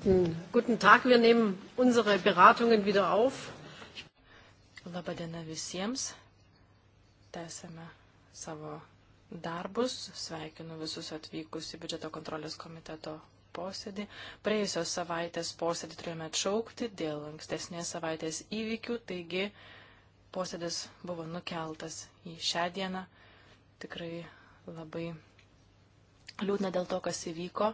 Guten, guten Tag, wir nehmen unsere Beratungen wieder auf. Labą dieną visiems. Tęsėme savo darbus. Sveikinu visus atvykus į biudžeto kontrolės komiteto posėdį. Praėjusios savaitės posėdį turėjome atšaukti dėl ankstesnės savaitės įvykių, taigi posėdis buvo nukeltas į šią dieną. Tikrai labai liūdna dėl to, kas įvyko.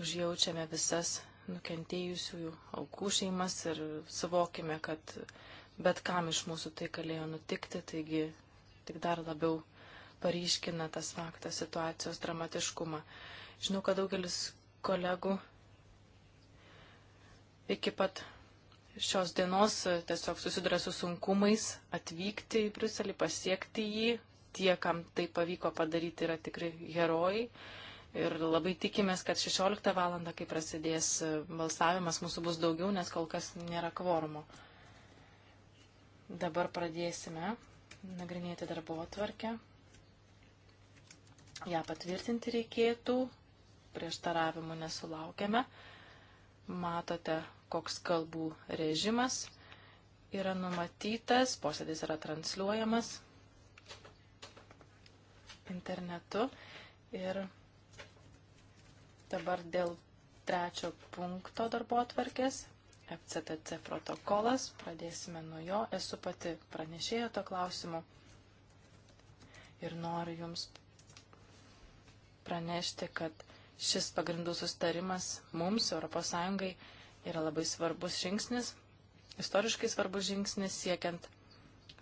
Užjaučiame visas nukentėjusiųjų aukų šeimas ir suvokime, kad bet kam iš mūsų tai galėjo nutikti, taigi tik dar labiau paryškina tas faktas situacijos dramatiškumą. Žinau, kad daugelis kolegų iki pat šios dienos tiesiog susiduria su sunkumais atvykti į Bruselį, pasiekti jį. Tie, kam tai pavyko padaryti, yra tikrai herojai. Ir labai tikimės, kad 16 val. kai prasidės e, balsavimas, mūsų bus daugiau, nes kol kas nėra kvormo. Dabar pradėsime nagrinėti darbo atvarkę. Ja patvirtinti reikėtų, prieštaravimų nesulaukėme. Matote, koks kalbų režimas yra numatytas, posėdis yra transliuojamas internetu ir Dabar dėl trečio punkto darbo atvarkės. FCTC protokolas, pradėsime nuo jo. Esu pati pranešėjo to klausimu ir noriu Jums pranešti, kad šis pagrindų sustarimas mums, ES, yra labai svarbus žingsnis, istoriškai svarbus žingsnis siekiant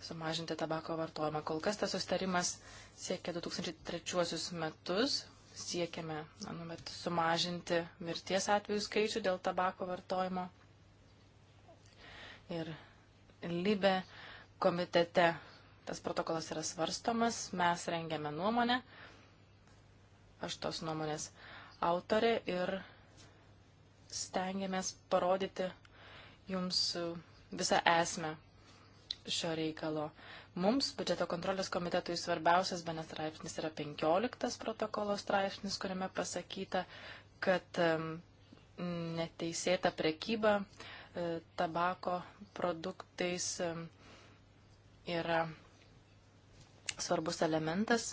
sumažinti tabako vartojimą. Kol kas tas sustarimas siekia 2003 metus, siekiame anuomet sumažinti mirties atvejų skaičių dėl tabako vartojimo. Ir Libe komitete tas protokolas yra svarstomas, mes rengiame nuomonę, aš tos nuomonės autorė ir stengiamės parodyti jums visą esmę šio reikalo. Mums, biudžeto kontrolės komitetui, svarbiausias benas straipsnis yra 15 protokolo straipsnis, kuriame pasakyta, kad neteisėta prekyba e, tabako produktais yra svarbus elementas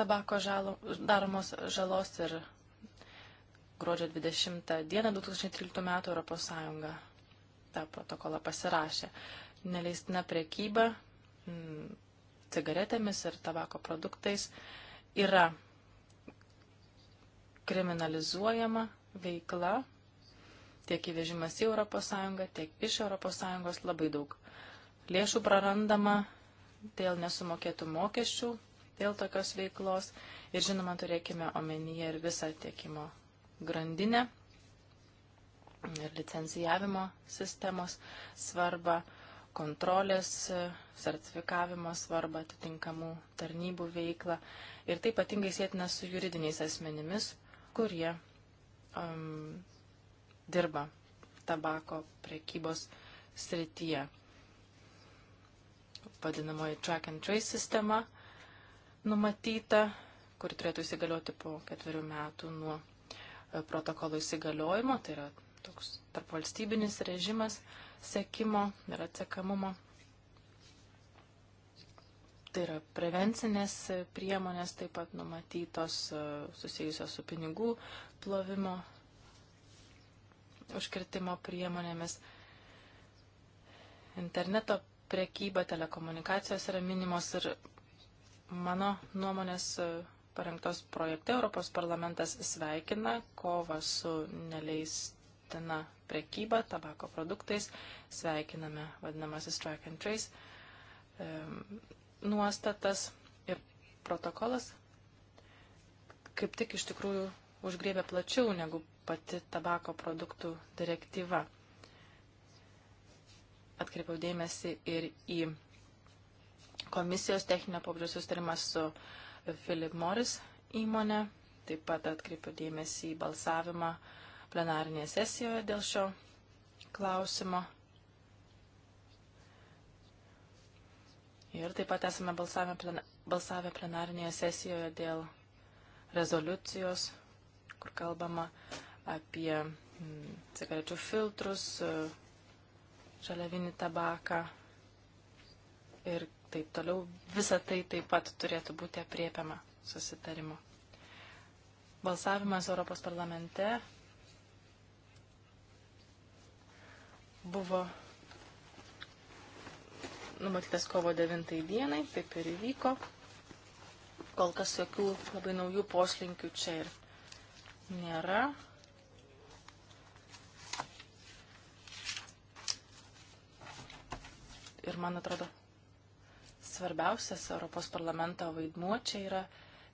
tabako žalo, daromos žalos ir gruodžio 20 dieną 2013 metų Europos Sąjunga tą protokolą pasirašė neleistina prekyba mm, cigaretėmis ir tabako produktais yra kriminalizuojama veikla, tiek įvežimas į ES, tiek iš ES labai daug lėšų prarandama dėl nesumokėtų mokesčių, dėl tokios veiklos ir žinoma turėkime omenyje ir visą tiekimo grandinę ir licencijavimo sistemos svarbą kontrolės sertifikavimo svarbą, atitinkamų tarnybų veiklą. Ir tai ypatingai sėtina su juridiniais asmenimis, kurie um, dirba tabako prekybos srityje. Vadinamoji track and trace sistema numatyta, kuri turėtų įsigalioti po ketverių metų nuo e, protokolo įsigaliojimo, tai yra toks tarpvalstybinis režimas. Uh, sekimo ir atsekamumo. Tai yra prevencinės priemonės taip pat numatytos e, susijusios su pinigų plovimo užkirtimo priemonėmis. Interneto prekyba, telekomunikacijos yra minimos ir mano nuomonės e, parengtos projekte Europos parlamentas sveikina kovą su neleistina prekybą tabako produktais. Sveikiname vadinamasis track and trace e, nuostatas ir protokolas kaip tik iš tikrųjų užgrėbė plačiau negu pati tabako produktų direktyva. Atkreipiau dėmesį ir į komisijos techninio pobūdžio sustarimą su Philip Morris įmonė. Taip pat atkreipiu dėmesį į balsavimą uh, plenarinėje sesijoje dėl šio klausimo. Ir taip pat esame balsavę, plena, balsavę plenarinėje sesijoje dėl rezoliucijos, kur kalbama apie mm, cigarečių filtrus, e, žaliavinį tabaką ir taip toliau. Visa tai taip pat turėtų būti apriepiama susitarimo. Balsavimas Europos parlamente buvo numatytas kovo 9 dienai, taip ir įvyko. Kol kas jokių labai naujų poslinkių čia ir nėra. Ir man atrodo, svarbiausias Europos parlamento vaidmuo čia yra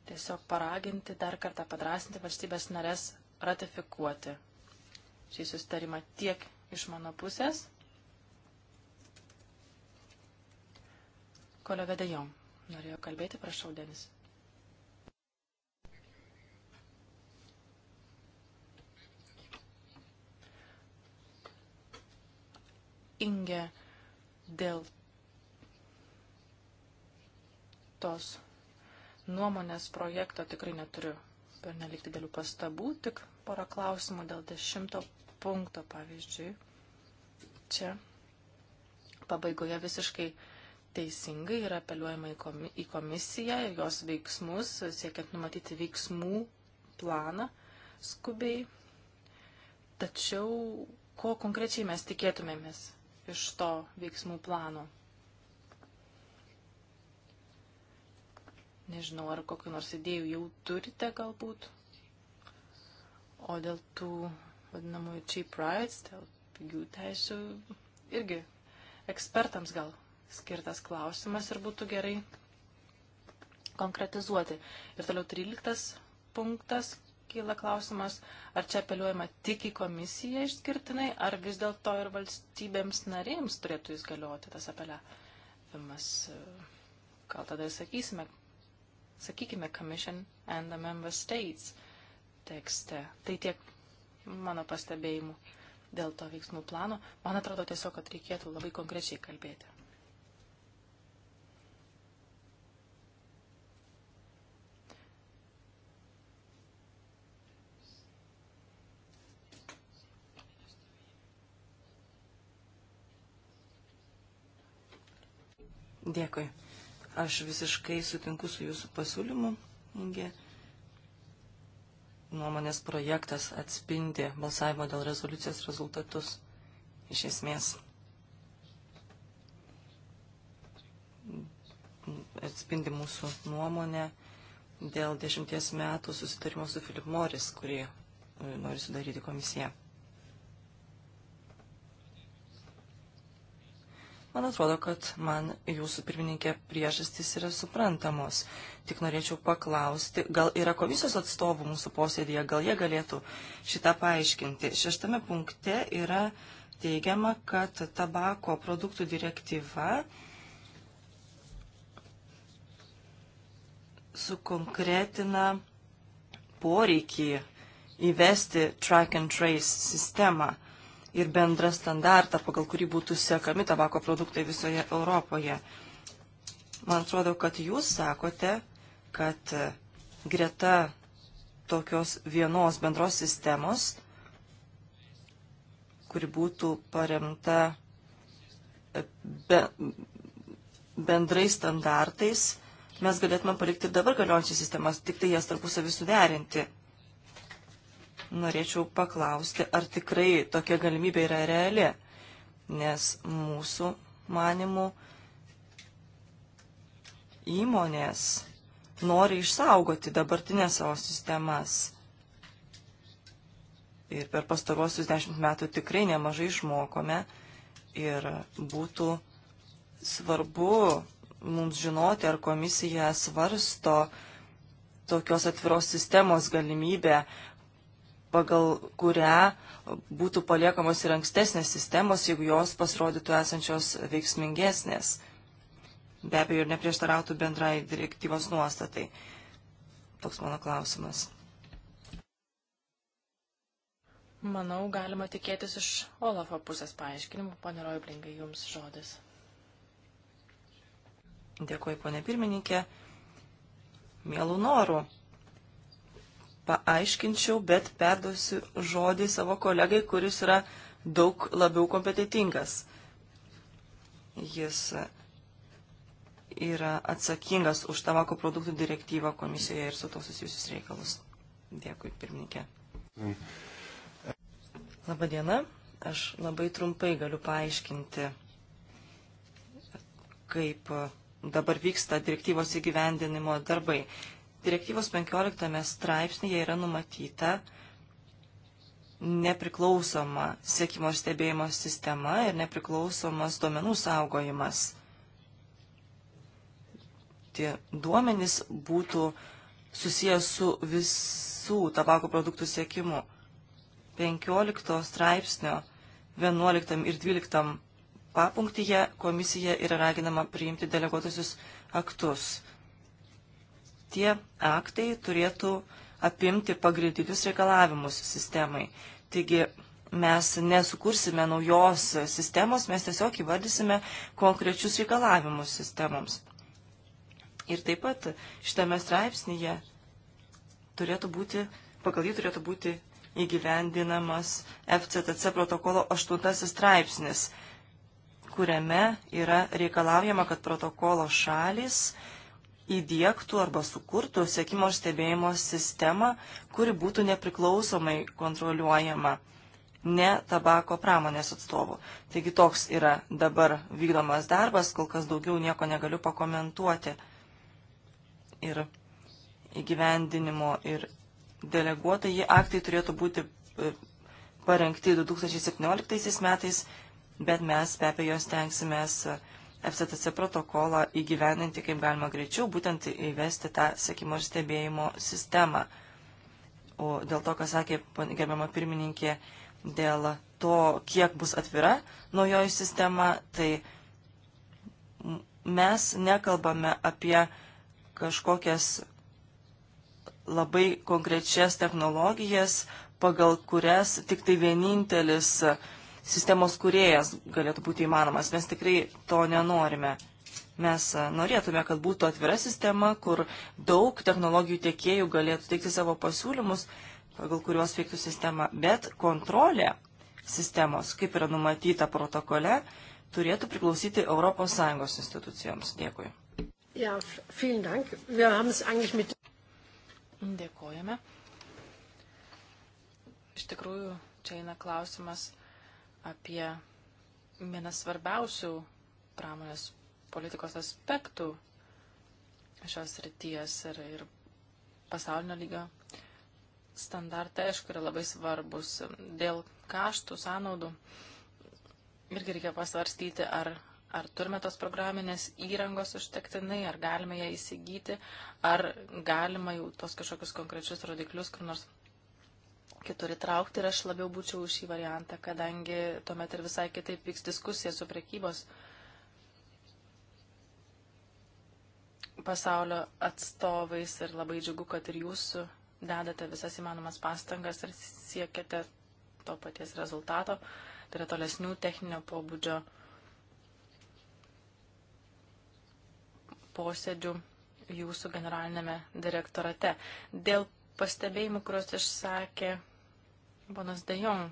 tiesiog paraginti, dar kartą padrasinti valstybės narės ratifikuoti šį sustarimą tiek iš mano pusės. Kolega Dejong norėjo kalbėti, prašau, Denis. Inge dėl tos nuomonės projekto tikrai neturiu per nelik didelių pastabų, tik porą klausimų dėl dešimto punkto, pavyzdžiui. Čia pabaigoje visiškai teisingai yra apeliuojama į komisiją ir jos veiksmus, siekiant numatyti veiksmų planą skubiai. Tačiau ko konkrečiai mes tikėtumėmės iš to veiksmų plano? Nežinau, ar kokiu nors idėjų jau turite galbūt. O dėl tų vadinamųjų cheap rights, dėl pigių teisų, irgi ekspertams gal skirtas klausimas ir būtų gerai konkretizuoti. Ir toliau 13 punktas kyla klausimas, ar čia apeliuojama tik į komisiją išskirtinai, ar vis dėlto ir valstybėms narėms turėtų jis galioti tas apeliavimas. Gal tada ir sakysime, sakykime Commission and the Member States tekste. Tai tiek mano pastebėjimų dėl to veiksmų plano. Man atrodo tiesiog, kad reikėtų labai konkrečiai kalbėti. Dėkui. Aš visiškai sutinku su jūsų pasiūlymu, Inge nuomonės projektas atspindi balsavimo dėl rezoliucijos rezultatus iš esmės. Atspindi mūsų nuomonę dėl dešimties metų susitarimo su Filip Moris, kurį e, nori sudaryti komisija. Man atrodo, kad man jūsų pirmininkė priežastys yra suprantamos. Tik norėčiau paklausti, gal yra komisijos atstovų mūsų posėdėje, gal jie galėtų šitą paaiškinti. Šeštame punkte yra teigiama, kad tabako produktų direktyva sukonkretina poreikį įvesti track and trace sistemą ir bendrą standartą, pagal kurį būtų sekami tabako produktai visoje Europoje. Man atrodo, kad jūs sakote, kad e, greta tokios vienos bendros sistemos, kuri būtų paremta e, be, bendrais standartais, mes galėtume palikti dabar galiojančias sistemas, tik tai jas tarpusavį suderinti norėčiau paklausti, ar tikrai tokia galimybė yra reali, nes mūsų manimų įmonės nori išsaugoti dabartinės savo sistemas. Ir per pastaruosius dešimt metų tikrai nemažai išmokome ir būtų svarbu mums žinoti, ar komisija svarsto tokios atviros sistemos galimybę, pagal kurią būtų paliekamos ir ankstesnės sistemos, jeigu jos pasirodytų esančios veiksmingesnės. Be abejo, ir neprieštarautų bendrai direktyvos nuostatai. Toks mano klausimas. Manau, galima tikėtis iš Olafo pusės paaiškinimų. Pane Roiblingai, jums žodis. Dėkuoju, ponė pirmininkė. Mielų norų paaiškinčiau, bet perduosiu žodį savo kolegai, kuris yra daug labiau kompetitingas. Jis yra atsakingas už tabako produktų direktyvą komisijoje ir su to susijusius reikalus. Dėkui, pirmininkė. Labadiena, aš labai trumpai galiu paaiškinti, kaip dabar vyksta direktyvos įgyvendinimo darbai. Direktyvos 15 straipsnėje yra numatyta nepriklausoma sėkimo ir stebėjimo sistema ir nepriklausomas duomenų saugojimas. Tie duomenys būtų susijęs su visų tabako produktų sėkimu. 15 straipsnio 11 ir 12 papunktyje komisija yra raginama priimti deleguotusius aktus tie aktai turėtų apimti pagrindinius reikalavimus sistemai. Taigi mes nesukursime naujos sistemos, mes tiesiog įvardysime konkrečius reikalavimus sistemoms. Ir taip pat šitame straipsnėje turėtų būti, pagal jį turėtų būti įgyvendinamas FCTC protokolo 8 straipsnis, kuriame yra reikalaujama, kad protokolo šalis įdėktų arba sukurtų sėkimo ir stebėjimo sistemą, kuri būtų nepriklausomai kontroliuojama ne tabako pramonės atstovų. Taigi toks yra dabar vykdomas darbas, kol kas daugiau nieko negaliu pakomentuoti. Ir įgyvendinimo ir deleguotai aktai turėtų būti e, parengti 2017 metais, bet mes be abejo stengsimės uh, FCTC protokolą įgyveninti kaip galima greičiau, būtent įvesti tą sekimo ir stebėjimo sistemą. O dėl to, ką sakė gerbiama pirmininkė, dėl to, kiek bus atvira naujoji sistema, tai mes nekalbame apie kažkokias labai konkrečias technologijas, pagal kurias tik tai vienintelis uh, sistemos kuriejas galėtų būti įmanomas. Mes tikrai to nenorime. Mes e, norėtume, kad būtų atvira sistema, kur daug technologijų tiekėjų galėtų teikti savo pasiūlymus, pagal kuriuos veiktų sistema. Bet kontrolė sistemos, kaip yra numatyta protokole, turėtų priklausyti ES institucijoms. Dėkui. Ja, vielen Dank. Wir haben es eigentlich mit. Dėkojame. Iš tikrųjų, čia eina klausimas apie vieną svarbiausių pramonės politikos aspektų šios ryties ir, ir pasaulinio lygio standartai, aišku, yra labai svarbus. Dėl kaštų, sąnaudų irgi reikia pasvarstyti, ar, ar turime tos programinės įrangos užtektinai, ar galime ją įsigyti, ar galima jau tos kažkokius konkrečius rodiklius kur nors kitur įtraukti ir aš labiau būčiau už šį variantą, kadangi tuomet ir visai kitaip vyks diskusija su prekybos pasaulio atstovais ir labai džiugu, kad ir jūs dedate visas įmanomas pastangas ir siekiate to paties rezultato, tai yra tolesnių techninio pobūdžio posėdžių jūsų generalinėme direktorate. Dėl pastebėjimų, kuriuos išsakė Bonas Dejon.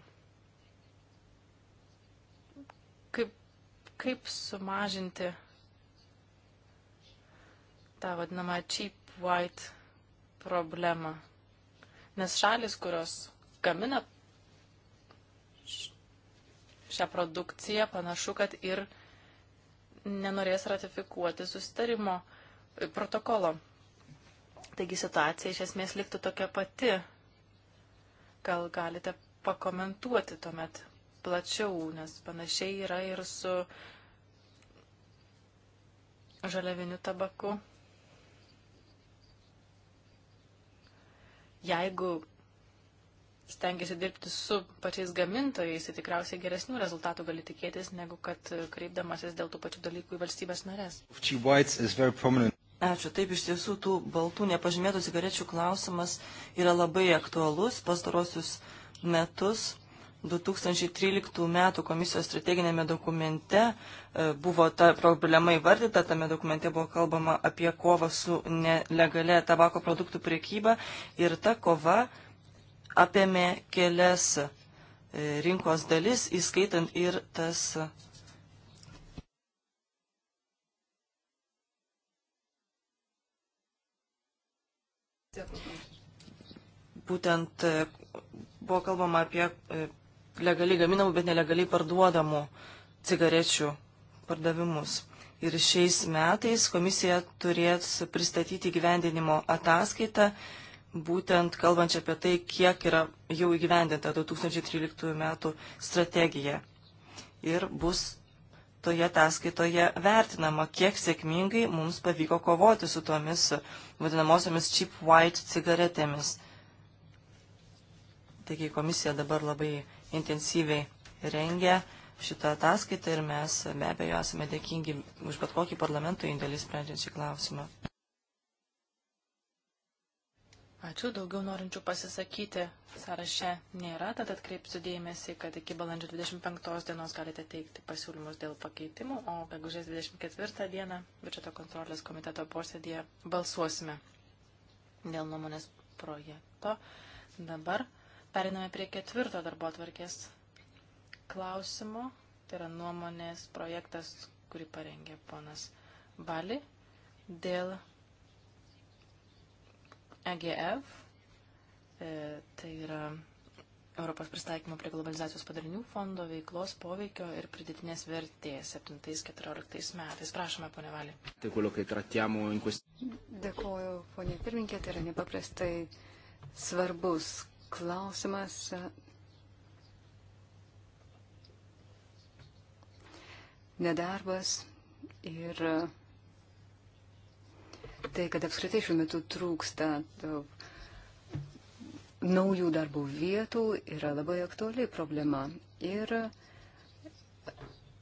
Kaip, kaip sumažinti tą vadinamą cheap white problemą? Nes šalis, kurios gamina šią produkciją, panašu, kad ir nenorės ratifikuoti sustarimo protokolo. Taigi situacija iš esmės liktų tokia pati. Gal galite pakomentuoti tuomet plačiau, nes panašiai yra ir su žaliaviniu tabaku. Jeigu stengiasi dirbti su pačiais gamintojais, tai tikriausiai geresnių rezultatų gali tikėtis, negu kad kreipdamasis dėl tų pačių dalykų į valstybės narės. Ačiū. Taip, iš tiesų, tų baltų nepažymėtų cigarečių klausimas yra labai aktualus pastarosius metus. 2013 m. komisijos strateginėme dokumente e, buvo ta problema įvardyta, tame dokumente buvo kalbama apie kovą su nelegalia tabako produktų priekyba ir ta kova apėmė kelias e, rinkos dalis, įskaitant ir tas Būtent e, buvo kalbama apie e, legaliai gaminamų, bet nelegaliai parduodamų cigarečių pardavimus. Ir šiais metais komisija turės pristatyti gyvendinimo ataskaitą, būtent kalbančią apie tai, kiek yra jau įgyvendinta 2013 metų strategija. Ir bus toje ataskaitoje vertinama, kiek sėkmingai mums pavyko kovoti su tomis vadinamosiomis cheap white cigaretėmis. Taigi komisija dabar labai intensyviai rengia šitą ataskaitą ir mes be abejo esame dėkingi už bet kokį parlamento indėlį sprendžiant šį klausimą. Ačiū, daugiau norinčių pasisakyti sąraše nėra, tad atkreipsiu dėmesį, kad iki balandžio 25 dienos galite teikti pasiūlymus dėl pakeitimų, o gegužės 24 dieną biudžeto kontrolės komiteto posėdėje balsuosime dėl nuomonės projekto. Dabar periname prie ketvirto darbo atvarkės klausimo. Tai yra nuomonės projektas, kurį parengė ponas Bali dėl EGF, e, tai yra Europos pristaikymo prie globalizacijos padarinių fondo veiklos poveikio ir pridėtinės vertės 7-14 metais. Prašome, tai ponė Valį. Dėkuoju, ponė pirminkė, tai yra nepaprastai svarbus klausimas. Nedarbas ir tai, kad apskritai šiuo metu trūksta naujų darbo vietų, yra labai aktuali problema. Ir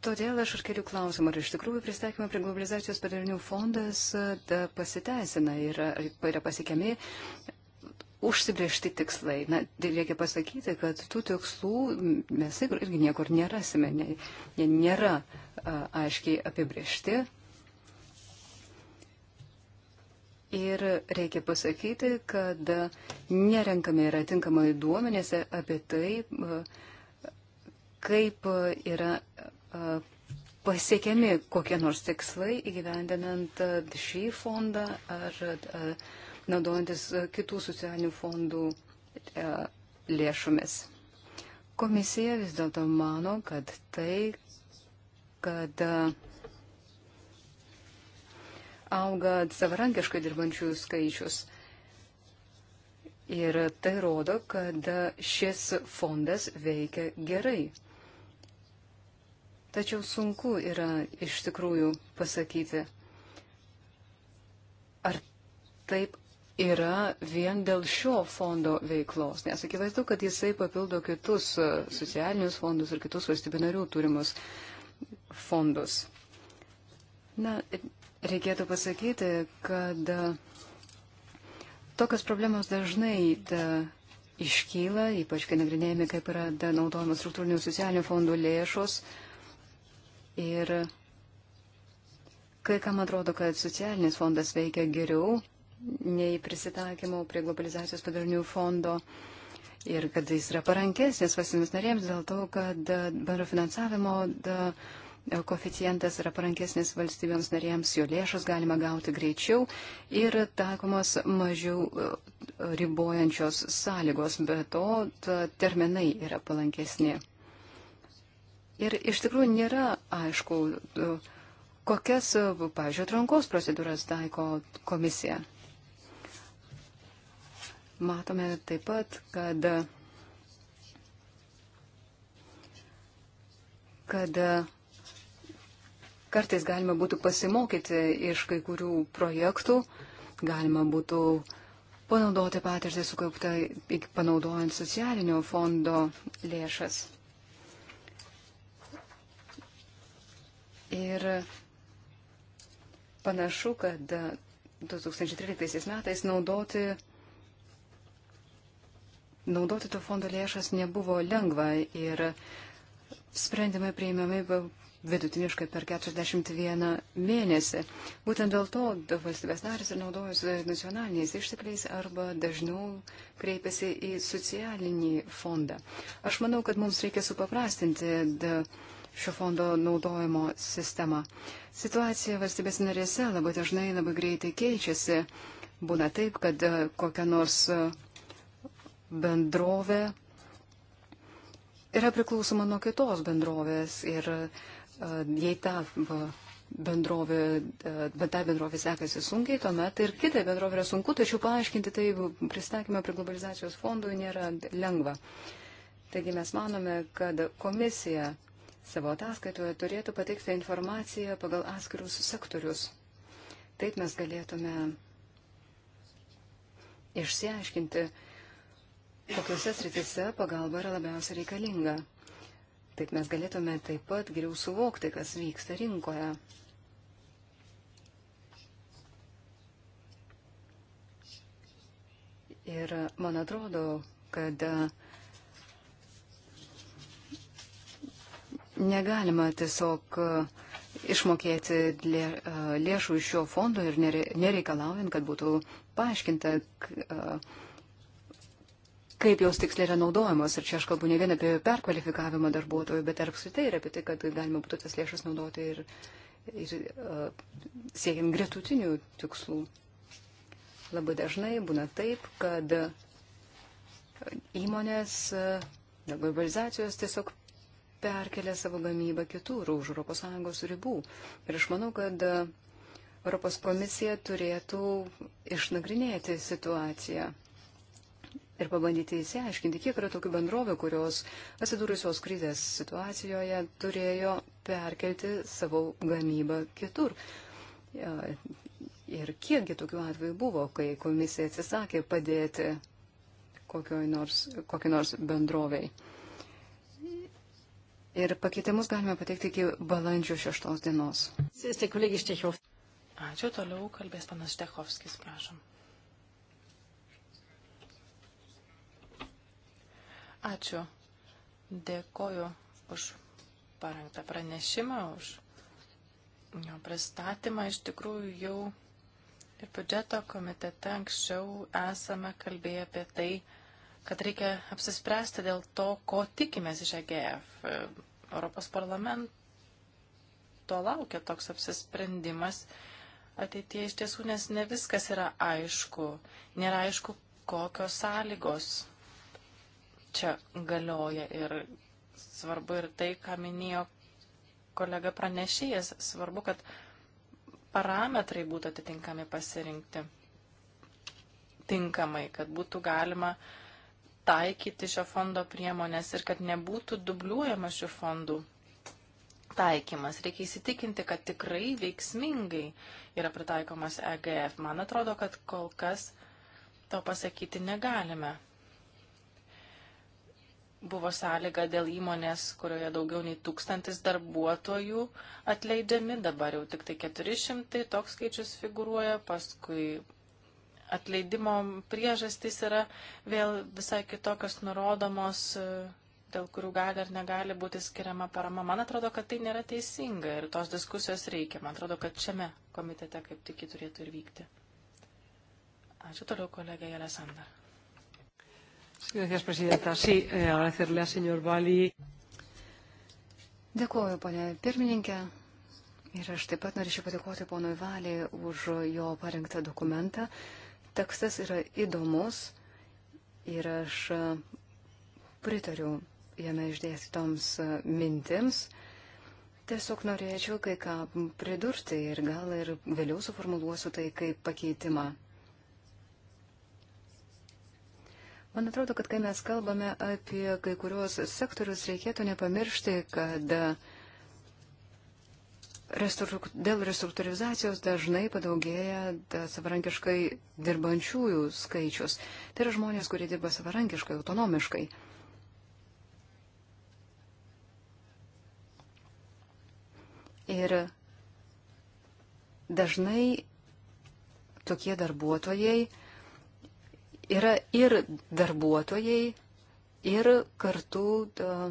Todėl aš ir keliu klausimą, ar iš tikrųjų pristatymą prie globalizacijos padarinių fondas e, pasiteisina ir e, yra pasiekiami užsibriežti tikslai. Na, tai reikia pasakyti, kad tų tikslų mes irgi niekur nerasime, jie nėra a, aiškiai apibriežti, Ir reikia pasakyti, kad nerenkami yra tinkamai duomenėse apie tai, kaip yra pasiekiami kokie nors tikslai įgyvendinant šį fondą ar naudojantis kitų socialinių fondų lėšomis. Komisija vis dėlto mano, kad tai, kad auga savarankiškai dirbančių skaičius. Ir tai rodo, kad šis fondas veikia gerai. Tačiau sunku yra iš tikrųjų pasakyti, ar taip yra vien dėl šio fondo veiklos, nes akivaizdu, kad jisai papildo kitus socialinius fondus ir kitus valstybinarių turimus fondus. Na, Reikėtų pasakyti, kad e, tokios problemos dažnai ta, e, iškyla, ypač kai nagrinėjami, kaip yra e, naudojamos struktūrinių socialinių fondų lėšos. Ir kai kam atrodo, kad socialinis fondas veikia geriau nei prisitaikymo prie globalizacijos padarinių fondo. Ir kad jis yra parankesnis valstybės narėms dėl to, kad bendro finansavimo da, uh, koficijantas yra parankesnis valstybėms narėms, jo lėšas galima gauti greičiau ir taikomos mažiau e, ribojančios sąlygos, bet to terminai yra palankesni. Ir iš tikrųjų nėra aišku, e, kokias, e, pavyzdžiui, atrankos procedūras taiko komisija. Matome taip pat, kad kad Kartais galima būtų pasimokyti iš kai kurių projektų, galima būtų panaudoti patirtį sukauptą panaudojant socialinio fondo lėšas. Ir panašu, kad 2013 metais naudoti, naudoti to fondo lėšas nebuvo lengva ir sprendimai priimami vidutiniškai per 41 mėnesį. Būtent dėl to valstybės narės ir naudojasi nacionaliniais ištekliais arba dažniau kreipiasi į socialinį fondą. Aš manau, kad mums reikia supaprastinti šio fondo naudojimo sistemą. Situacija valstybės narėse labai dažnai labai greitai keičiasi. Būna taip, kad e, kokia nors e, bendrovė yra priklausoma nuo kitos bendrovės ir uh, jei tą bendrovė, bet tai bendrovė sekasi sunkiai, tuomet ir kitai bendrovė yra sunku, tačiau paaiškinti tai pristatymą prie globalizacijos fondų nėra lengva. Taigi mes manome, kad komisija savo ataskaitoje turėtų pateikti informaciją pagal atskirius sektorius. Taip mes galėtume išsiaiškinti, kokiuose sritise pagalba yra labiausiai reikalinga. Taip mes galėtume taip pat geriau suvokti, kas vyksta rinkoje. Ir man atrodo, kad negalima tiesiog uh, išmokėti uh, lėšų iš šio fondo ir nereikalaujant, kad būtų paaiškinta, uh, kaip jos tiksliai yra naudojamos. Ir čia aš kalbu ne vien apie perkvalifikavimą darbuotojų, bet ir apskritai ir apie tai, kad galima būtų tas lėšas naudoti ir, ir uh, siekiant gretutinių tikslų. Labai dažnai būna taip, kad įmonės, uh, globalizacijos tiesiog perkelia savo gamybą kitur už ES ribų. Ir aš manau, kad uh, Europos komisija turėtų išnagrinėti situaciją ir pabandyti įsiaiškinti, kiek yra tokių bendrovių, kurios atsidūrusios krizės situacijoje turėjo perkelti savo gamybą kitur. Ir kiekgi tokių atvejų buvo, kai komisija atsisakė padėti nors, kokiai nors bendroviai. Ir pakeitimus galime pateikti iki balandžio šeštos dienos. Ačiū, toliau kalbės panas Štechovskis, prašom. Ačiū. Dėkoju už parengtą pranešimą, už jo pristatymą. Iš tikrųjų jau ir biudžeto komitete anksčiau esame kalbėję apie tai, kad reikia apsispręsti dėl to, ko tikimės iš EGF. Europos parlamento laukia toks apsisprendimas ateitie iš tiesų, nes ne viskas yra aišku. Nėra aišku, kokios sąlygos čia galioja. Ir svarbu ir tai, ką minėjo kolega pranešėjas, svarbu, kad parametrai būtų atitinkami pasirinkti tinkamai, kad būtų galima taikyti šio fondo priemonės ir kad nebūtų dubliuojama šių fondų taikymas. Reikia įsitikinti, kad tikrai veiksmingai yra pritaikomas EGF. Man atrodo, kad kol kas to pasakyti negalime buvo sąlyga dėl įmonės, kurioje daugiau nei tūkstantis darbuotojų atleidžiami, dabar jau tik tai 400, toks skaičius figuruoja, paskui atleidimo priežastys yra vėl visai kitokios nurodomos, dėl kurių gali ar negali būti skiriama parama. Man atrodo, kad tai nėra teisinga ir tos diskusijos reikia. Man atrodo, kad šiame komitete kaip tik turėtų ir vykti. Ačiū toliau, kolegė Jelesandra. Gracias, presidenta. Sí, eh, agradecerle a señor Bali. Dėkuoju, ponė pirmininkė. Ir aš taip pat norėčiau padėkoti ponui Valiai už jo parengtą dokumentą. Tekstas yra įdomus ir aš pritariu jame išdėstytoms mintims. Tiesiog norėčiau kai ką pridurti ir gal ir vėliau suformuluosiu tai kaip pakeitimą. Man atrodo, kad kai mes kalbame apie kai kuriuos sektorius, reikėtų nepamiršti, kad restruk... dėl restruktūrizacijos dažnai padaugėja da savarankiškai dirbančiųjų skaičius. Tai yra žmonės, kurie dirba savarankiškai, autonomiškai. Ir dažnai tokie darbuotojai yra ir darbuotojai, ir kartu da,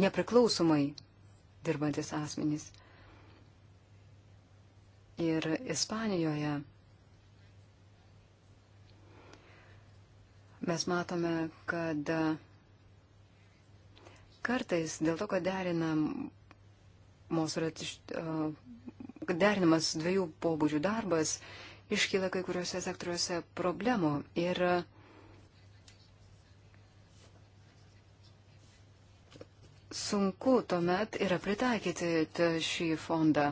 nepriklausomai dirbantis asmenys. Ir Ispanijoje mes matome, kad kartais dėl to, kad derinamas dviejų pobūdžių darbas, iškyla kai kuriuose sektoriuose problemų. Ir sunku tuomet yra pritaikyti šį fondą.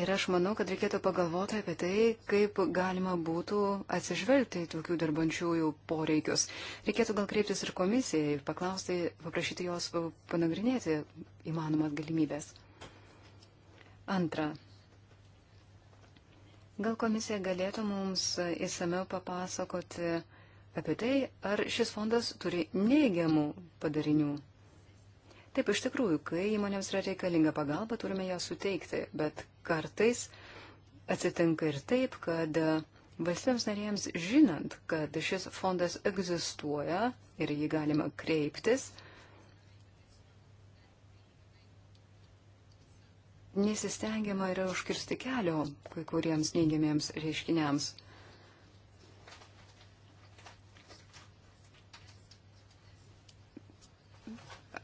Ir aš manau, kad reikėtų pagalvoti apie tai, kaip galima būtų atsižvelgti į tokių dirbančiųjų poreikius. Reikėtų gal kreiptis ir komisijai ir paklausti, paprašyti jos panagrinėti įmanomas galimybės. Antra, Gal komisija galėtų mums įsameu papasakoti apie tai, ar šis fondas turi neigiamų padarinių? Taip, iš tikrųjų, kai įmonėms yra reikalinga pagalba, turime ją suteikti, bet kartais atsitinka ir taip, kad valstybėms narėjams žinant, kad šis fondas egzistuoja ir jį galima kreiptis, nesistengiama yra užkirsti kelio kai kuriems neigiamiems reiškiniams.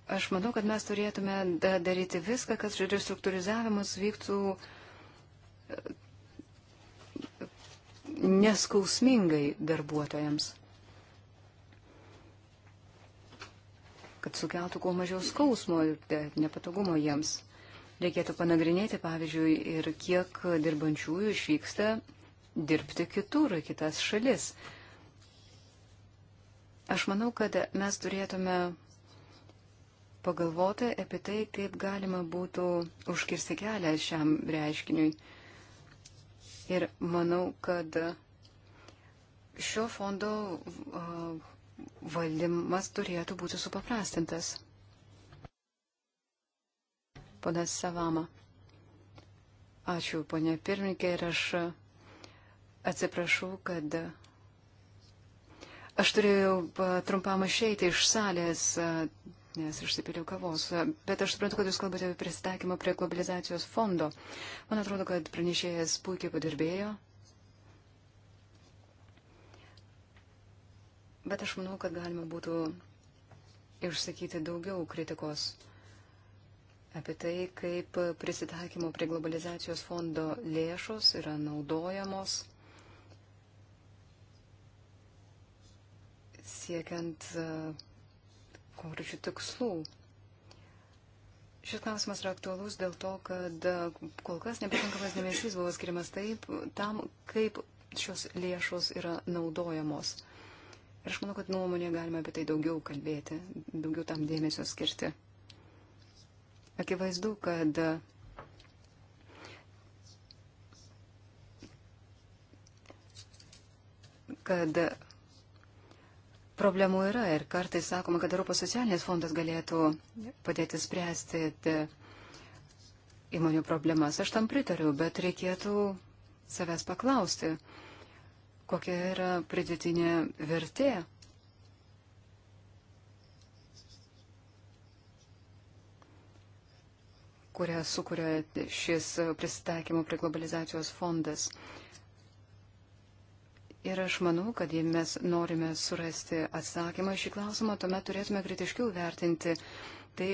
Aš manau, kad mes turėtume daryti viską, kad restruktūrizavimas vyktų e, neskausmingai darbuotojams. Kad sukeltų kuo mažiau skausmo ir e, nepatogumo jiems. Reikėtų panagrinėti, pavyzdžiui, ir kiek dirbančiųjų išvyksta dirbti kitur, kitas šalis. Aš manau, kad mes turėtume pagalvoti apie tai, kaip galima būtų užkirsti kelią šiam reiškiniui. Ir manau, kad šio fondo valdymas turėtų būti supaprastintas ponas Savama. Ačiū, ponė pirmininkė, ir aš atsiprašau, kad aš turėjau trumpam išeiti iš salės, nes išsipiliau kavos, bet aš suprantu, kad jūs kalbate apie pristatymą prie globalizacijos fondo. Man atrodo, kad pranešėjas puikiai padirbėjo. Bet aš manau, kad galima būtų išsakyti daugiau kritikos apie tai, kaip prisitaikymo prie globalizacijos fondo lėšos yra naudojamos siekiant e, konkrečių tikslų. Šis klausimas yra aktualus dėl to, kad e, kol kas nepakankamas dėmesys buvo skiriamas taip, tam, kaip šios lėšos yra naudojamos. Ir aš manau, kad nuomonė galime apie tai daugiau kalbėti, daugiau tam dėmesio skirti. Akivaizdu, kad kad problemų yra ir kartais sakoma, kad Europos socialinis fondas galėtų padėti spręsti įmonių problemas. Aš tam pritariu, bet reikėtų savęs paklausti, kokia yra pridėtinė vertė kurią sukuria šis pristaikymo prie globalizacijos fondas. Ir aš manau, kad jei mes norime surasti atsakymą šį klausimą, tuomet turėtume kritiškiau vertinti tai,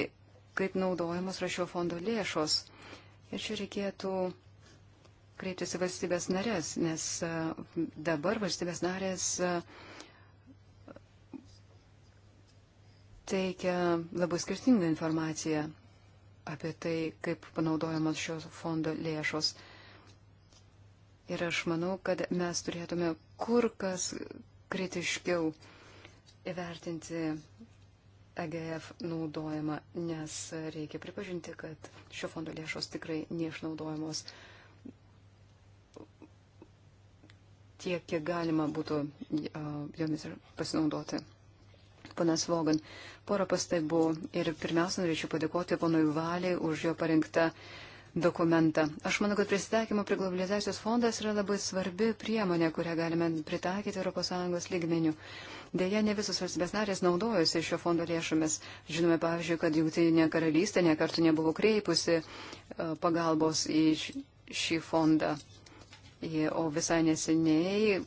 kaip naudojamos yra šio fondo lėšos. Ir čia reikėtų kreiptis į valstybės narės, nes e, dabar valstybės narės e, teikia labai skirtingą informaciją apie tai, kaip panaudojamos šios fondo lėšos. Ir aš manau, kad mes turėtume kur kas kritiškiau įvertinti EGF naudojimą, nes reikia pripažinti, kad šio fondo lėšos tikrai neišnaudojamos tiek, kiek galima būtų jomis pasinaudoti panas Vogan. Porą pastabų ir pirmiausia norėčiau padėkoti ponui Valiai už jo parengtą dokumentą. Aš manau, kad prisitaikymo prie globalizacijos fondas yra labai svarbi priemonė, kurią galime pritaikyti ES lygmenių. Deja, ne visos valstybės narės naudojasi šio fondo lėšomis. Žinome, pavyzdžiui, kad Jungtinė karalystė nekartų nebuvo kreipusi e, pagalbos į šį fondą. O visai neseniai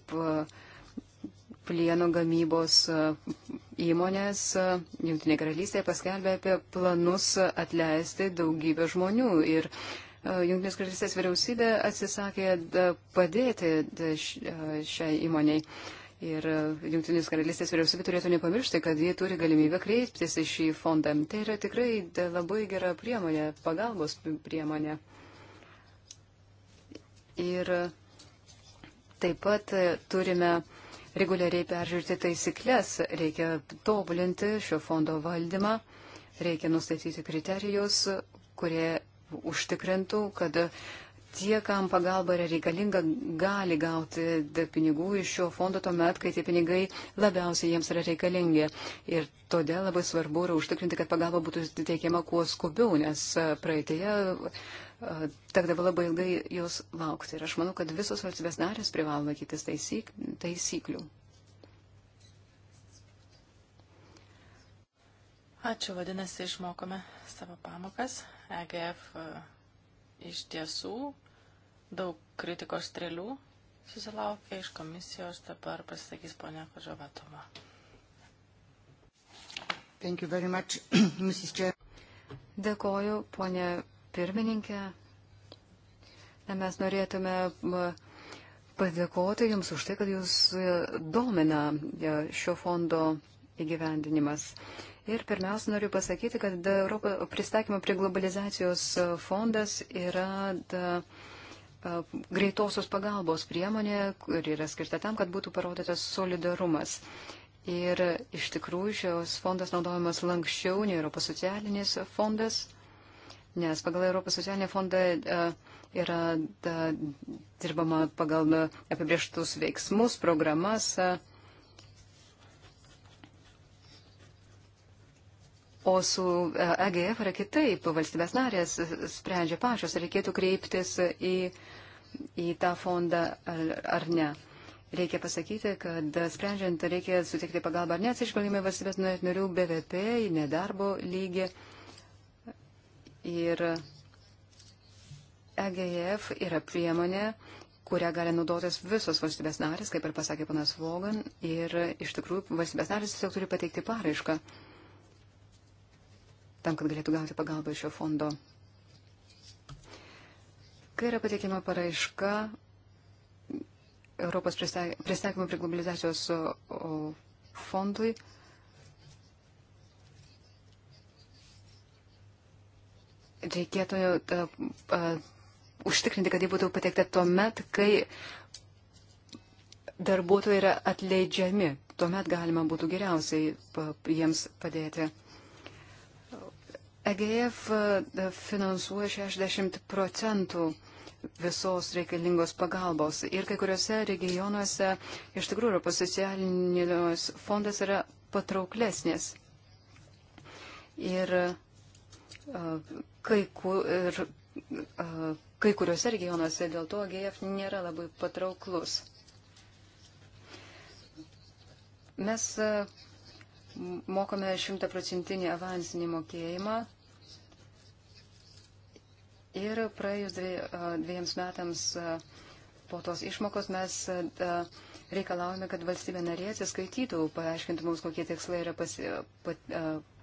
plieno gamybos e, įmonės Junktinė karalystė paskelbė apie planus atleisti daugybę žmonių. Ir e, Junktinės karalystės vyriausybė atsisakė e, padėti e, šiai įmoniai. Ir Junktinės karalystės vyriausybė turėtų nepamiršti, kad jie turi galimybę kreiptis į šį fondą. Tai yra tikrai labai gera priemonė, pagalbos priemonė. Ir taip pat turime uh, reguliariai peržiūrėti taisyklės, reikia tobulinti šio fondo valdymą, reikia nustatyti kriterijus, kurie užtikrintų, kad tie, kam pagalba yra reikalinga, gali gauti pinigų iš šio fondo tuomet, kai tie pinigai labiausiai jiems yra reikalingi. Ir todėl labai svarbu yra užtikrinti, kad pagalba būtų teikiama kuo skubiau, nes praeitėje tekdavo labai ilgai jos laukti. Ir aš manau, kad visos valstybės narės privalo laikytis taisyk, taisyklių. Ačiū, vadinasi, išmokome savo pamokas. EGF iš tiesų daug kritikos strėlių susilaukė iš komisijos, dabar pasisakys ponia Kožovatoma. Dėkoju, ponė pirmininkė. Na, mes norėtume padėkoti Jums už tai, kad Jūs e, domina e, šio fondo įgyvendinimas. Ir pirmiausia, noriu pasakyti, kad Europo pristatymo prie globalizacijos e, fondas yra da, greitosios pagalbos priemonė, kuri yra skirta tam, kad būtų parodytas solidarumas. Ir iš tikrųjų šios fondas naudojamas lankščiau nei Europos socialinis fondas nes pagal Europos socialinį fondą e, yra dirbama pagal e, apibrieštus veiksmus, programas. E. O su AGF yra kitaip, valstybės narės sprendžia pačios, reikėtų kreiptis į, į tą fondą ar, ar ne. Reikia pasakyti, kad sprendžiant reikia sutikti pagalbą ar ne atsižvelgime valstybės narių BVP, nedarbo lygį. Ir EGF yra priemonė, kurią gali naudotis visos valstybės narės, kaip ir pasakė panas Vogan. Ir iš tikrųjų valstybės narės tiesiog turi pateikti paraišką tam, kad galėtų gauti pagalbą iš šio fondo. Kai yra pateikiama paraiška Europos pristaikymo prie globalizacijos fondui, reikėtų uh, uh, užtikrinti, kad jį būtų patekta tuo met, kai darbuotojai yra atleidžiami. Tuomet galima būtų geriausiai jiems padėti. EGF e, finansuoja 60 procentų visos reikalingos pagalbos. Ir kai kuriuose regionuose iš tikrųjų Europos socialinės fondas yra patrauklesnis. Ir kai, kur, ir, kai kuriuose regionuose dėl to AGF nėra labai patrauklus. Mes mokame šimtaprocentinį avansinį mokėjimą ir praėjus dviejams metams po tos išmokos mes reikalaujame, kad valstybė narė atsiskaitytų, paaiškintų mums, kokie tikslai yra pasi, pat,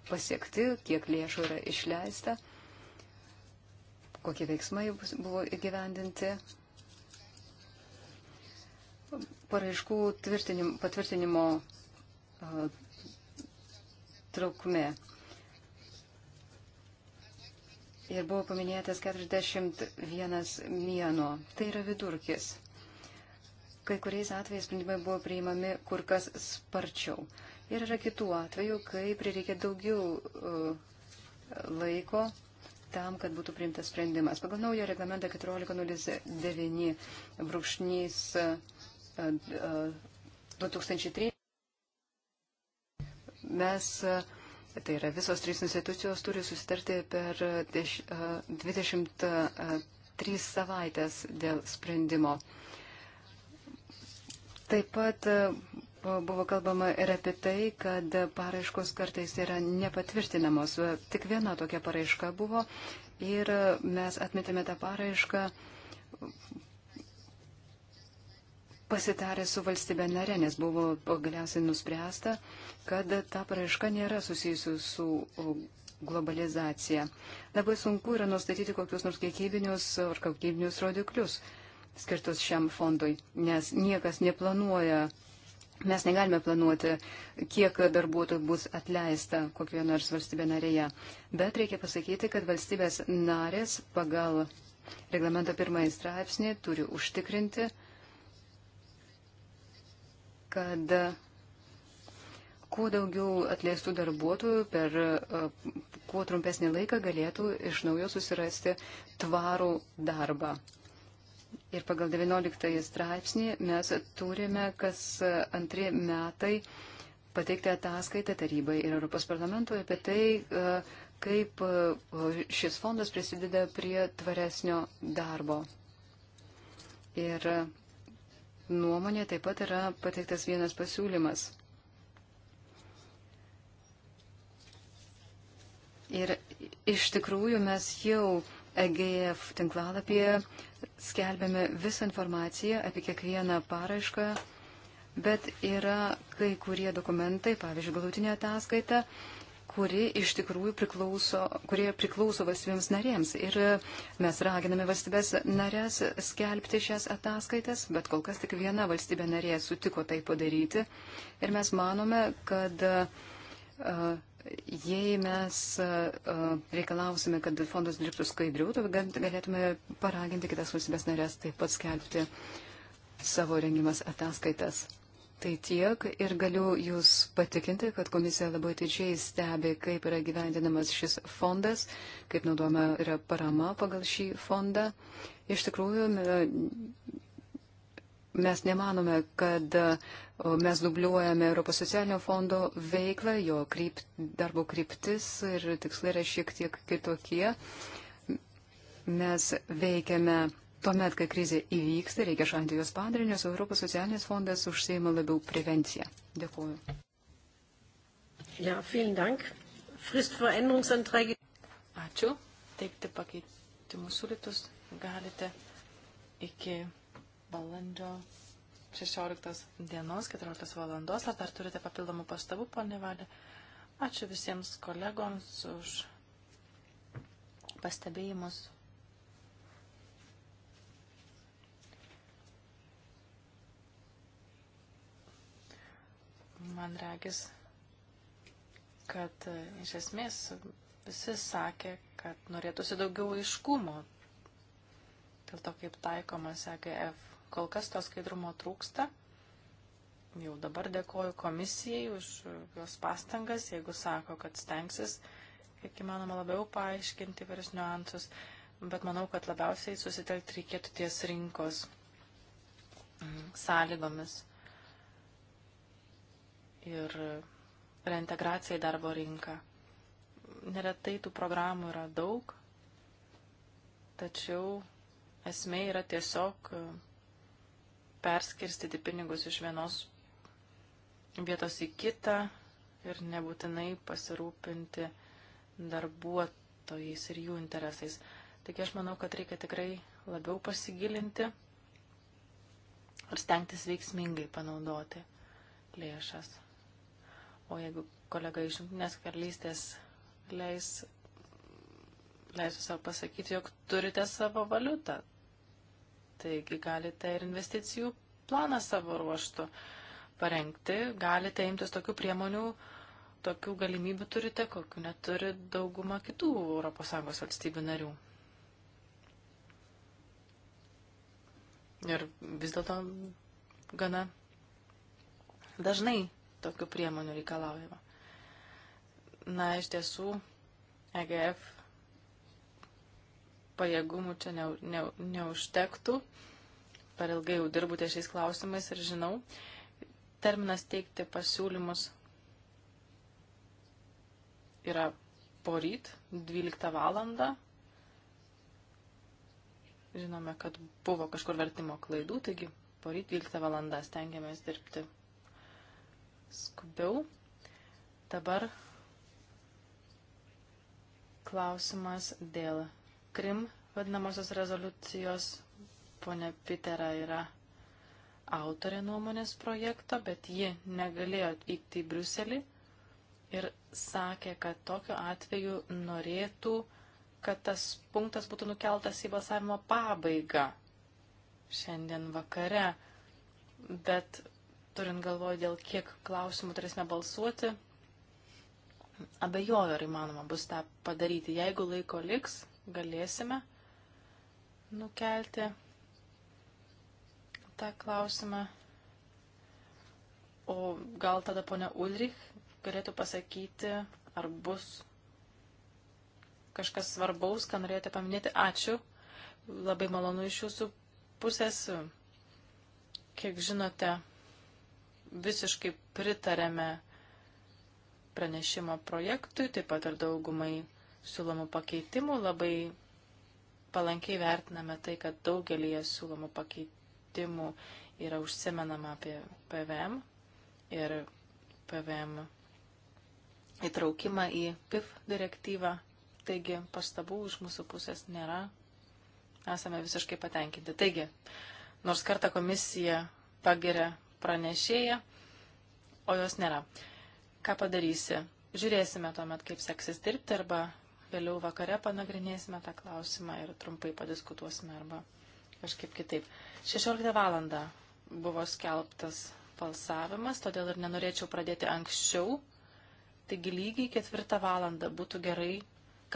pasiekti, kiek lėšų yra išleista, kokie veiksmai buvo įgyvendinti. Paraiškų patvirtinimo trukmė. Ir buvo paminėtas 41 mėno. Tai yra vidurkis. Kai kuriais atvejais sprendimai buvo priimami kur kas sparčiau. Ir yra kitų atvejų, kai prireikia daugiau e, laiko tam, kad būtų priimtas sprendimas. Pagal naują reglamentą 1409 brūkšnys 2003 e, e, mes, tai yra visos trys institucijos, turi susitarti per 23 savaitės dėl sprendimo. Taip pat buvo kalbama ir apie tai, kad paraiškos kartais yra nepatvirtinamos. Tik viena tokia paraiška buvo ir mes atmetėme tą paraišką pasitarę su valstybė nare, nes buvo galiausiai nuspręsta, kad ta paraiška nėra susijusi su globalizacija. Labai sunku yra nustatyti kokius nors kiekybinius ar kokybinius rodiklius skirtus šiam fondui, nes niekas neplanuoja uh, Mes negalime planuoti, kiek darbuotojų bus atleista kokioje nors valstybė narėje. Bet reikia pasakyti, kad valstybės narės pagal reglamento pirmąjį straipsnį turi užtikrinti, kad kuo daugiau atleistų darbuotojų per e, kuo trumpesnį laiką galėtų iš naujo susirasti tvarų darbą. Ir pagal 19 straipsnį mes turime kas antrie metai pateikti ataskaitą tarybai ir Europos parlamentui apie tai, e, kaip e, šis fondas prisideda prie tvaresnio darbo. Ir nuomonė taip pat yra pateiktas vienas pasiūlymas. Ir iš tikrųjų mes jau EGF tinklalapyje skelbėme visą informaciją apie kiekvieną paraišką, bet yra kai kurie dokumentai, pavyzdžiui, galutinė ataskaita, kuri iš tikrųjų priklauso, kurie priklauso valstybėms narėms. Ir mes raginame valstybės narės skelbti šias ataskaitas, bet kol kas tik viena valstybė narė sutiko tai padaryti. Ir mes manome, kad uh, Jei mes reikalausime, kad fondas dirbtų skaidriau, tai galėtume paraginti kitas valstybės narės taip pat skelbti savo rengimas ataskaitas. Tai tiek ir galiu Jūs patikinti, kad komisija labai atidžiai stebi, kaip yra gyvendinamas šis fondas, kaip naudojama yra parama pagal šį fondą. Iš tikrųjų, mes nemanome, kad mes dubliuojame Europos socialinio fondo veiklą, jo kryp, darbo kryptis ir tikslai yra šiek tiek kitokie. Mes veikiame tuomet, kai krizė įvyksta, reikia šalinti jos padarinius, o Europos socialinis fondas užsieima labiau prevenciją. Dėkuoju. Ja, vielen Dank. Frist für Änderungsanträge. Ačiū. Teikti pakeitimus siūlytus galite iki balandžio 16 dienos, 14 valandos. Ar dar turite papildomų pastabų, ponė Vadė? Ačiū visiems kolegoms už pastebėjimus. Man regis, kad e, iš esmės visi sakė, kad norėtųsi daugiau aiškumo dėl to, kaip taikomas EGF Kol kas to skaidrumo trūksta. Jau dabar dėkoju komisijai už jos pastangas, jeigu sako, kad stengsis, kiek įmanoma, labiau paaiškinti vairius niuansus, bet manau, kad labiausiai susitelkti reikėtų ties rinkos mm, sąlygomis ir reintegracija į darbo rinką. Neretai tų programų yra daug, tačiau esmė yra tiesiog perskirstyti pinigus iš vienos vietos į kitą ir nebūtinai pasirūpinti darbuotojais ir jų interesais. Taigi aš manau, kad reikia tikrai labiau pasigilinti ir stengtis veiksmingai panaudoti lėšas. O jeigu kolega iš Junktinės karalystės leis, leisiu savo pasakyti, jog turite savo valiutą, Taigi galite ir investicijų planą savo ruoštų parengti, galite imtis tokių priemonių, tokių galimybių turite, kokių neturi dauguma kitų ES valstybių narių. Ir vis dėlto gana dažnai tokių priemonių reikalaujama. Na, iš tiesų, EGF pajėgumų čia ne, ne, neužtektų. Per ilgai jau dirbu ties šiais klausimais ir žinau. Terminas teikti pasiūlymus yra poryt 12 valandą. Žinome, kad buvo kažkur vertimo klaidų, taigi poryt 12 valandą stengiamės dirbti skubiau. Dabar klausimas dėl Krim vadinamosios rezoliucijos. Pone Pitera yra autorė nuomonės projekto, bet ji negalėjo vykti į Briuselį ir sakė, kad tokiu atveju norėtų, kad tas punktas būtų nukeltas į balsavimo pabaigą šiandien vakare. Bet turint galvoje, dėl kiek klausimų turėsime balsuoti, abejoju, ar įmanoma bus tą padaryti. Jeigu laiko liks, galėsime nukelti tą klausimą. O gal tada ponia Ulrich galėtų pasakyti, ar bus kažkas svarbaus, ką norėjote paminėti. Ačiū. Labai malonu iš jūsų pusės. Kiek žinote, visiškai pritarėme pranešimo projektui, taip pat ir daugumai siūlomų pakeitimų. Labai palankiai vertiname tai, kad daugelį siūlomų pakeitimų yra užsimenama apie PVM ir PVM įtraukimą į PIF direktyvą. Taigi pastabų iš mūsų pusės nėra. Esame visiškai patenkinti. Taigi, nors kartą komisija pagiria pranešėją, o jos nėra. Ką padarysi? Žiūrėsime tuomet, kaip seksis dirbti arba vėliau vakare panagrinėsime tą klausimą ir trumpai padiskutuosime arba kažkaip kitaip. 16 valandą buvo skelbtas balsavimas, todėl ir nenorėčiau pradėti anksčiau. Taigi lygiai ketvirtą valandą būtų gerai,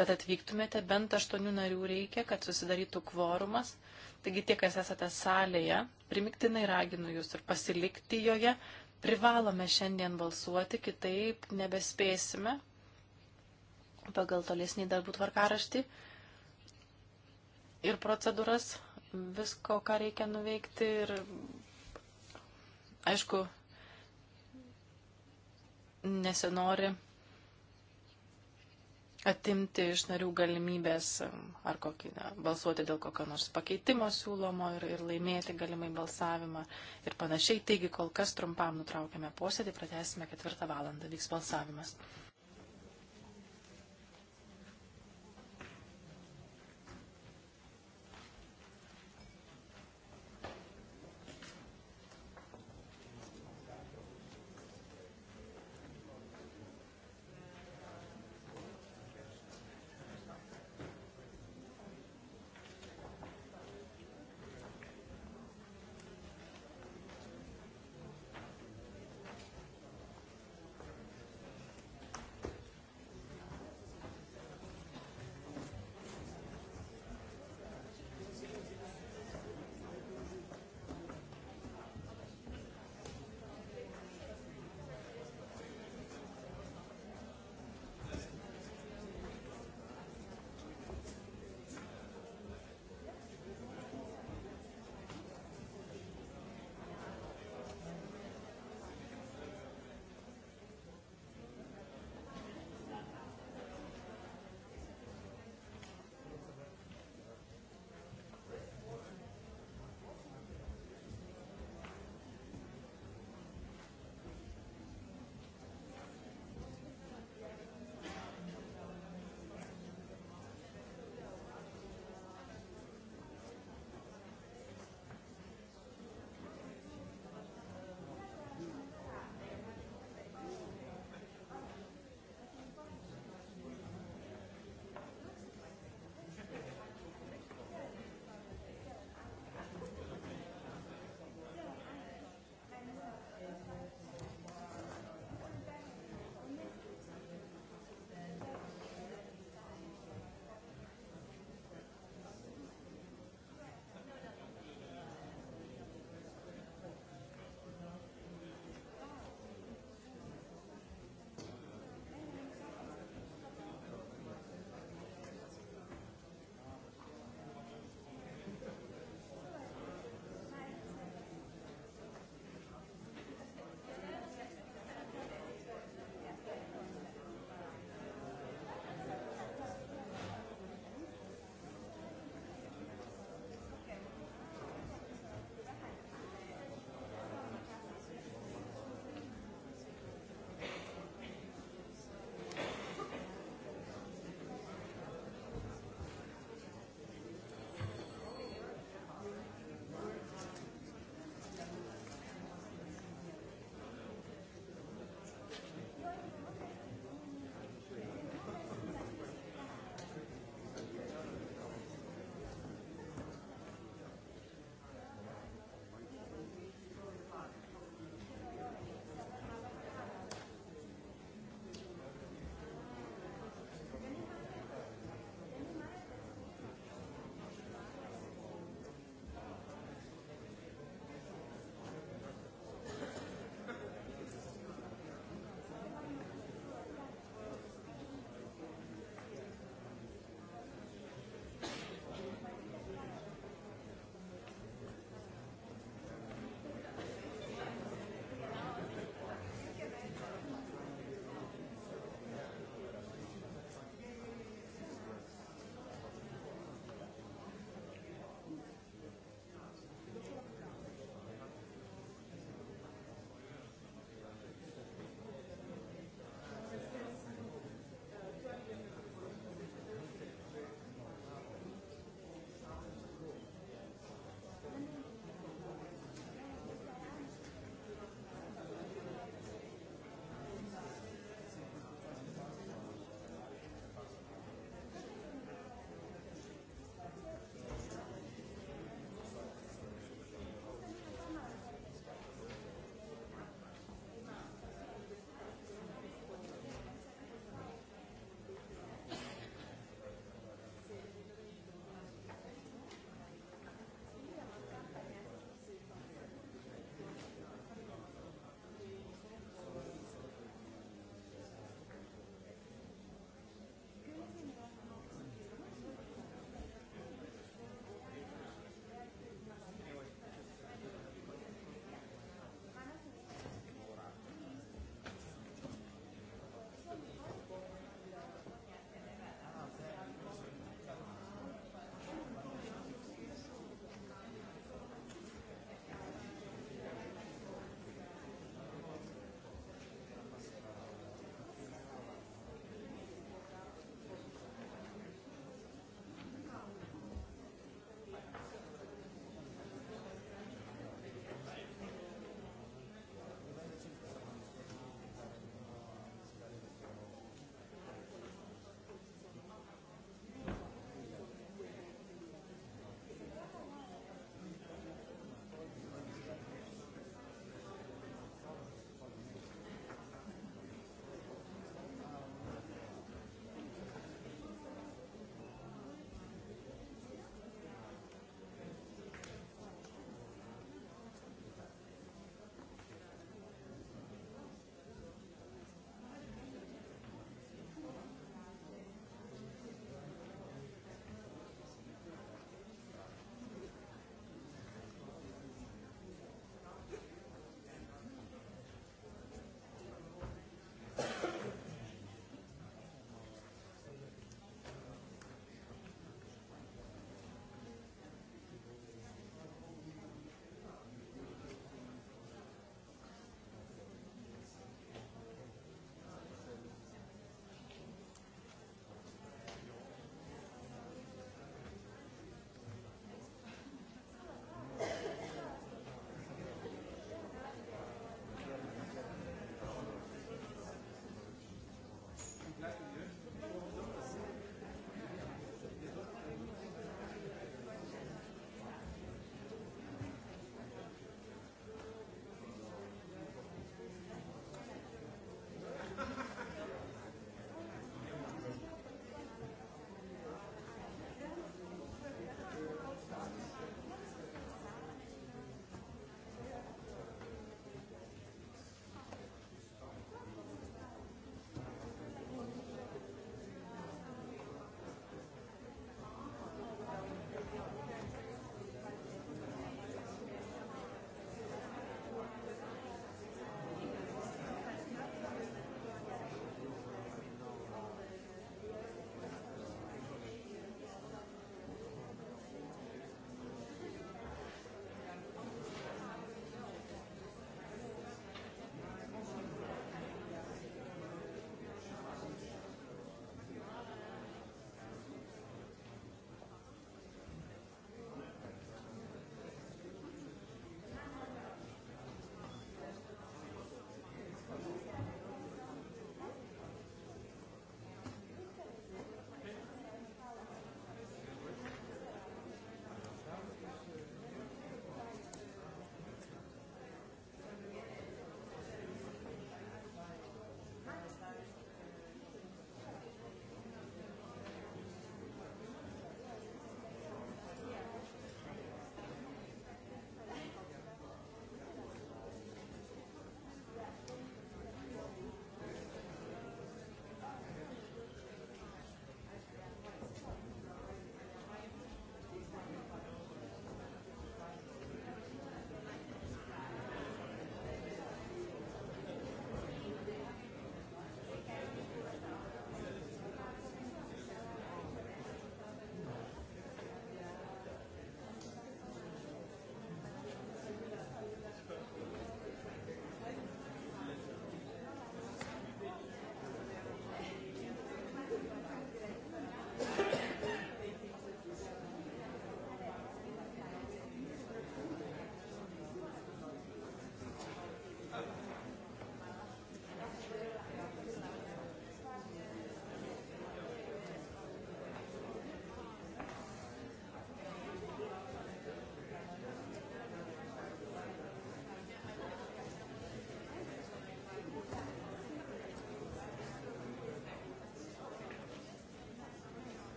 kad atvyktumėte, bent aštuonių narių reikia, kad susidarytų kvorumas. Taigi tie, kas esate salėje, primiktinai raginu jūs ir pasilikti joje. Privalome šiandien balsuoti, kitaip nebespėsime pagal tolesnį darbų tvarkaraštį ir procedūras, visko, ką reikia nuveikti ir aišku, nesinori atimti iš narių galimybės ar kokį, na, balsuoti dėl kokio nors pakeitimo siūlomo ir, ir laimėti galimai balsavimą ir panašiai. Taigi kol kas trumpam nutraukėme posėdį, pratęsime ketvirtą valandą, vyks balsavimas.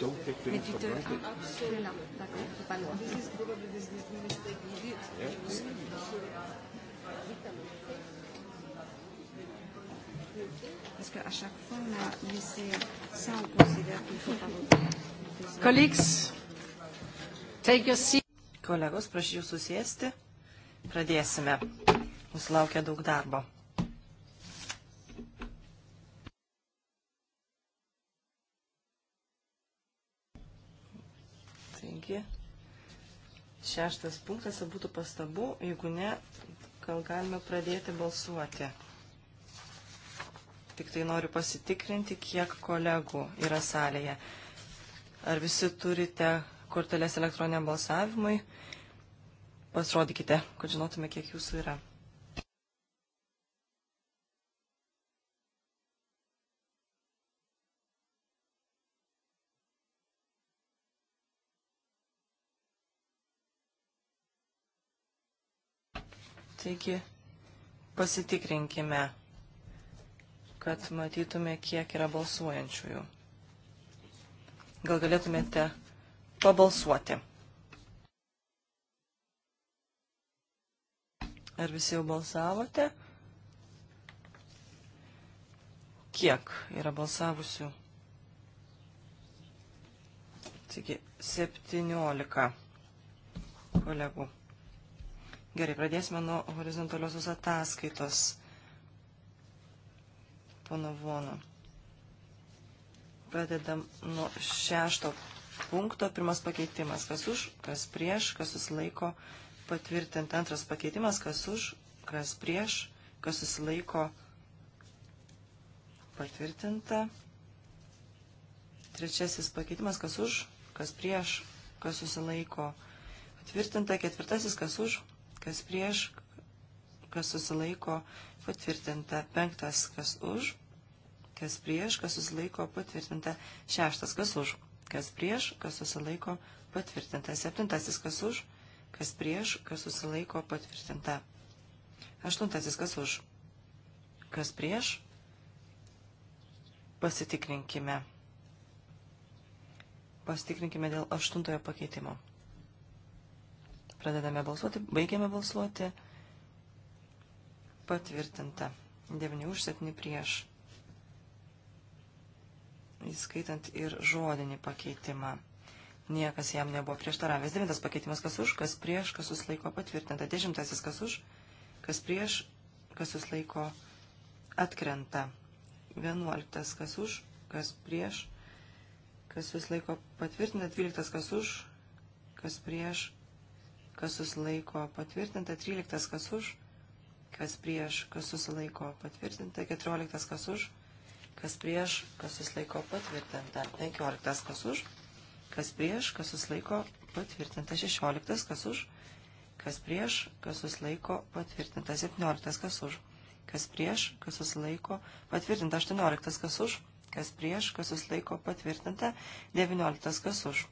Don't take things for granted. Ah, absolument. D'accord. This is probably this, this mistake we did. Yeah. Parce qu'à chaque fois, on a laissé ça, on considère qu'il ne faut pas voter. Colleagues, take your seat. Kolegos, prašyčiau susėsti. Pradėsime. Mūsų laukia daug darbo. šeštas punktas, ar būtų pastabų, jeigu ne, gal galime pradėti balsuoti. Tik tai noriu pasitikrinti, kiek kolegų yra salėje. Ar visi turite korteles elektroniniam balsavimui? Pasirodykite, kad žinotume, kiek jūsų yra. Taigi pasitikrinkime, kad matytume, kiek yra balsuojančiųjų. Gal galėtumėte pabalsuoti. Ar visi jau balsavote? Kiek yra balsavusių? Taigi, 17 kolegų. Gerai, pradėsime nuo horizontaliosios ataskaitos. Pono Vono. Pradedam nuo šešto punkto. Pirmas pakeitimas. Kas už, kas prieš, kas susilaiko patvirtinti. Antras pakeitimas. Kas už, kas prieš, kas susilaiko patvirtinta. Trečiasis pakeitimas. Kas už, kas prieš, kas susilaiko patvirtinta. Ketvirtasis. Kas už, kas prieš, kas susilaiko patvirtinta, penktas, kas už, kas prieš, kas susilaiko patvirtinta, šeštas, kas už, kas prieš, kas susilaiko patvirtinta, septintasis, kas už, kas prieš, kas susilaiko patvirtinta, aštuntasis, kas už, kas prieš, pasitikrinkime. Pasitikrinkime dėl aštuntojo pakeitimo. Pradedame balsuoti, baigiame balsuoti. Patvirtinta. 9 už 7 prieš. Įskaitant ir žodinį pakeitimą. Niekas jam nebuvo prieštaravęs. Devintas pakeitimas kas už, kas prieš, kas susilaiko patvirtinta. Dešimtasis kas už, kas prieš, kas susilaiko atkrenta. Vienuoliktas kas už, kas prieš, kas susilaiko patvirtinta. Dvyliktas kas už, kas prieš, kas susilaiko patvirtinta, 13 kas už, kas prieš, kas susilaiko patvirtinta, 14 kas už, kas prieš, kas susilaiko patvirtinta, 15 kas už, kas prieš, kas susilaiko patvirtinta, 16 kas už, kas prieš, kas susilaiko patvirtinta, 17 kas už, kas prieš, kas susilaiko patvirtinta, 18 kas už, kas prieš, kas susilaiko patvirtinta, 19 kas už,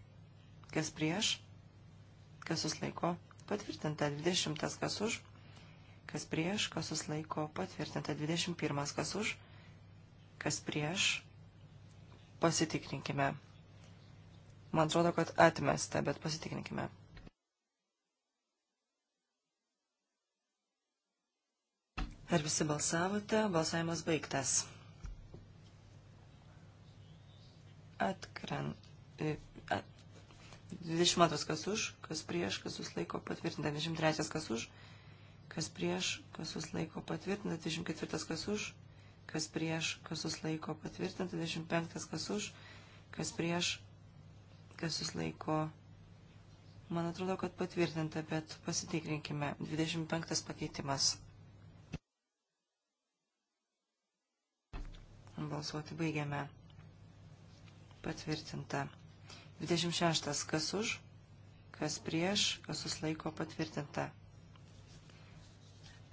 kas prieš, kas susilaiko patvirtinta 20, kas už, kas prieš, kas susilaiko patvirtinta 21, kas už, kas prieš, pasitikrinkime. Man atrodo, kad atmesta, bet pasitikrinkime. Ar visi balsavote? Balsavimas baigtas. Atkrent 22 kas už, kas prieš, kas susilaiko patvirtinta, 23 kas už, kas prieš, kas susilaiko patvirtinta, 24 kas už, kas prieš, kas susilaiko patvirtinta, 25 kas už, kas prieš, kas susilaiko. Man atrodo, kad patvirtinta, bet pasitikrinkime. 25 pakeitimas. Balsuoti baigiame. Patvirtinta. 26. Kas už, kas prieš, kas susilaiko patvirtinta.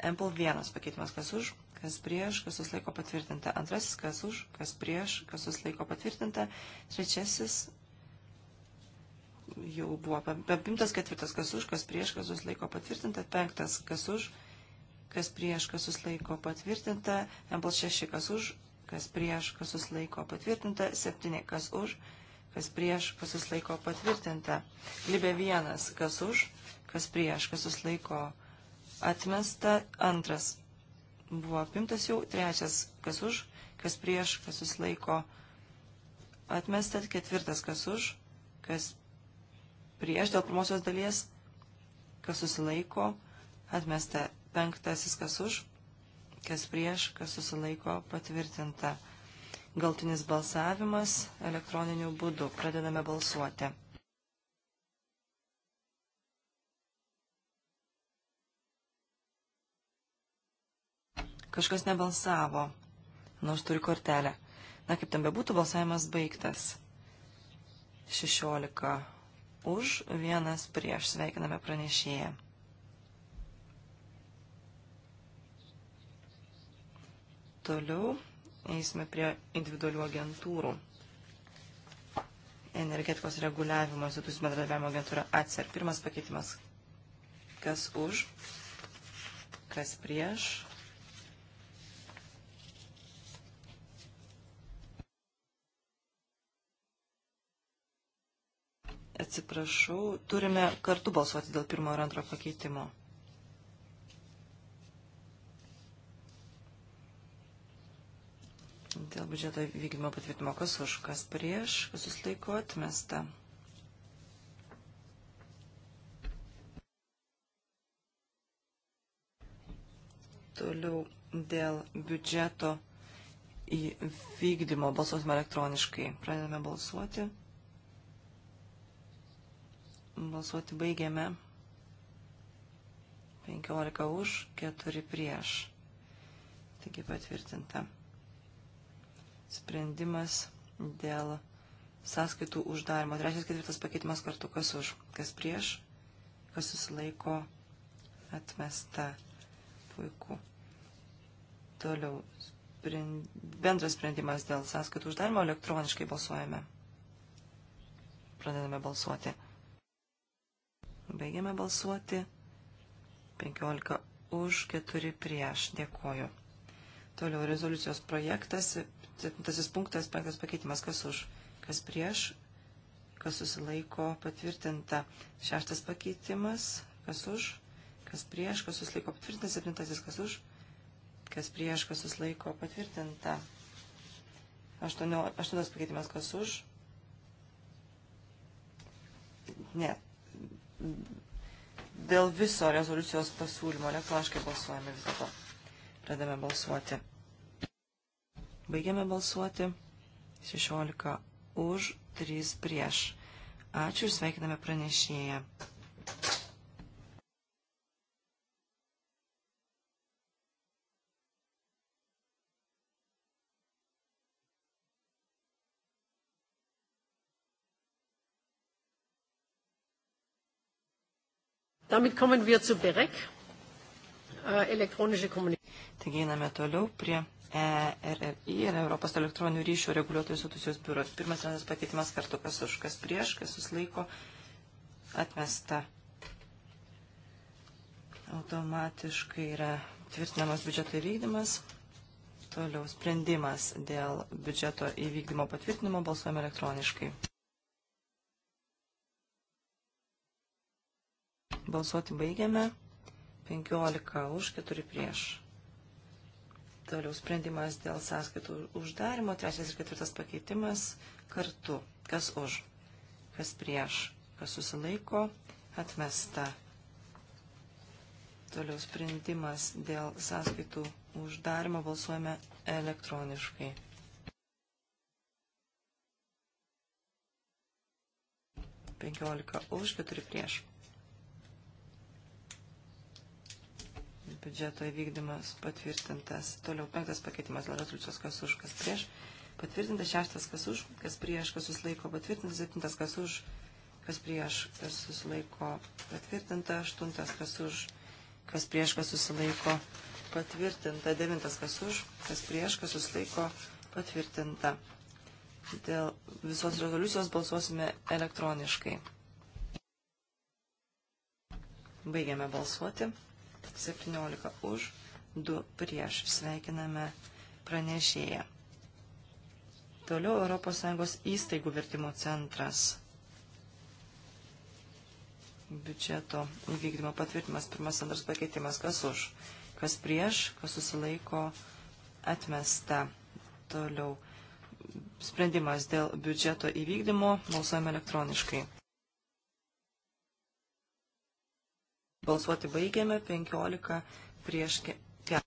Ample 1 pakeitimas, kas už, kas prieš, kas susilaiko patvirtinta. Antrasis, kas už, kas prieš, kas susilaiko patvirtinta. Trečiasis, jau buvo apimtas ketvirtas, kas už, kas prieš, kas susilaiko patvirtinta. Penktas, kas už, kas prieš, kas susilaiko patvirtinta. Ample 6, kas už, kas prieš, kas susilaiko patvirtinta. Septyni, kas už, kas prieš kas prieš, kas susilaiko patvirtinta. Libė vienas, kas už, kas prieš, kas susilaiko atmesta. Antras buvo apimtas jau. Trečias, kas už, kas prieš, kas susilaiko atmesta. Ketvirtas, kas už, kas prieš dėl pirmosios dalies, kas susilaiko atmesta. Penktasis, kas už, kas prieš, kas susilaiko patvirtinta. Galtinis balsavimas elektroniniu būdu. Pradedame balsuoti. Kažkas nebalsavo, nors turi kortelę. Na, kaip tam bebūtų, balsavimas baigtas. 16 už, vienas prieš. Sveikiname pranešėją. Toliau eisime prie individualių agentūrų. Energetikos reguliavimo institucijų bendradarbiavimo agentūra ACER. Pirmas pakeitimas. Kas už, kas prieš. Atsiprašau, turime kartu balsuoti dėl pirmo ir antro pakeitimo. Dėl biudžeto vykdymo patvirtimo, kas už, kas prieš, kas susilaiko atmesta. Toliau dėl biudžeto įvykdymo balsuosime elektroniškai. Pradedame balsuoti. Balsuoti baigiame. 15 už, 4 prieš. Taigi patvirtinta sprendimas dėl sąskaitų uždarimo. Trečias, ketvirtas pakeitimas kartu, kas už, kas prieš, kas susilaiko, atmesta. Puiku. Toliau, sprend... bendras sprendimas dėl sąskaitų uždarimo elektroniškai balsuojame. Pradedame balsuoti. Baigiame balsuoti. 15 už, 4 prieš. Dėkoju. Toliau rezoliucijos projektas Septintasis punktas, penktas pakeitimas, kas už, kas prieš, kas susilaiko patvirtinta. Šeštas pakeitimas, kas už, kas prieš, kas susilaiko patvirtinta. Septintasis, kas už, kas prieš, kas susilaiko patvirtinta. Aštuonio, aštuntas pakeitimas, kas už. Ne. Dėl viso rezoliucijos pasiūlymo elektroniškai balsuojame vis dėlto. Pradame balsuoti. Baigiame balsuoti. 16 už, 3 prieš. Ačiū ir sveikiname pranešėją. Damit kommen wir zu BEREC, äh, elektronische Kommunikation. Taigi einame toliau prie ERRI ir Europos elektroninių ryšių reguliuotojų institucijos biuro. Pirmas vienas pakeitimas kartu, kas už, kas prieš, kas susilaiko, atmesta. Automatiškai yra tvirtinamas biudžeto įvykdymas. Toliau sprendimas dėl biudžeto įvykdymo patvirtinimo balsuojame elektroniškai. Balsuoti baigiame. 15 už, 4 prieš. Toliau sprendimas dėl sąskaitų uždarimo, trečias ir ketvirtas pakeitimas kartu. Kas už, kas prieš, kas susilaiko, atmesta. Toliau sprendimas dėl sąskaitų uždarimo balsuojame elektroniškai. Penkiolika už, keturi prieš. biudžeto įvykdymas patvirtintas. Toliau penktas pakeitimas dėl rezoliucijos, kas už, kas prieš. Patvirtintas šeštas, kas už, kas prieš, kas susilaiko. Patvirtintas septintas, kas už, kas prieš, kas susilaiko. Patvirtinta aštuntas, kas už, kas prieš, kas susilaiko. Patvirtinta devintas, kas už, kas prieš, kas susilaiko. Patvirtinta. Dėl visos rezoliucijos balsuosime elektroniškai. Baigiame balsuoti. 17 už, 2 prieš. Sveikiname pranešėją. Toliau ES įstaigų vertimo centras. Biudžeto įvykdymo patvirtimas, pirmas antras pakeitimas, kas už, kas prieš, kas susilaiko, atmesta. Toliau sprendimas dėl biudžeto įvykdymo balsuojame elektroniškai. Balsuoti baigėme 15 prieš 5.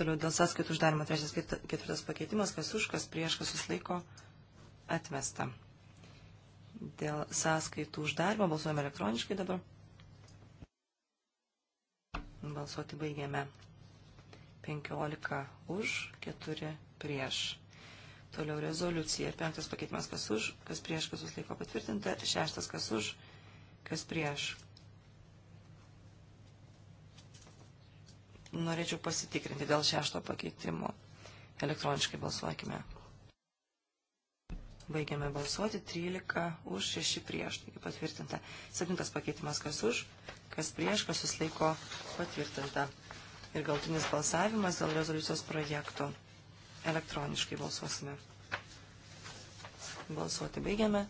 Toliau dėl sąskaitų uždarimo trečias ketvirtas pakeitimas, kas už, kas prieš, kas susilaiko, atmesta. Dėl sąskaitų uždarimo balsuojame elektroniškai dabar. Balsuoti baigėme 15 už, 4 prieš. Toliau rezoliucija. Penktas pakeitimas kas už, kas prieš, kas susilaiko patvirtinta. Šeštas kas už, kas prieš. Norėčiau pasitikrinti dėl šešto pakeitimo. Elektroniškai balsuokime. Baigiame balsuoti 13 už 6 prieš, taigi patvirtinta. Septintas pakeitimas kas už, kas prieš, kas susilaiko patvirtinta. Ir galtinis balsavimas dėl rezoliucijos projekto. Elektroniškai balsuosime. Balsuoti baigiame.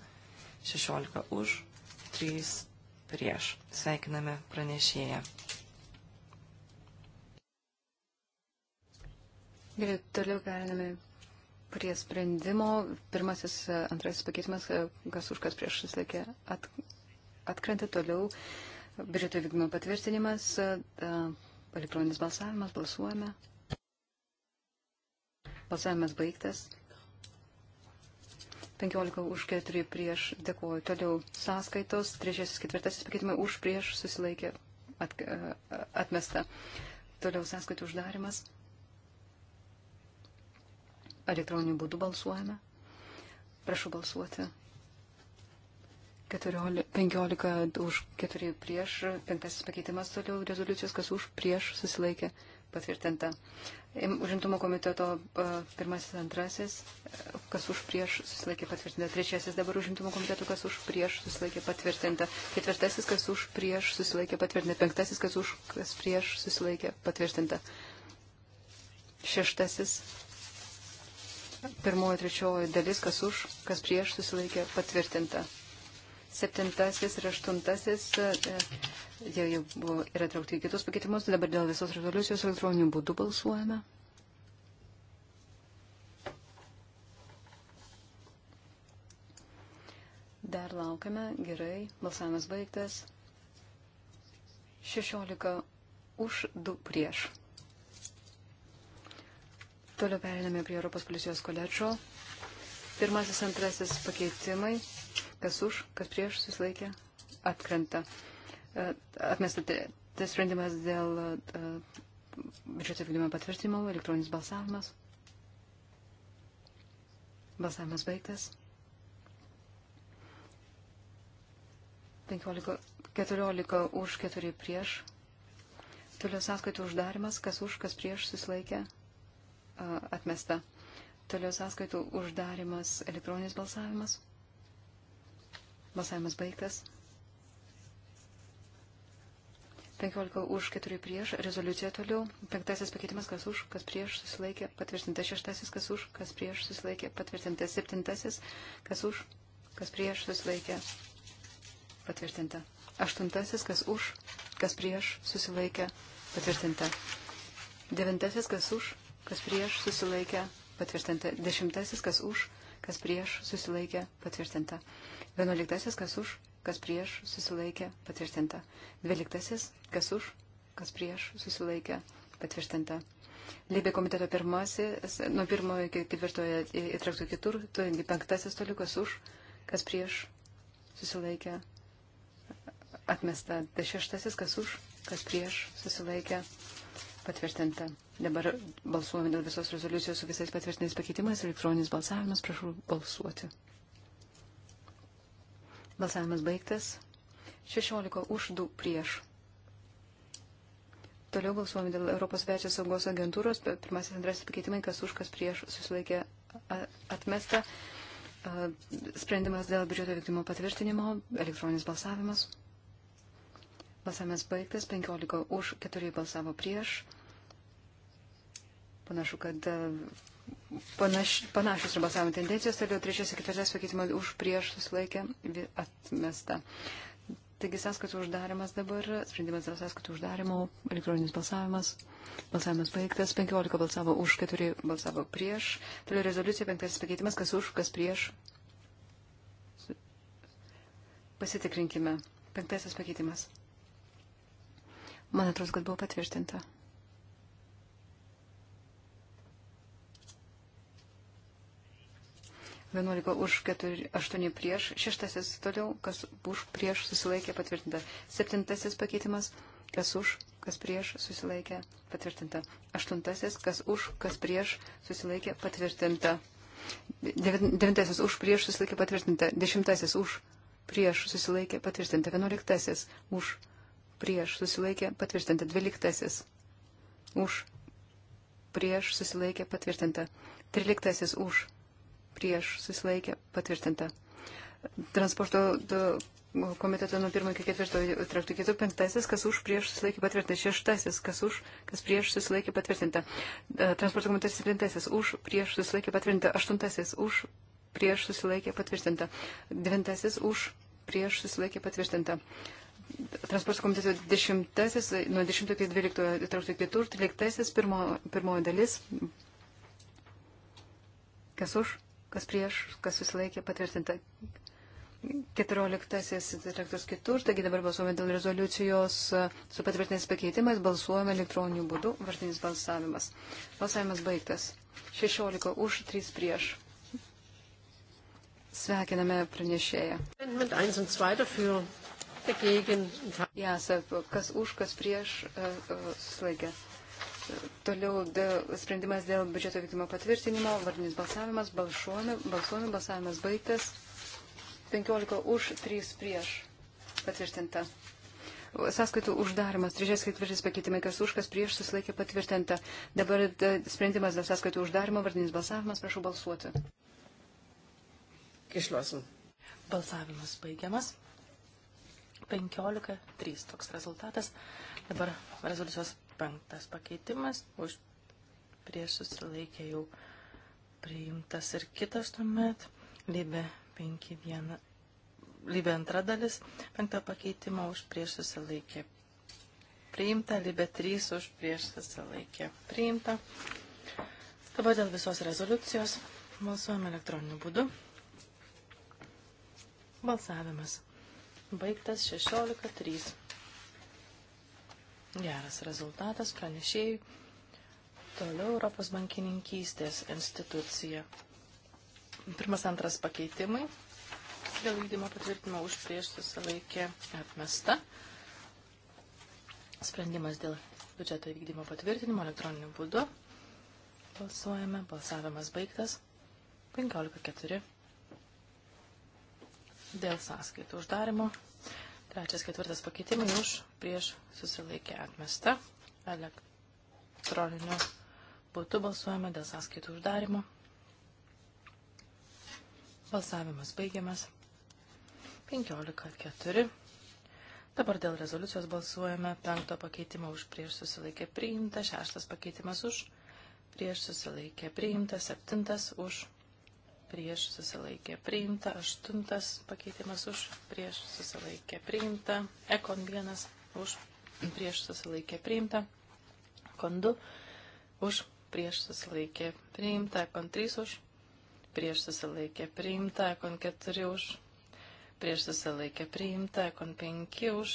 16 už, 3 prieš. Sveikiname pranešėją. Gerai, toliau galiname prie sprendimo. Pirmasis, antrasis pakeitimas, kas už kas prieš susilaikė at, atkrenta toliau. Biudžeto vykdymo patvirtinimas, elektroninis balsavimas, balsuojame. Balsavimas baigtas. 15 už 4 prieš. Dėkuoju. Toliau sąskaitos. Trečiasis, ketvirtasis pakeitimai už prieš susilaikė at, atmesta. Toliau sąskaitų uždarimas. Elektroniniu būdu balsuojame. Prašau balsuoti. 14, 15 už 4 prieš, penktasis pakeitimas toliau rezoliucijos, kas už prieš susilaikė patvirtinta. Užimtumo komiteto e, pirmasis, antrasis, e, kas už prieš susilaikė patvirtinta. Trečiasis dabar užimtumo komiteto, kas už prieš susilaikė patvirtinta. Ketvirtasis, kas už prieš susilaikė patvirtinta. Penktasis, kas už kas prieš susilaikė patvirtinta. Šeštasis, pirmoji, trečioji dalis, kas už, kas prieš susilaikė patvirtinta. Septintasis ir aštuntasis e, jau, jau buvo, yra traukti į kitus pakeitimus. Tai dabar dėl visos rezoliucijos elektroninių būdų balsuojame. Dar laukiame. Gerai. Balsavimas baigtas. 16 už 2 prieš. Toliau periname prie Europos policijos koledžo. Pirmasis, antrasis pakeitimai. Kas už, kas prieš susilaikė, atkrenta. E, atmesta tas sprendimas dėl e, biudžeto vykdymo patvirtinimo, elektroninis balsavimas. Balsavimas baigtas. 15, 14 už, 4 prieš. Toliau sąskaitų uždarimas, kas už, kas prieš susilaikė, e, atmesta. Toliau sąskaitų uždarimas, elektroninis balsavimas. Balsavimas baigtas. 15 už, 4 prieš, rezoliucija toliau. Penktasis pakeitimas, kas už, kas prieš, susilaikė, patvirtintas šeštasis, kas už, kas prieš, susilaikė, patvirtintas septintasis, kas už, kas prieš, susilaikė, patvirtinta. Aštuntasis, kas už, kas prieš, susilaikė, patvirtinta. Devintasis, kas už, kas prieš, susilaikė, patvirtinta. Dešimtasis, kas už, kas prieš, susilaikė, patvirtinta. Vienuoliktasis, kas už, kas prieš, susilaikė, patvirtinta. Dvyliktasis, kas už, kas prieš, susilaikė, patvirtinta. Lybė komiteto pirmasis, nuo pirmojo iki ketvirtojo įtraktų kitur, tuogi penktasis toliukas už, kas prieš, susilaikė, atmesta. Tai šeštasis, kas už, kas prieš, susilaikė, patvirtinta. Dabar balsuojame dėl visos rezoliucijos su visais patvirtiniais pakeitimais. Elektroninis balsavimas, prašau balsuoti. Balsavimas baigtas. 16 už 2 prieš. Toliau balsuojame dėl Europos svečios saugos agentūros. Pirmasis, antrasis pakeitimai, kas už, kas prieš susilaikė atmesta. Sprendimas dėl biudžeto vykdymo patvirtinimo, elektroninis balsavimas. Balsavimas baigtas, 15 už, 4 balsavo prieš. Panašu, kad panaš, panašios yra balsavimo tendencijos, toliau trečias ir ketvirtas pakeitimai už prieš susilaikę atmesta. Taigi sąskaitų uždarimas dabar, sprendimas dėl sąskaitų uždarimo, elektroninis balsavimas. Balsavimas baigtas, 15 balsavo už, 4 balsavo prieš. Toliau rezoliucija, penktasis pakeitimas, kas už, kas prieš. Pasitikrinkime. Penktasis pakeitimas. Man atrodo, kad buvo patvirtinta. 11 už 4, 8 prieš, šeštasis toliau, kas už prieš susilaikė patvirtinta, septintasis pakeitimas, kas už, kas prieš susilaikė patvirtinta, aštuntasis, kas už, kas prieš susilaikė patvirtinta, devintasis už prieš susilaikė patvirtinta, dešimtasis už prieš susilaikė patvirtinta, vienuoliktasis už prieš susilaikė patvirtinta, dvyliktasis už prieš susilaikė patvirtinta, tryliktasis už prieš susilaikė patvirtinta. Transporto komiteto nuo 1 iki 4 traktų 4 penktasis, kas už prieš susilaikė patvirtinta. Šeštasis, kas už, kas prieš susilaikė patvirtinta. E, transporto komitetas septintasis, už prieš susilaikė patvirtinta. Aštuntasis, už prieš susilaikė patvirtinta. Devintasis, už prieš susilaikė patvirtinta. Transporto komiteto dešimtasis, nuo 10 iki 12 traktų 4, 13, pirmo, pirmoji dalis. Kas už? kas prieš, kas susilaikė patvirtinta. 14 direktors kitur, taigi dabar balsuojame dėl rezoliucijos su patvirtinės pakeitimais, balsuojame elektroniniu būdu, vartinis balsavimas. Balsavimas baigtas. 16 už, 3 prieš. Sveikiname pranešėją. Jas, kas už, kas prieš, e, e, sulaikė. Toliau dėl, sprendimas dėl biudžeto vykdymo patvirtinimo, vardinis balsavimas, balsuojame, balsuojame, balsavimas baigtas, 15 už, 3 prieš, patvirtinta. Sąskaitų uždarimas, trečias ketvirtis pakeitimai, kas už, kas prieš, susilaikė patvirtinta. Dabar e, sprendimas dėl sąskaitų uždarimo, vardinis balsavimas, prašau balsuoti. Išlosim. Balsavimas baigiamas. 15-3 toks rezultatas. Dabar rezoliucijos Penktas pakeitimas už prieš susilaikę jau priimtas ir kitas tuomet. Lybė 5.1. Lybė antra dalis. Penktą pakeitimą už prieš susilaikę priimta. Lybė 3 už prieš susilaikę priimta. Dabar dėl visos rezoliucijos balsuojame elektroniniu būdu. Balsavimas. Baigtas 16.3. Geras rezultatas pranešėjai. Toliau Europos bankininkystės institucija. Pirmas antras pakeitimai. Dėl vykdymo patvirtinimo už prieš susilaikė atmesta. Sprendimas dėl biudžeto vykdymo patvirtinimo elektroniniu būdu. Balsuojame. Balsavimas baigtas. 15.4. Dėl sąskaitų uždarimo Trečias, ketvirtas pakeitimai už prieš susilaikę atmestą. Elektroniniu būdu balsuojame dėl sąskaitų uždarimo. Balsavimas baigiamas. 15.4. Dabar dėl rezoliucijos balsuojame. Penkto pakeitimo už prieš susilaikę priimta. Šeštas pakeitimas už prieš susilaikę priimta. Septintas už prieš susilaikė priimta, aštuntas pakeitimas už, prieš susilaikė priimta, ekon vienas už, prieš susilaikė priimta, ekon du už, prieš susilaikė priimta, ekon trys už, prieš susilaikė priimta, ekon keturi už, prieš susilaikė priimta, ekon penki už,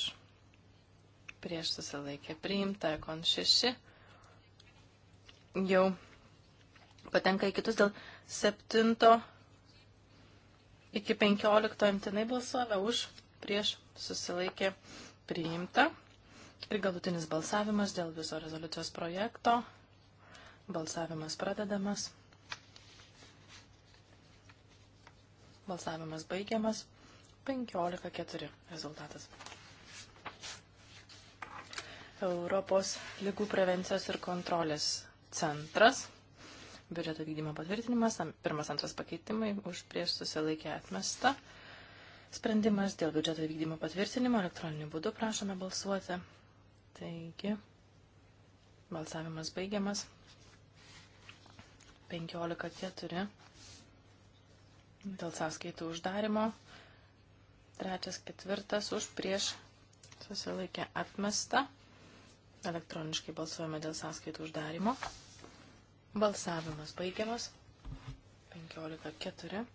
prieš susilaikė priimta, ekon šeši jau patenka į kitus dėl 7 iki 15 imtinai balsuoja už, prieš susilaikė priimta. Ir galutinis balsavimas dėl viso rezoliucijos projekto. Balsavimas pradedamas. Balsavimas baigiamas. 15.4 rezultatas. Europos lygų prevencijos ir kontrolės centras Biudžeto vykdymo patvirtinimas, pirmas antras pakeitimai už prieš susilaikę atmesta. Sprendimas dėl biudžeto vykdymo patvirtinimo elektroniniu būdu prašome balsuoti. Taigi, balsavimas baigiamas. 15.4. Dėl sąskaitų uždarimo. Trečias ketvirtas už prieš susilaikę atmestą. Elektroniškai balsuojame dėl sąskaitų uždarimo. Balsavimas baigiamas. 15.4.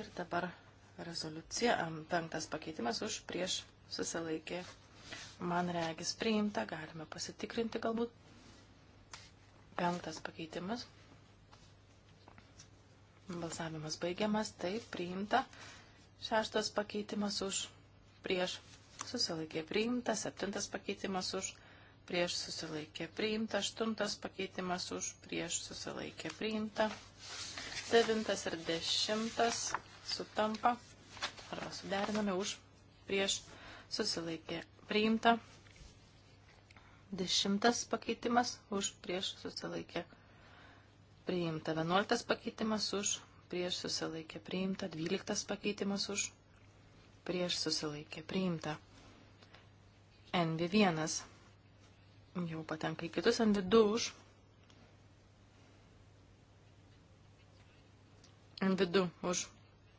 Ir dabar rezoliucija. Penktas pakeitimas už prieš susilaikė. Man regis priimta. Galime pasitikrinti galbūt. Penktas pakeitimas. Balsavimas baigiamas. Taip, priimta. Šeštas pakeitimas už prieš susilaikė. Priimta. Septintas pakeitimas už prieš susilaikė priimta, aštuntas pakeitimas už prieš susilaikė priimta, devintas ir dešimtas sutampa arba suderiname už prieš susilaikė priimta, dešimtas pakeitimas už prieš susilaikė priimta, vienuoltas pakeitimas už prieš susilaikė priimta, dvyliktas pakeitimas už prieš susilaikė priimta. NV1 jau patenka į kitus ant vidų už. NV2 už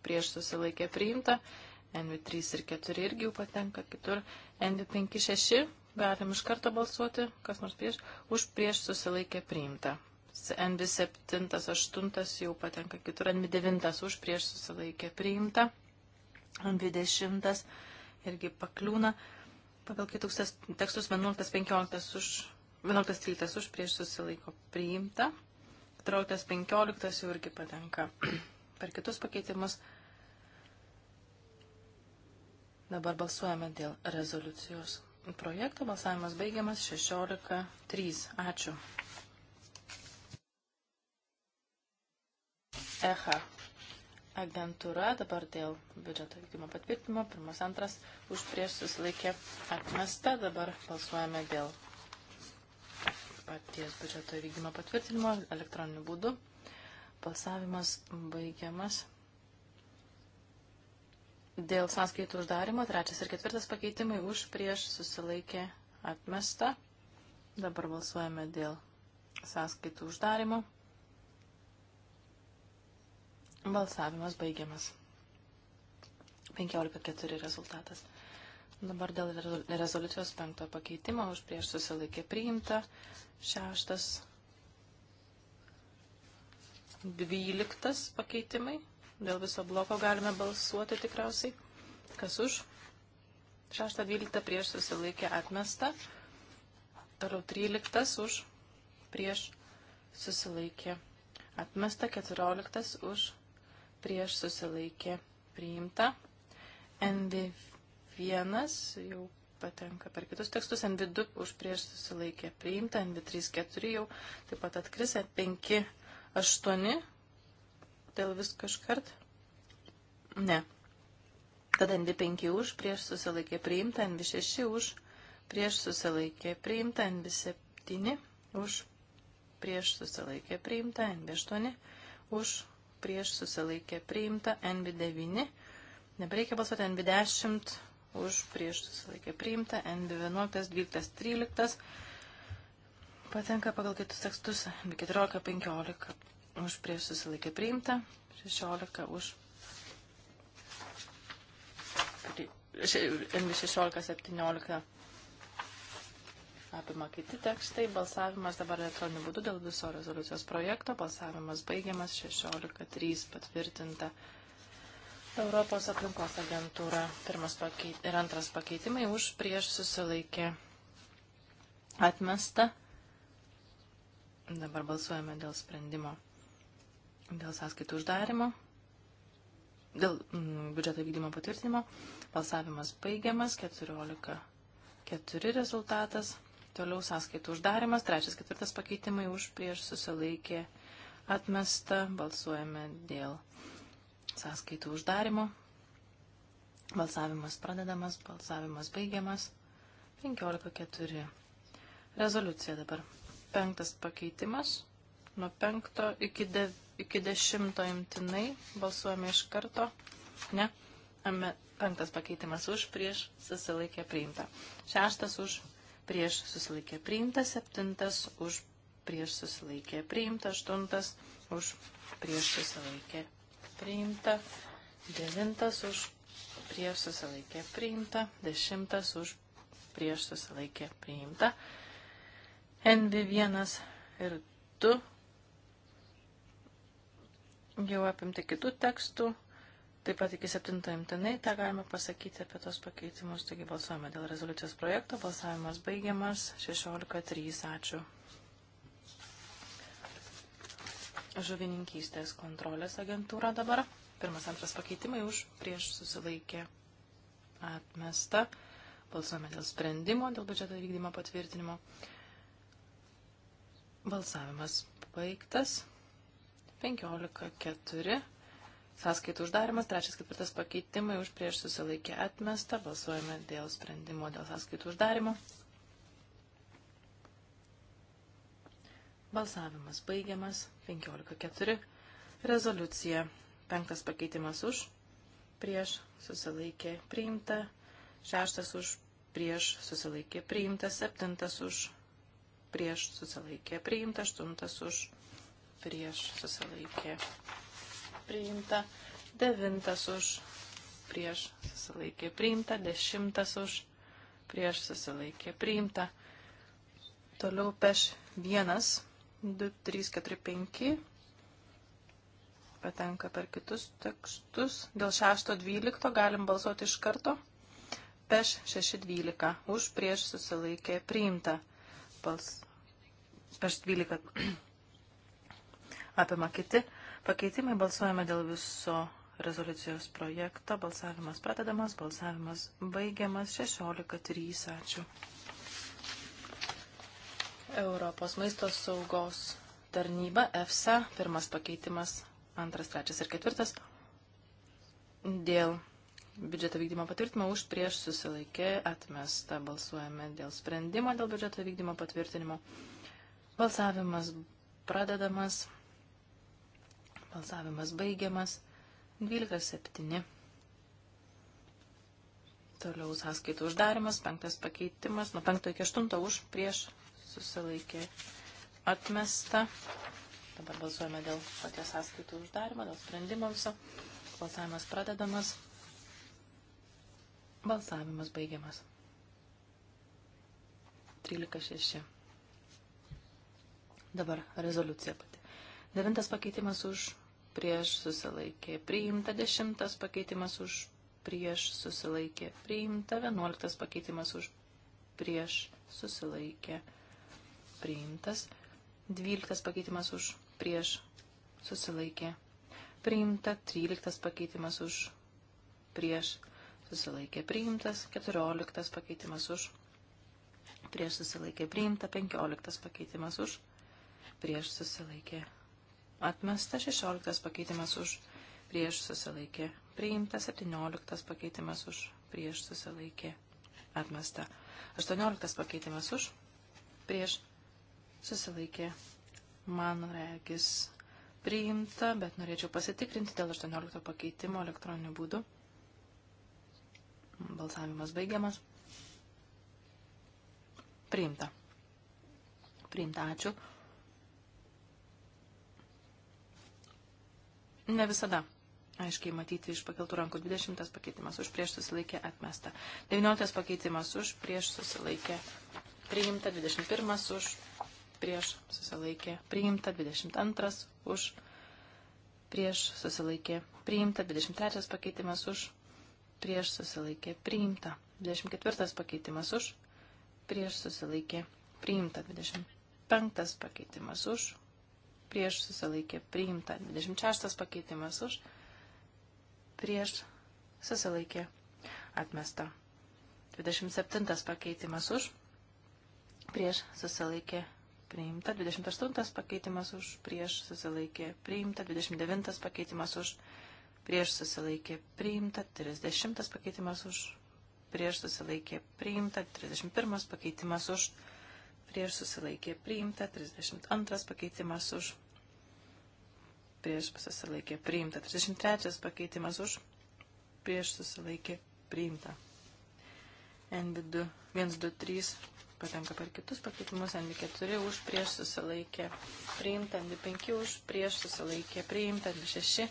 prieš susilaikė priimta, NV3 ir 4 irgi jau patenka kitur, NV5, 6, galim iš karto balsuoti, kas nors prieš, už prieš susilaikė priimta. NV7, 8 jau patenka kitur, NV9 už prieš susilaikė priimta, NV10 irgi pakliūna, Pagal kitus tekstus 11.15 už, 11.13 už prieš susilaiko priimta. 14.15 jau irgi patenka per kitus pakeitimus. Dabar balsuojame dėl rezoliucijos projekto. Balsavimas baigiamas 16.3. Ačiū. Echa agentūra dabar dėl biudžeto vykdymo patvirtimo, pirmas, antras, už prieš susilaikė atmesta, dabar balsuojame dėl paties biudžeto vykdymo patvirtinimo elektroniniu būdu. Balsavimas baigiamas. Dėl sąskaitų uždarimo trečias ir ketvirtas pakeitimai už prieš susilaikė atmesta. Dabar balsuojame dėl sąskaitų uždarimo. Balsavimas baigiamas. 15.4 rezultatas. Dabar dėl rezoliucijos penkto pakeitimo už prieš susilaikė priimta. Šeštas. Dvyliktas pakeitimai. Dėl viso bloko galime balsuoti tikriausiai. Kas už? Šeštą, dvyliktą prieš susilaikė atmesta. Toliau tryliktas už prieš susilaikė atmesta. Keturioliktas už prieš susilaikė priimta. NV1 jau patenka per kitus tekstus. NV2 už prieš susilaikė priimta. NV3, 4 jau taip pat atkris. 5, 8 dėl visko iškart. Ne. Tada NV5 už prieš susilaikė priimta. NV6 už prieš susilaikė priimta. NV7 už prieš susilaikė priimta. NV8 už prieš susilaikė priimta, NB9, nebereikia balsuoti, NB10 už prieš susilaikė priimta, NB11, 12, 13, patenka pagal kitus tekstus, NB14, 15 už prieš susilaikė priimta, 16 už NB16, 17 apima kiti tekstai. Balsavimas dabar elektroniniu būdu dėl viso rezoliucijos projekto. Balsavimas baigiamas 16.3 patvirtinta. Europos aplinkos agentūra pirmas pakeit, ir antras pakeitimai už prieš susilaikė atmesta. Dabar balsuojame dėl sprendimo, dėl sąskaitų uždarimo, dėl mm, biudžeto vykdymo patvirtinimo. Balsavimas baigiamas 14. 4 rezultatas. Toliau sąskaitų uždarimas, trečias, ketvirtas pakeitimai už prieš susilaikė atmesta. Balsuojame dėl sąskaitų uždarimo. Balsavimas pradedamas, balsavimas baigiamas. 15.4. Rezoliucija dabar. Penktas pakeitimas. Nuo penkto iki, de, iki dešimto imtinai. Balsuojame iš karto. Ne. Ame, penktas pakeitimas už, prieš, susilaikė priimta. Šeštas už, prieš susilaikė priimtas, septintas už prieš susilaikė priimta, aštuntas už prieš susilaikė priimta, devintas už prieš susilaikė priimta, dešimtas už prieš susilaikė priimta, NV1 ir 2 jau apimti kitų tekstų Taip pat iki 7 imtinai tą galima pasakyti apie tos pakeitimus. Taigi balsuojame dėl rezoliucijos projekto. Balsavimas baigiamas. 16.3. Ačiū. Žuvininkystės kontrolės agentūra dabar. Pirmas, antras pakeitimai už prieš susilaikė atmesta. Balsuojame dėl sprendimo, dėl biudžeto vykdymo patvirtinimo. Balsavimas baigtas. 15.4. Sąskaitų uždarimas, trečias, ketvirtas pakeitimai už prieš susilaikę atmestą. Balsuojame dėl sprendimo dėl sąskaitų uždarimo. Balsavimas baigiamas. 15.4. Rezoliucija. Penktas pakeitimas už. Prieš susilaikė priimta. Šeštas už. Prieš susilaikė priimta. Septintas už. Prieš susilaikė priimta. Aštuntas už. Prieš susilaikė priimta priimta, devintas už prieš susilaikė priimta, dešimtas už prieš susilaikė priimta. Toliau peš vienas, du, trys, keturi, penki patenka per kitus tekstus. Dėl 6.12 galim balsuoti iš karto. Peš 6.12. Už prieš susilaikė priimta. Bals. Peš 12. Apima kiti Pakeitimai balsuojame dėl viso rezoliucijos projekto. Balsavimas pradedamas, balsavimas baigiamas. 16.3. Ačiū. Europos maisto saugos tarnyba EFSA. Pirmas pakeitimas, antras, trečias ir ketvirtas. Dėl biudžeto vykdymo patvirtinimo už prieš susilaikė atmesta. Balsuojame dėl sprendimo dėl biudžeto vykdymo patvirtinimo. Balsavimas pradedamas. Balsavimas baigiamas. 12.7. Toliau sąskaitų uždarimas, penktas pakeitimas, nuo 5 iki 8 už prieš susilaikė atmesta. Dabar balsuojame dėl paties sąskaitų uždarimo, dėl sprendimo viso. Balsavimas pradedamas. Balsavimas baigiamas. 13.6. Dabar rezoliucija pati. Devintas pakeitimas už prieš susilaikė priimta, dešimtas pakeitimas už prieš susilaikė priimta, vienuoliktas pakeitimas už prieš susilaikė priimtas, dvyliktas pakeitimas už prieš susilaikė priimta, tryliktas pakeitimas už prieš susilaikė priimtas, keturioliktas pakeitimas už prieš susilaikė priimta, penkioliktas pakeitimas už prieš susilaikė priimta Atmesta 16 pakeitimas už prieš susilaikė. Priimta 17 pakeitimas už prieš susilaikė. Atmesta 18 pakeitimas už prieš susilaikė. Man regis priimta, bet norėčiau pasitikrinti dėl 18 pakeitimo elektroniniu būdu. Balsavimas baigiamas. Priimta. Priimta, ačiū. ne visada. Aiškiai matyti iš pakeltų rankų 20 pakeitimas už prieš susilaikė atmesta. 19 pakeitimas už prieš susilaikė priimta, 21 už prieš susilaikė priimta, 22 už prieš susilaikė priimta, 23 pakeitimas už prieš susilaikė priimta, 24 pakeitimas už prieš susilaikė priimta, 25 pakeitimas už prieš susilaikė priimta. 26 pakeitimas už prieš susilaikė atmesta. 27 pakeitimas už prieš susilaikė priimta. 28 pakeitimas už prieš susilaikė priimta. 29 pakeitimas už prieš susilaikė priimta. 30 pakeitimas už prieš susilaikė priimta. 31 pakeitimas už prieš susilaikė priimta prieš susilaikė priimta, 32 pakeitimas už, prieš susilaikė priimta, 33 pakeitimas už, prieš susilaikė priimta. NB2, 1, 2, 3 patenka per kitus pakeitimus, NB4 už, prieš susilaikė priimta, NB5 už, prieš susilaikė priimta, NB6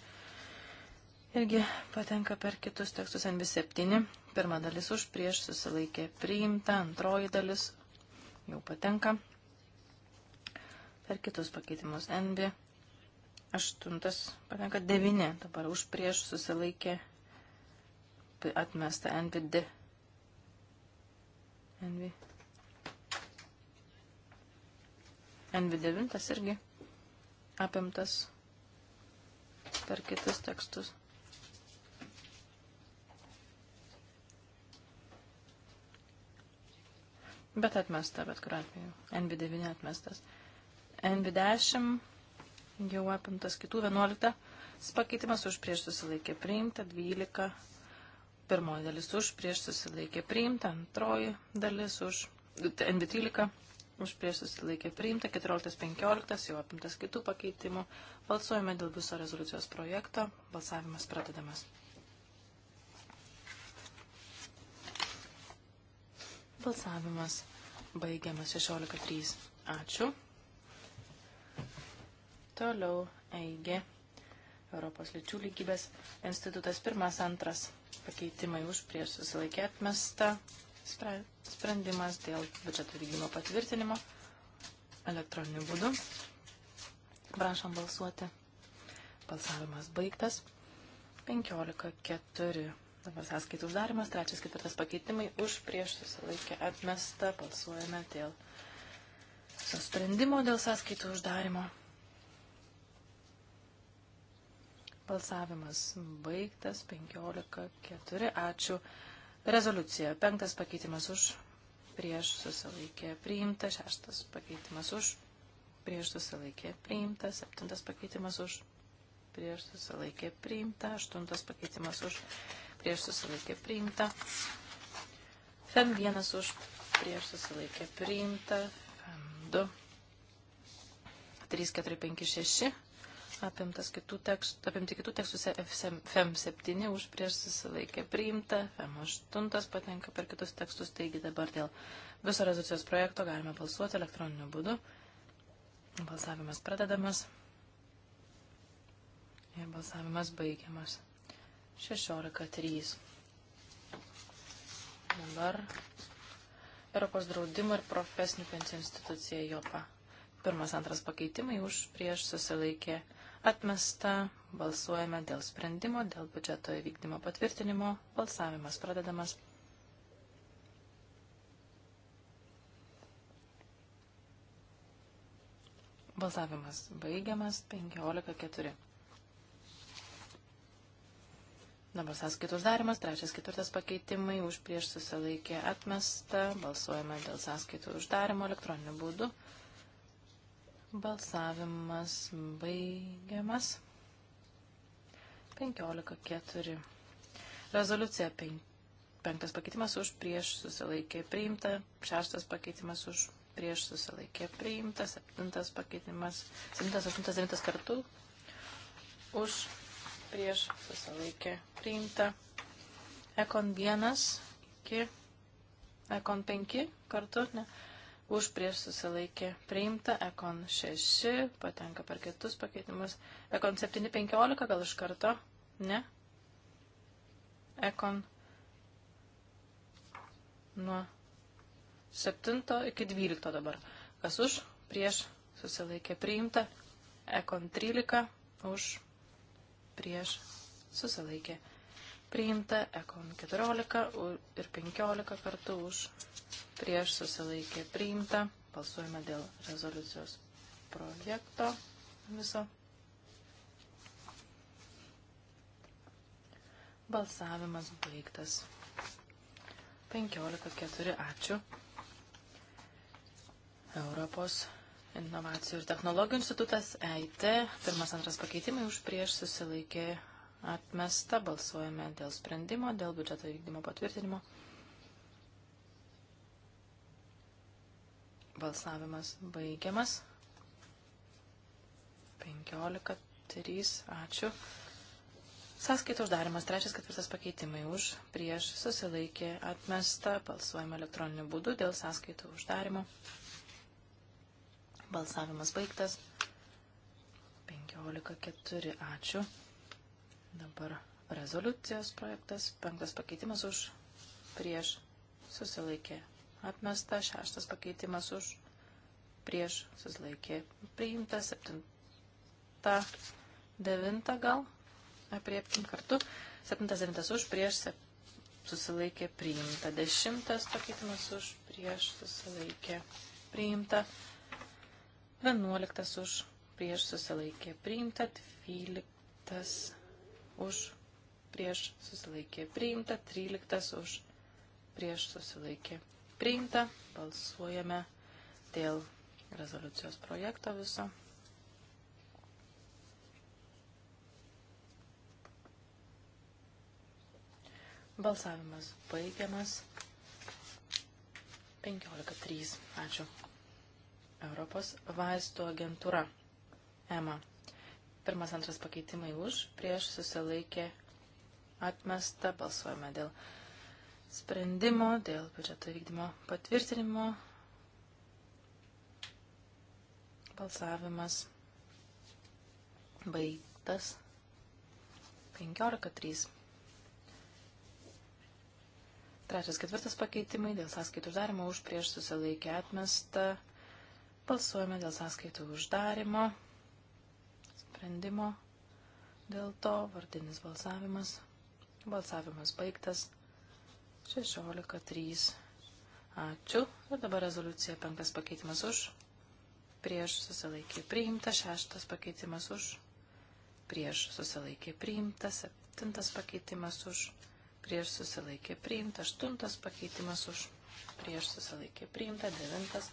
irgi patenka per kitus tekstus NB7, pirma dalis už, prieš susilaikė priimta, antroji dalis jau patenka per kitus pakeitimus. NB 8 patenka 9, dabar už prieš susilaikė atmesta NBD. NB. NB9 irgi apimtas per kitus tekstus. Bet atmesta, bet kuriuo atveju. NV9 atmestas. NV10 jau apimtas kitų 11. Pakeitimas už prieš susilaikė priimta. 12. Pirmoji dalis už prieš susilaikė priimta. Antroji dalis už. NV13 už prieš susilaikė priimta. 14.15 jau apimtas kitų pakeitimų. Balsuojame dėl viso rezoliucijos projekto. Balsavimas pradedamas. Balsavimas baigiamas 16.3. Ačiū. Toliau eigė Europos lyčių lygybės institutas pirmas, antras pakeitimai už prieš susilaikė atmesta sprendimas dėl biudžeto vykdymo patvirtinimo elektroniniu būdu. Prašom balsuoti. Balsavimas baigtas. 15.4 Dabar sąskaitų uždarimas, trečias, ketvirtas pakeitimai, už prieš susilaikę atmesta, balsuojame dėl susprendimo dėl sąskaitų uždarimo. Balsavimas baigtas, 15.4, ačiū. Rezoliucija, penktas pakeitimas už, prieš susilaikė priimta, šeštas pakeitimas už, prieš susilaikė priimta, septintas pakeitimas už, prieš susilaikė priimta, aštuntas pakeitimas už, prieš susilaikė priimta. Fem vienas už prieš susilaikė priimta. Fem du. 3, 4, 5, 6. Apimtas kitų tekstų, apimti kitų tekstų FEM 7 už prieš susilaikė priimta, FEM 8 patenka per kitus tekstus, taigi dabar dėl viso rezoliucijos projekto galime balsuoti elektroniniu būdu. Balsavimas pradedamas ir balsavimas baigiamas. 16.3. Dabar Europos draudimo ir profesinių pensijų institucija JOPA. Pirmas, antras pakeitimai už prieš susilaikė atmesta. Balsuojame dėl sprendimo, dėl biudžeto įvykdymo patvirtinimo. Balsavimas pradedamas. Balsavimas baigiamas 15.4. Dabar sąskaitos darimas, trečias, ketvirtas pakeitimai, už prieš susilaikė atmesta, balsuojame dėl sąskaitų uždarimo elektroniniu būdu. Balsavimas baigiamas. 15.4. Rezoliucija 5. Penktas pakeitimas už prieš susilaikė priimta, šeštas pakeitimas už prieš susilaikė priimta, septintas pakeitimas, septintas, aštuntas, devintas kartu už prieš susilaikė priimta. Ekon 1 iki Ekon 5 kartu, ne, už prieš susilaikė priimta. Ekon 6 patenka per kitus pakeitimus. Ekon 7.15 gal iš karto, ne. Ekon nuo 7 iki 12 dabar. Kas už prieš susilaikė priimta. Ekon 13 už prieš susilaikė. Priimta ekon 14 ir 15 kartų už prieš susilaikė. Priimta. Balsuojame dėl rezoliucijos projekto viso. Balsavimas baigtas. 15.4. Ačiū. Europos Inovacijų ir technologijų institutas EIT. Pirmas antras pakeitimai už prieš susilaikė atmesta. Balsuojame dėl sprendimo, dėl biudžeto vykdymo patvirtinimo. Balsavimas baigiamas. 15, 3, ačiū. Sąskaitų uždarimas, trečias, ketvirtas pakeitimai už, prieš, susilaikė, atmesta, balsuojama elektroniniu būdu dėl sąskaitų uždarimo. Balsavimas baigtas. 15.4. Ačiū. Dabar rezoliucijos projektas. Penktas pakeitimas už prieš susilaikė. Atmesta. Šeštas pakeitimas už prieš susilaikė. Priimta. Septinta. Devinta gal. Apriepkim kartu. Septintas devintas už prieš susilaikė. Priimta. Dešimtas pakeitimas už prieš susilaikė. Priimta. 11 už prieš susilaikė priimta, 12 už prieš susilaikė priimta, 13 už prieš susilaikė priimta. Balsuojame dėl rezoliucijos projekto viso. Balsavimas baigiamas. 15.3. Ačiū. Europos vaistų agentūra. EMA. Pirmas, antras pakeitimai už, prieš susilaikė atmesta, balsuojame dėl sprendimo, dėl biudžeto vykdymo patvirtinimo. Balsavimas baigtas 15.3. Trečias, ketvirtas pakeitimai dėl sąskaitų uždarimo už prieš susilaikė atmesta. Balsuojame dėl sąskaitų uždarimo, sprendimo, dėl to vardinis balsavimas. Balsavimas baigtas 16.3. Ačiū. Ir dabar rezoliucija penktas pakeitimas už, prieš susilaikė priimta, šeštas pakeitimas už, prieš susilaikė priimta, septintas pakeitimas už, prieš susilaikė priimta, aštuntas pakeitimas už, prieš susilaikė priimta, devintas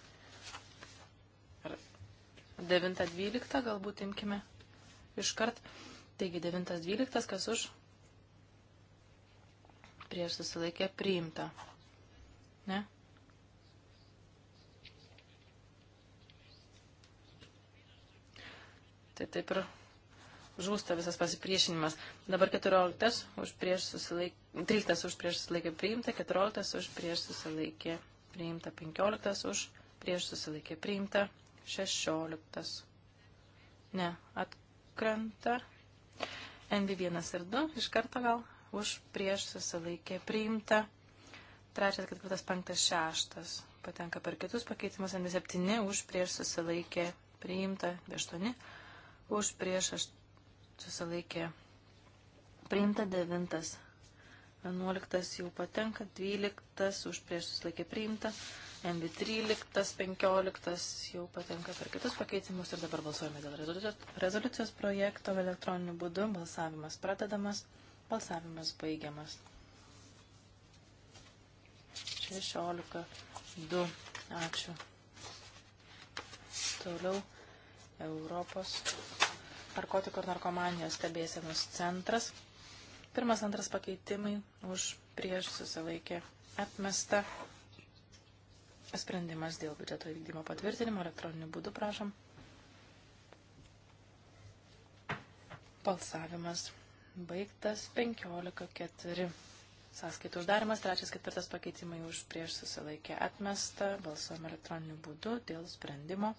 9.12 galbūt imkime iškart. Taigi 9.12, kas už prieš susilaikė priimta. Ne? Tai taip ir žūsta visas pasipriešinimas. Dabar 14 už prieš susilaikė, 13 už prieš susilaikė priimta, 14 už prieš susilaikė priimta, 15 už prieš susilaikė priimta, 16. Ne, atkrenta. NV1 ir 2 iš karto gal už prieš susilaikė priimta. Trečias, ketvirtas, penktas, šeštas patenka per kitus pakeitimus. NV7 už prieš susilaikė priimta. 8 už prieš susilaikė priimta. 9. 11 jau patenka. 12 už prieš susilaikė priimta. MV13, 15 jau patenka per kitus pakeitimus ir dabar balsuojame dėl rezoliucijos, rezoliucijos projekto elektroniniu būdu. Balsavimas pradedamas, balsavimas baigiamas. 16, 2, ačiū. Toliau Europos narkotikų ir narkomanijos stebėsienos centras. Pirmas, antras pakeitimai už prieš susilaikė atmesta. Sprendimas dėl biudžeto vykdymo patvirtinimo elektroniniu būdu prašom. Balsavimas baigtas 15.4. Sąskaitų uždarimas, trečias, ketvirtas pakeitimai už prieš susilaikė atmesta, balsuojam elektroniniu būdu dėl sprendimo.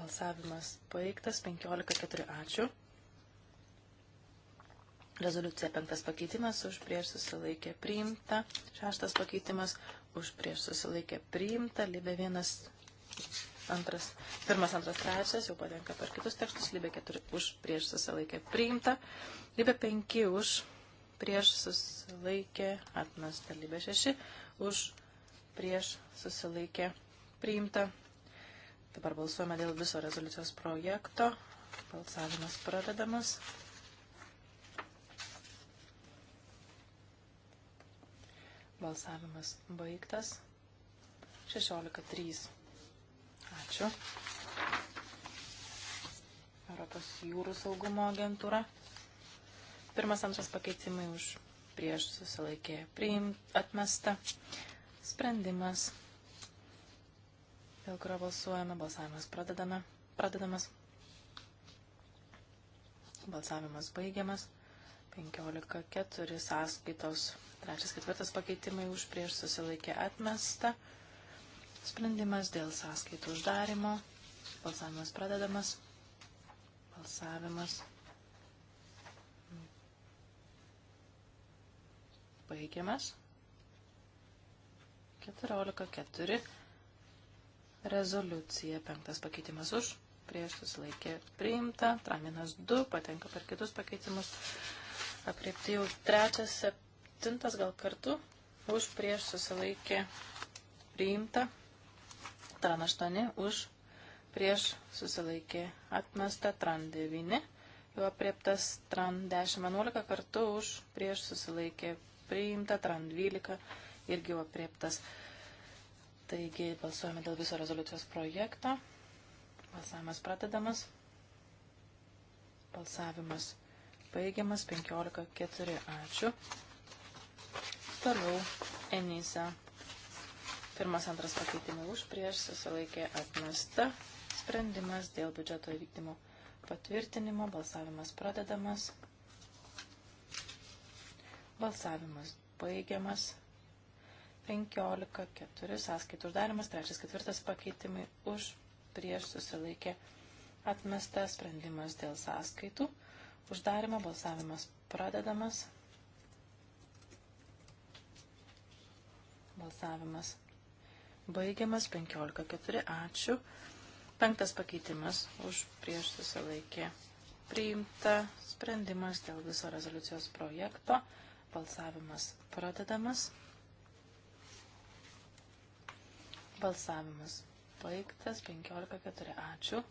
Balsavimas baigtas 15.4. Ačiū. Rezoliucija penktas pakeitimas už prieš susilaikė priimta. Šeštas pakeitimas už prieš susilaikė priimta. Libė vienas, antras, pirmas, antras, trečias, jau patenka per kitus tekstus. Libė keturi už prieš susilaikė priimta. Libė penki už prieš susilaikė atmesta. Libė šeši už prieš susilaikė priimta. Dabar balsuojame dėl viso rezoliucijos projekto. Balsavimas pradedamas. Balsavimas baigtas. 16.3. Ačiū. Europos jūrų saugumo agentūra. Pirmas antras pakeitimai už prieš susilaikė priimt, atmesta. Sprendimas, dėl kurio balsuojame, balsavimas pradedame, pradedamas. Balsavimas baigiamas. 15.4 sąskaitos. Trečias ketvirtas pakeitimai už prieš susilaikė atmesta. Sprendimas dėl sąskaitų uždarimo. Balsavimas pradedamas. Balsavimas. Baigiamas. 14.4. Rezoliucija. Penktas pakeitimas už. Prieš susilaikė priimta. Traminas 2. Patenka per kitus pakeitimus apriepti jau trečias, septintas gal kartu, už prieš susilaikė priimta, tran 8 už prieš susilaikė atmesta, tran 9, jau aprieptas tran 10-11 kartu už prieš susilaikė priimta, tran 12 irgi jau aprieptas. Taigi balsuojame dėl viso rezoliucijos projekto. Balsavimas pradedamas. Balsavimas baigiamas 15.4. Ačiū. Toliau Enisa. Pirmas antras pakeitimai už prieš susilaikė atmesta. Sprendimas dėl biudžeto įvykdymo patvirtinimo. Balsavimas pradedamas. Balsavimas baigiamas. 15.4. Sąskaitų uždarimas. Trečias ketvirtas pakeitimai už prieš susilaikė atmesta. Sprendimas dėl sąskaitų uždarimo. Balsavimas pradedamas. Balsavimas baigiamas 15.4. Ačiū. Penktas pakeitimas už prieš susilaikė priimta sprendimas dėl viso rezoliucijos projekto. Balsavimas pradedamas. Balsavimas baigtas 15.4. Ačiū.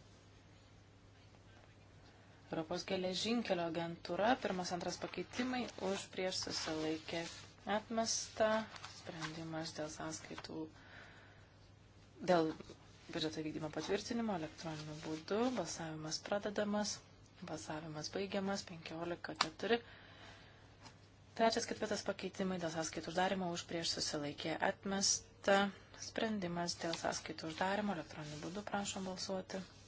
Europos geležinkelio agentūra, pirmas antras pakeitimai už prieš susilaikę atmesta, sprendimas dėl sąskaitų, dėl biudžeto vykdymo patvirtinimo elektroniniu būdu, balsavimas pradedamas, balsavimas baigiamas, 15.4. Trečias ketvirtas pakeitimai dėl sąskaitų uždarimo už prieš susilaikė atmesta. Sprendimas dėl sąskaitų uždarimo elektroniniu būdu prašom balsuoti. 15.5.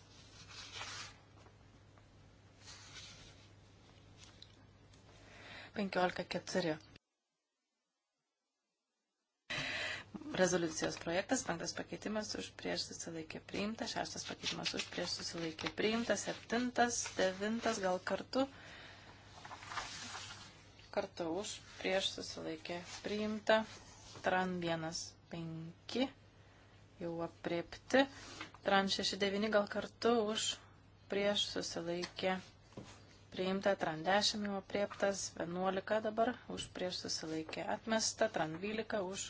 15.4. Rezoliucijos projektas, penktas pakeitimas už prieš susilaikė priimta, šeštas pakeitimas už prieš susilaikė priimta, septintas, devintas, gal kartu, kartu už prieš susilaikė priimta, tran vienas, penki, jau apriepti, tran šeši, devyni, gal kartu už prieš susilaikė priimta priimta, tran 10 jau prieptas, 11 dabar už prieš susilaikė atmesta, tran 12 už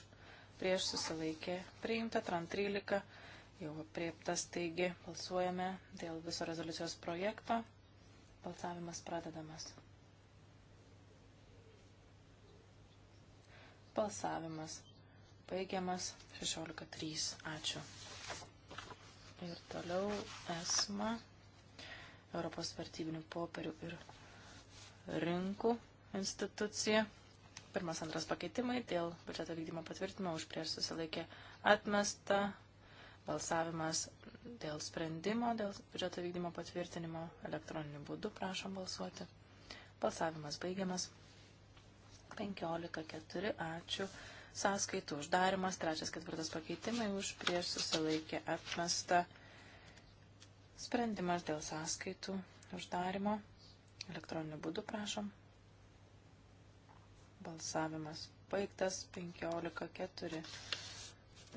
prieš susilaikė priimta, tran 13 jau prieptas, taigi balsuojame dėl viso rezoliucijos projekto. Balsavimas pradedamas. Balsavimas baigiamas 16.3. Ačiū. Ir toliau esma. Europos vertybinių popierių ir rinkų institucija. Pirmas, antras pakeitimai dėl biudžeto vykdymo patvirtinimo už prieš susilaikė atmesta. Balsavimas dėl sprendimo, dėl biudžeto vykdymo patvirtinimo elektroniniu būdu prašom balsuoti. Balsavimas baigiamas. 15.4. Ačiū. Sąskaitų uždarimas. Trečias, ketvirtas pakeitimai už prieš susilaikė atmesta. Sprendimas dėl sąskaitų uždarimo. Elektroniniu būdu prašom. Balsavimas baigtas 15.4.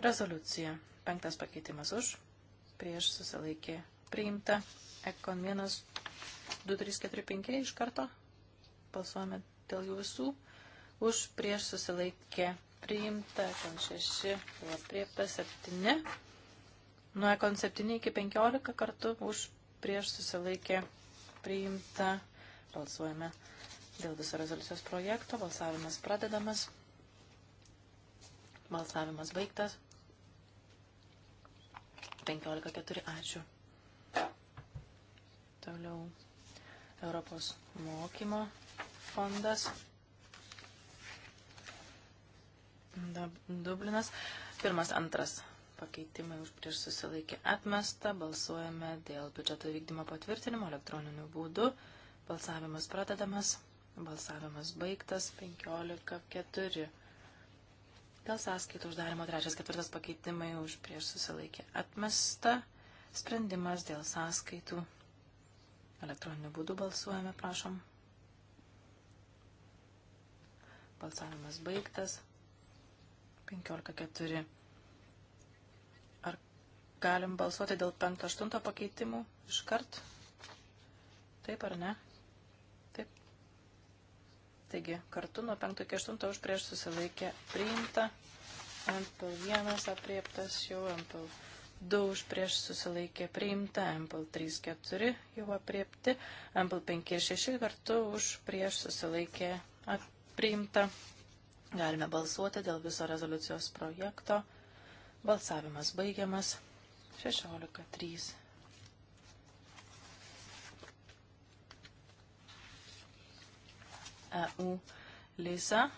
Rezoliucija. Penktas pakeitimas už. Prieš susilaikė priimta. Ekon 1, 2, 3, 4, 5 iš karto. Balsuojame dėl jų visų. Už prieš susilaikė priimta. Ekon 6 buvo priepta 7. Nuo ekon 7 iki 15 kartų už prieš susilaikė priimta. Balsuojame dėl viso rezoliucijos projekto. Balsavimas pradedamas. Balsavimas baigtas. 15.4. Ačiū. Toliau Europos mokymo fondas. Dublinas. Pirmas, antras pakeitimai už prieš susilaikė atmesta. Balsuojame dėl biudžeto vykdymo patvirtinimo elektroniniu būdu. Balsavimas pradedamas. Balsavimas baigtas 15.4. Dėl sąskaitų uždarimo trečias ketvirtas pakeitimai už prieš susilaikė atmesta. Sprendimas dėl sąskaitų. Elektroniniu būdu balsuojame, prašom. Balsavimas baigtas. 15.4. Galim balsuoti dėl 5-8 pakeitimų iškart. Taip ar ne? Taip. Taigi, kartu nuo 5 iki 8 už prieš susilaikė priimta. MPL1 apriektas jau, MPL2 už prieš susilaikė priimta, MPL3-4 jau apriekti, MPL5-6 kartu už prieš susilaikė priimta. Galime balsuoti dėl viso rezoliucijos projekto. Balsavimas baigiamas. 16.3. EU Lysa.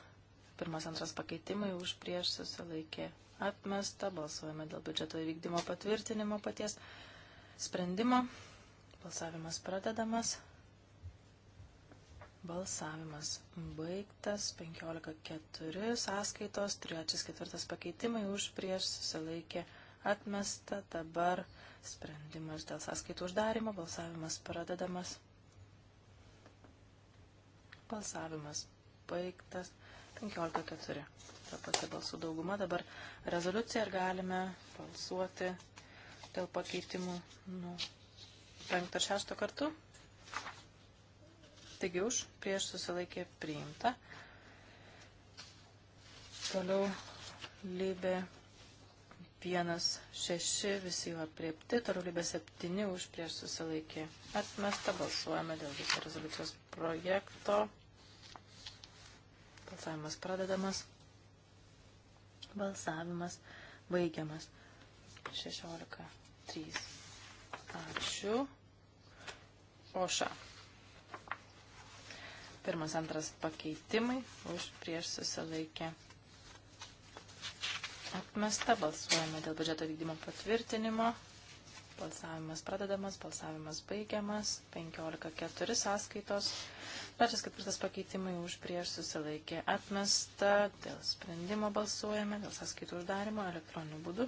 Pirmas antras pakeitimai už prieš susilaikė atmesta. Balsuojame dėl biudžeto įvykdymo patvirtinimo paties sprendimo. Balsavimas pradedamas. Balsavimas baigtas. 15.4. Sąskaitos. Trečias ketvirtas pakeitimai už prieš susilaikė atmesta atmesta. Dabar sprendimas dėl sąskaitų uždarimo. Balsavimas pradedamas. Balsavimas baigtas. 15.4. Ta pati balsų dauguma. Dabar rezoliucija ir galime balsuoti dėl pakeitimų nuo 5 ar 6 kartų. Taigi už, prieš susilaikė priimta. Toliau lybė Vienas šeši visi jau apriepti, tarulybė septyni už prieš susilaikė. Atmesta balsuojame dėl viso rezoliucijos projekto. Balsavimas pradedamas. Balsavimas baigiamas. 16.3. Ačiū. Oša. Pirmas, antras pakeitimai už prieš susilaikę Atmesta balsuojame dėl biudžeto vykdymo patvirtinimo. Balsavimas pradedamas, balsavimas baigiamas. 15.4 sąskaitos. Trečias ketvirtas pakeitimai už prieš susilaikė atmesta. Dėl sprendimo balsuojame, dėl sąskaitų uždarimo elektroniniu būdu.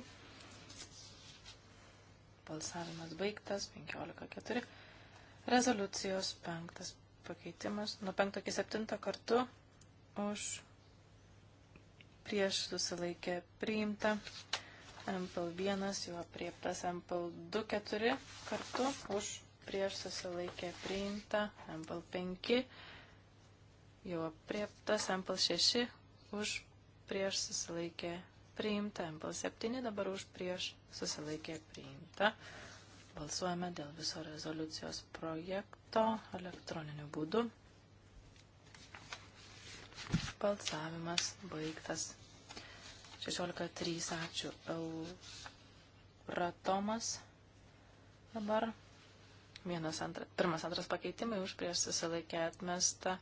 Balsavimas baigtas. 15.4. Rezoliucijos penktas pakeitimas. Nuo 5 iki 7 kartu už prieš susilaikė priimta. MPL1 jau apriektas MPL2 4 kartu už prieš susilaikė priimta. MPL5 jau apriektas MPL6 už prieš susilaikė priimta. MPL7 dabar už prieš susilaikė priimta. Balsuojame dėl viso rezoliucijos projekto elektroniniu būdu. Balsavimas baigtas. 16.3. Ačiū. Euratomas. Dabar vienas antra, pirmas antras pakeitimai už prieš susilaikę atmestą.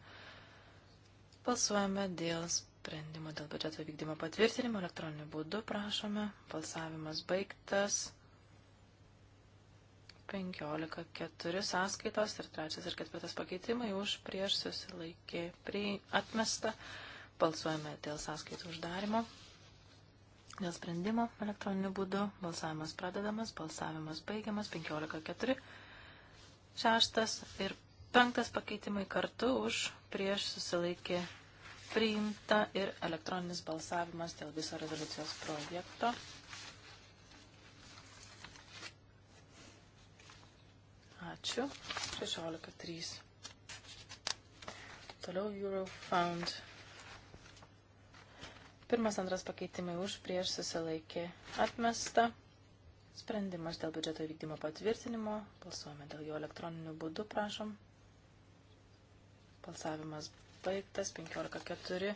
Balsuojame dėl sprendimo dėl biudžeto vykdymo patvirtinimo elektroniniu būdu. Prašome. Balsavimas baigtas. 15.4 sąskaitos ir trečias ir ketvirtas pakeitimai už prieš susilaikė prie atmestą. Balsuojame dėl sąskaitų uždarimo. Dėl sprendimo elektroniniu būdu balsavimas pradedamas, balsavimas baigiamas 15.4. Šeštas ir penktas pakeitimai kartu už prieš susilaikė priimta ir elektroninis balsavimas dėl viso rezoliucijos projekto. Ačiū. 16.3. Toliau Eurofound Pirmas, antras pakeitimai už, prieš susilaikė atmesta. Sprendimas dėl biudžeto vykdymo patvirtinimo. Balsuojame dėl jo elektroniniu būdu, prašom. Balsavimas baigtas, 15.4.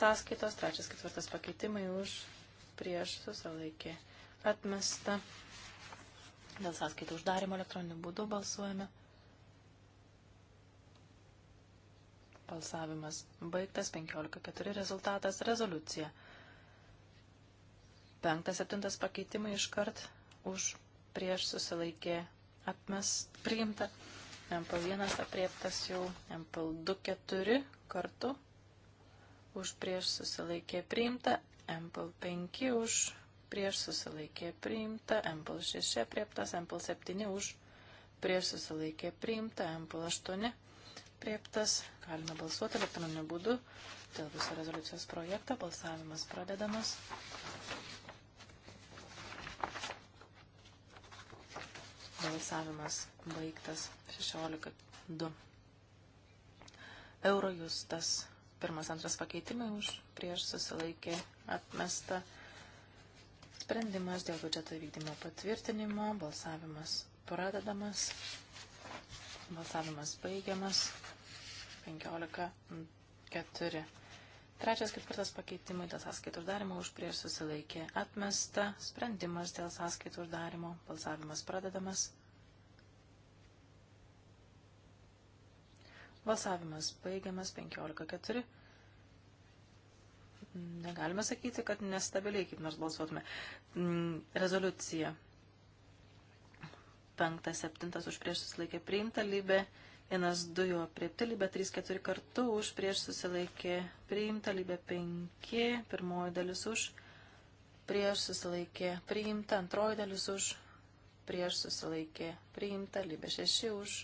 Sąskaitos, trečias, ketvirtas pakeitimai už, prieš susilaikė atmesta. Dėl sąskaitų uždarimo elektroniniu būdu balsuojame. 15.5. Balsavimas baigtas 15.4 rezultatas rezoliucija. Penktas, septintas pakeitimai iškart už prieš susilaikė atmes priimta. MPL1 apriektas jau MPL2 4 kartu už prieš susilaikė priimta. MPL5 už prieš susilaikė priimta. MPL6 apriektas. MPL7 už prieš susilaikė priimta. MPL8 apriektas. Galime balsuoti elektroniniu būdu dėl viso rezoliucijos projekto. Balsavimas pradedamas. Balsavimas baigtas 16.2. Eurojustas pirmas antras pakeitimai už prieš susilaikė atmesta. Sprendimas dėl biudžeto vykdymo patvirtinimo. Balsavimas pradedamas. Balsavimas baigiamas. 15.4. Trečias ketvirtas pakeitimai dėl sąskaitų uždarimo už prieš susilaikė atmesta. Sprendimas dėl sąskaitų uždarimo. Balsavimas pradedamas. Balsavimas baigiamas 15.4. Negalime sakyti, kad nestabiliai kaip nors balsuotume. Rezoliucija. 5.7 už prieš susilaikė priimta lybė. 1-2 jau apriepti, lybė 3-4 kartu už prieš susilaikė priimta, lybė 5, pirmoji dalis už prieš susilaikė priimta, antroji dalis už prieš susilaikė priimta, lybė 6 už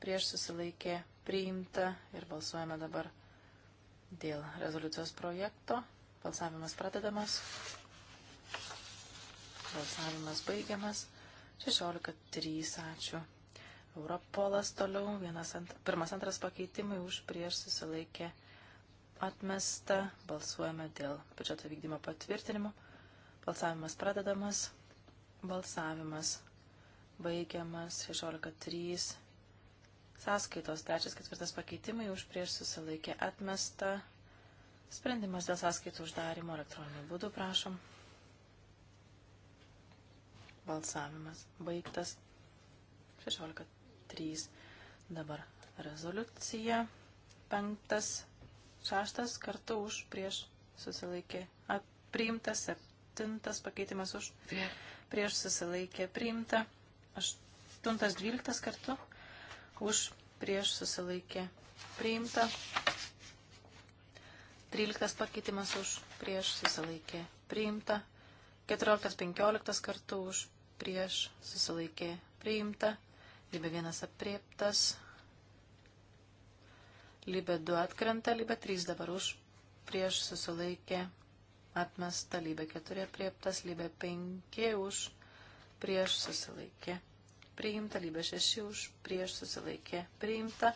prieš susilaikė priimta ir balsuojame dabar dėl rezoliucijos projekto. Balsavimas pradedamas. Balsavimas baigiamas. 16.3. Ačiū. Europolas toliau, vienas ant, pirmas antras pakeitimai už prieš susilaikė atmesta. Balsuojame dėl biudžeto vykdymo patvirtinimo. Balsavimas pradedamas. Balsavimas baigiamas 16.3. Sąskaitos trečias, ketvirtas pakeitimai už prieš susilaikė atmesta. Sprendimas dėl sąskaitų uždarimo elektroniniu būdu, prašom. Balsavimas baigtas 16. 3. Dabar rezoliucija. 5. 6. Kartu už prieš susilaikė. Priimtas 7. Pakeitimas už prieš susilaikė. Priimta 8. 12. Kartu už prieš susilaikė. Priimta 13 pakeitimas už prieš susilaikė priimta, 14-15 kartų už prieš susilaikė priimta, Libė 1 apriektas. Libė 2 atkrenta, Libė 3 dabar už, prieš susilaikė, atmesta, Libė 4 apriektas, Libė 5 už, prieš susilaikė, priimta, Libė 6 už, prieš susilaikė, priimta.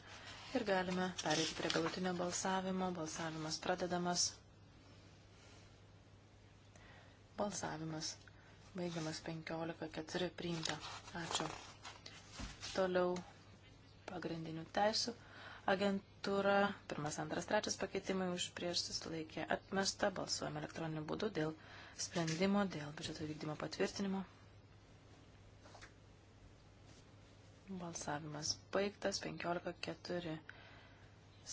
Ir galime pereiti prie galutinio balsavimo. Balsavimas pradedamas. Balsavimas baigiamas 15.4 priimta. Ačiū. Toliau pagrindinių teisų agentūra. Pirmas, antras, trečias pakeitimai už prieš susilaikė atmesta. Balsuojame elektroniniu būdu dėl sprendimo, dėl biudžeto vykdymo patvirtinimo. Balsavimas baigtas 15.4.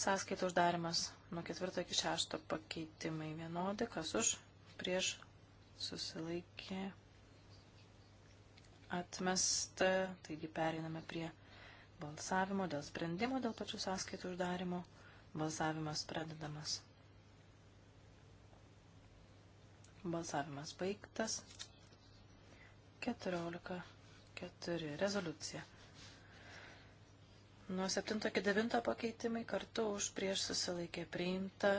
Sąskaitų uždarimas nuo 4 iki 6 pakeitimai vienodi, kas už prieš susilaikė atmesta, taigi pereiname prie balsavimo dėl sprendimo, dėl pačių sąskaitų uždarimo. Balsavimas pradedamas. Balsavimas baigtas. 14.4. Rezoliucija. Nuo 7 iki 9 pakeitimai kartu už prieš susilaikė priimta.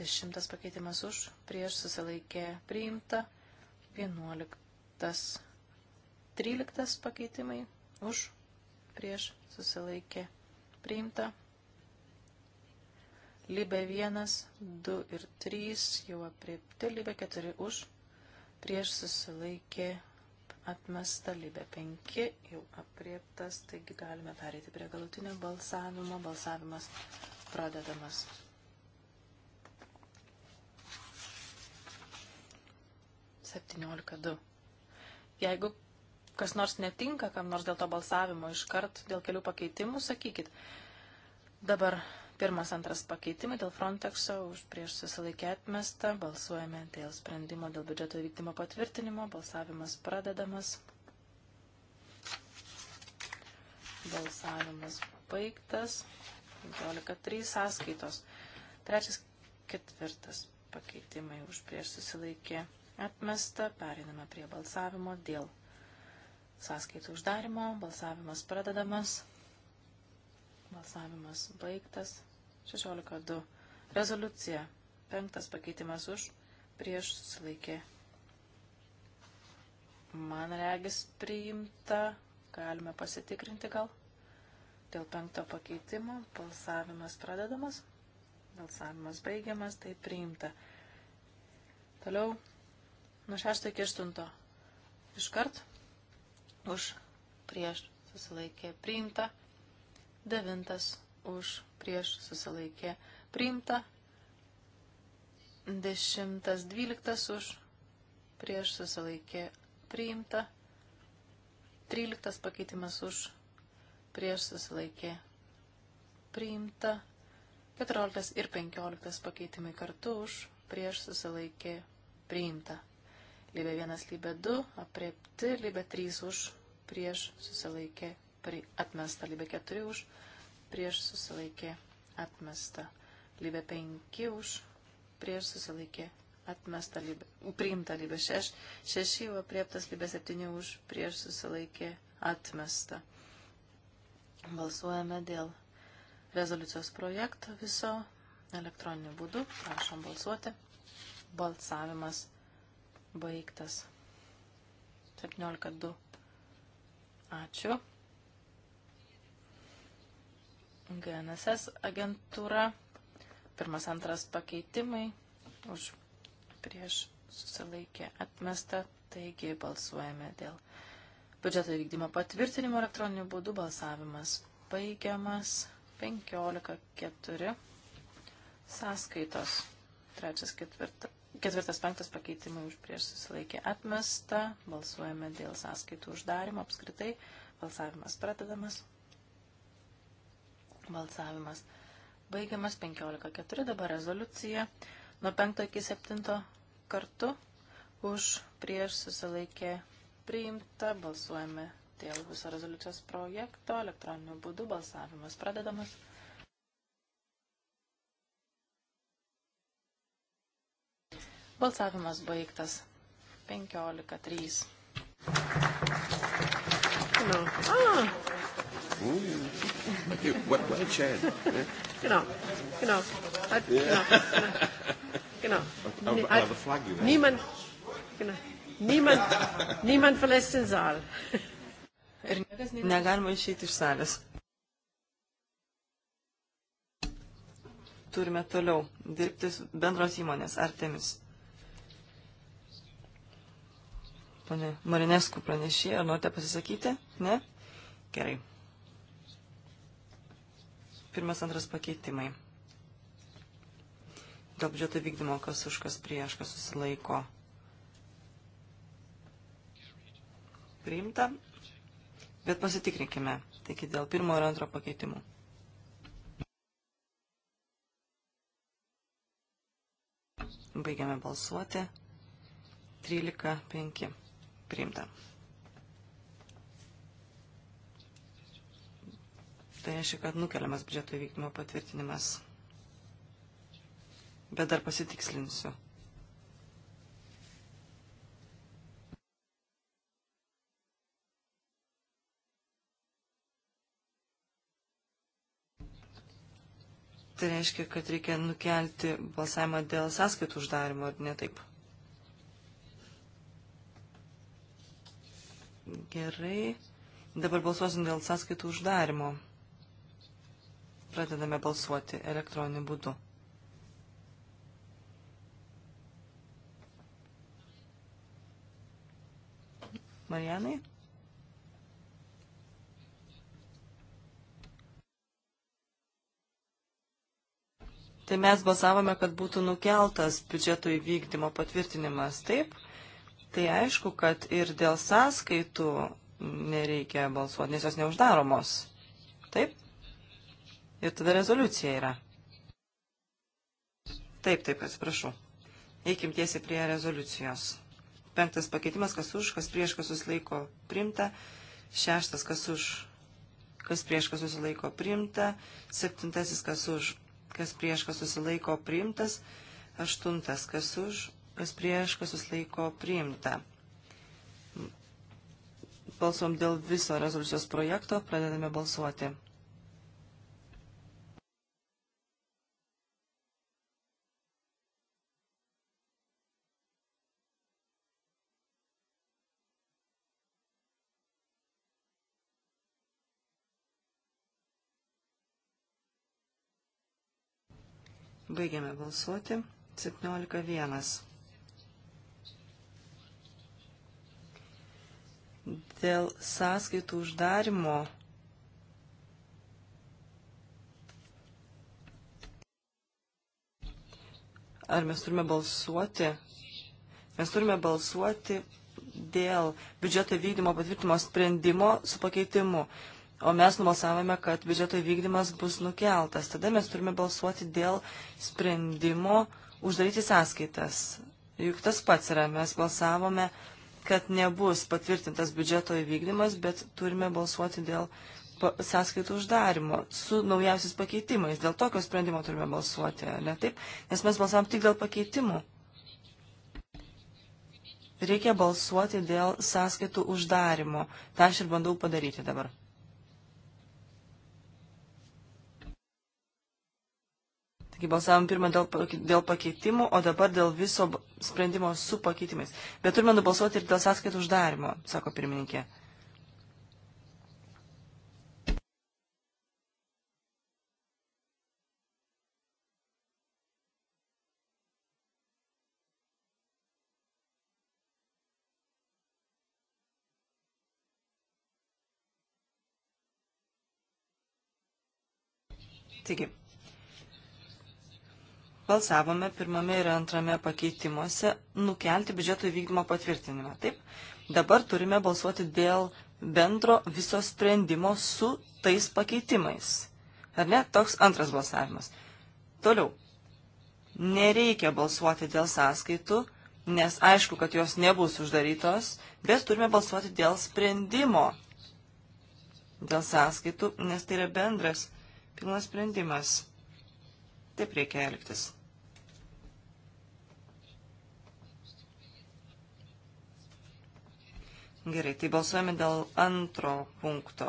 10 pakeitimas už prieš susilaikė priimta. 11 13 pakeitimai už prieš susilaikė priimta. Lybė 1, 2 ir 3 jau apriepti, lybė 4 už prieš susilaikė atmesta, lybė 5 jau aprieptas, taigi galime pereiti prie galutinio balsavimo. Balsavimas pradedamas. Septyniolika du. Jeigu kas nors netinka, kam nors dėl to balsavimo iškart dėl kelių pakeitimų, sakykit. Dabar pirmas, antras pakeitimai dėl Frontexo už prieš susilaikę atmestą. Balsuojame dėl sprendimo dėl biudžeto vykdymo patvirtinimo. Balsavimas pradedamas. Balsavimas baigtas. 15.3 sąskaitos. Trečias, ketvirtas pakeitimai už prieš susilaikė atmesta. Periname prie balsavimo dėl sąskaitų uždarimo. Balsavimas pradedamas. Balsavimas baigtas. 16.2. Rezoliucija. Penktas pakeitimas už. Prieš sulaikė. Man regis priimta. Galime pasitikrinti gal. Dėl penkto pakeitimo balsavimas pradedamas. Balsavimas baigiamas. Tai priimta. Toliau. Nuo šešto iki aštunto. Iškart už prieš susilaikė priimta, devintas už prieš susilaikė priimta, dešimtas dvyliktas už prieš susilaikė priimta, tryliktas pakeitimas už prieš susilaikė priimta, keturioliktas ir penkioliktas pakeitimai kartu už prieš susilaikė priimta. Libė 1, Libė 2, apriepti, Libė 3 už, prieš susilaikė, pri, atmesta, Libė 4 už, prieš susilaikė, atmesta, Libė 5 už, prieš susilaikė, atmesta, libė, priimta Libė 6, 6 jau aprieptas, Libė 7 už, prieš susilaikė, atmesta. Balsuojame dėl rezoliucijos projekto viso elektroniniu būdu. Prašom balsuoti. Balsavimas baigtas. 17.2. Ačiū. GNSS agentūra. Pirmas antras pakeitimai. Už prieš susilaikė atmesta. Taigi balsuojame dėl biudžeto įvykdymo patvirtinimo elektroniniu būdu. Balsavimas baigiamas. 15.4. Sąskaitos. Trečias ketvirtas Ketvirtas penktas pakeitimai už prieš susilaikė atmesta. Balsuojame dėl sąskaitų uždarimo apskritai. Balsavimas pradedamas. Balsavimas baigiamas 15.4. Dabar rezoliucija nuo 5 iki 7 kartu už prieš susilaikė priimta. Balsuojame dėl viso rezoliucijos projekto. Elektroniniu būdu balsavimas pradedamas. Balsavimas baigtas. 15.3. Genau. Ah. Okay, what, what a chance. genau, genau. Hat, yeah. genau. genau. Aber, aber Flagge, niemand, genau. niemand, niemand verlässt den Saal. Ir niekas negalima išeiti iš salės. Turime toliau dirbti bendros įmonės Artemis. Pane Marineskų pranešė, ar norite pasisakyti? Ne? Gerai. Pirmas, antras pakeitimai. Dėl biudžeto vykdymo, kas už, kas prieš, kas susilaiko. Priimta. Bet pasitikrinkime. Taigi dėl pirmo ir antro pakeitimų. Baigiame balsuoti. 13.5 priimta. Tai reiškia, kad nukeliamas biudžeto įvykdymo patvirtinimas. Bet dar pasitikslinsiu. Tai reiškia, kad reikia nukelti balsavimą dėl sąskaitų uždarimo, ar ne taip? Gerai. Dabar balsuosim dėl sąskaitų uždarimo. Pradedame balsuoti elektroniniu būdu. Marijanai? Tai mes balsavome, kad būtų nukeltas biudžeto įvykdymo patvirtinimas, taip? tai aišku, kad ir dėl sąskaitų nereikia balsuoti, nes jos neuždaromos. Taip? Ir tada rezoliucija yra. Taip, taip, atsiprašau. Eikim tiesiai prie rezoliucijos. Penktas pakeitimas, kas už, kas prieš, kas susilaiko primta. Šeštas, kas už, kas prieš, kas susilaiko primta. Septintasis, kas už, kas prieš, kas susilaiko primtas. Aštuntas, kas už, kas prieš, kas susilaiko priimta. Balsuom dėl viso rezoliucijos projekto, pradedame balsuoti. Baigiame balsuoti. 17.1. dėl sąskaitų uždarimo. Ar mes turime balsuoti? Mes turime balsuoti dėl biudžeto vykdymo patvirtimo sprendimo su pakeitimu. O mes nubalsavome, kad biudžeto vykdymas bus nukeltas. Tada mes turime balsuoti dėl sprendimo uždaryti sąskaitas. Juk tas pats yra. Mes balsavome uh, kad nebus patvirtintas biudžeto įvykdymas, bet turime balsuoti dėl sąskaitų uždarimo su naujausiais pakeitimais. Dėl tokio sprendimo turime balsuoti, ne taip? Nes mes balsavom tik dėl pakeitimų. Reikia balsuoti dėl sąskaitų uždarimo. Ta aš ir bandau padaryti dabar. Taigi balsavom pirmą dėl, dėl pakeitimų, o dabar dėl viso sprendimo su pakeitimais. Bet turime nubalsuoti ir dėl sąskaitų uždarimo, sako pirmininkė. Taigi, balsavome pirmame ir antrame pakeitimuose nukelti biudžeto įvykdymo patvirtinimą. Taip, dabar turime balsuoti dėl bendro viso sprendimo su tais pakeitimais. Ar ne? Toks antras balsavimas. Toliau. Nereikia balsuoti dėl sąskaitų, nes aišku, kad jos nebus uždarytos, bet turime balsuoti dėl sprendimo. Dėl sąskaitų, nes tai yra bendras pilnas sprendimas. Taip reikia elgtis. Gerai, tai balsuojame dėl antro punkto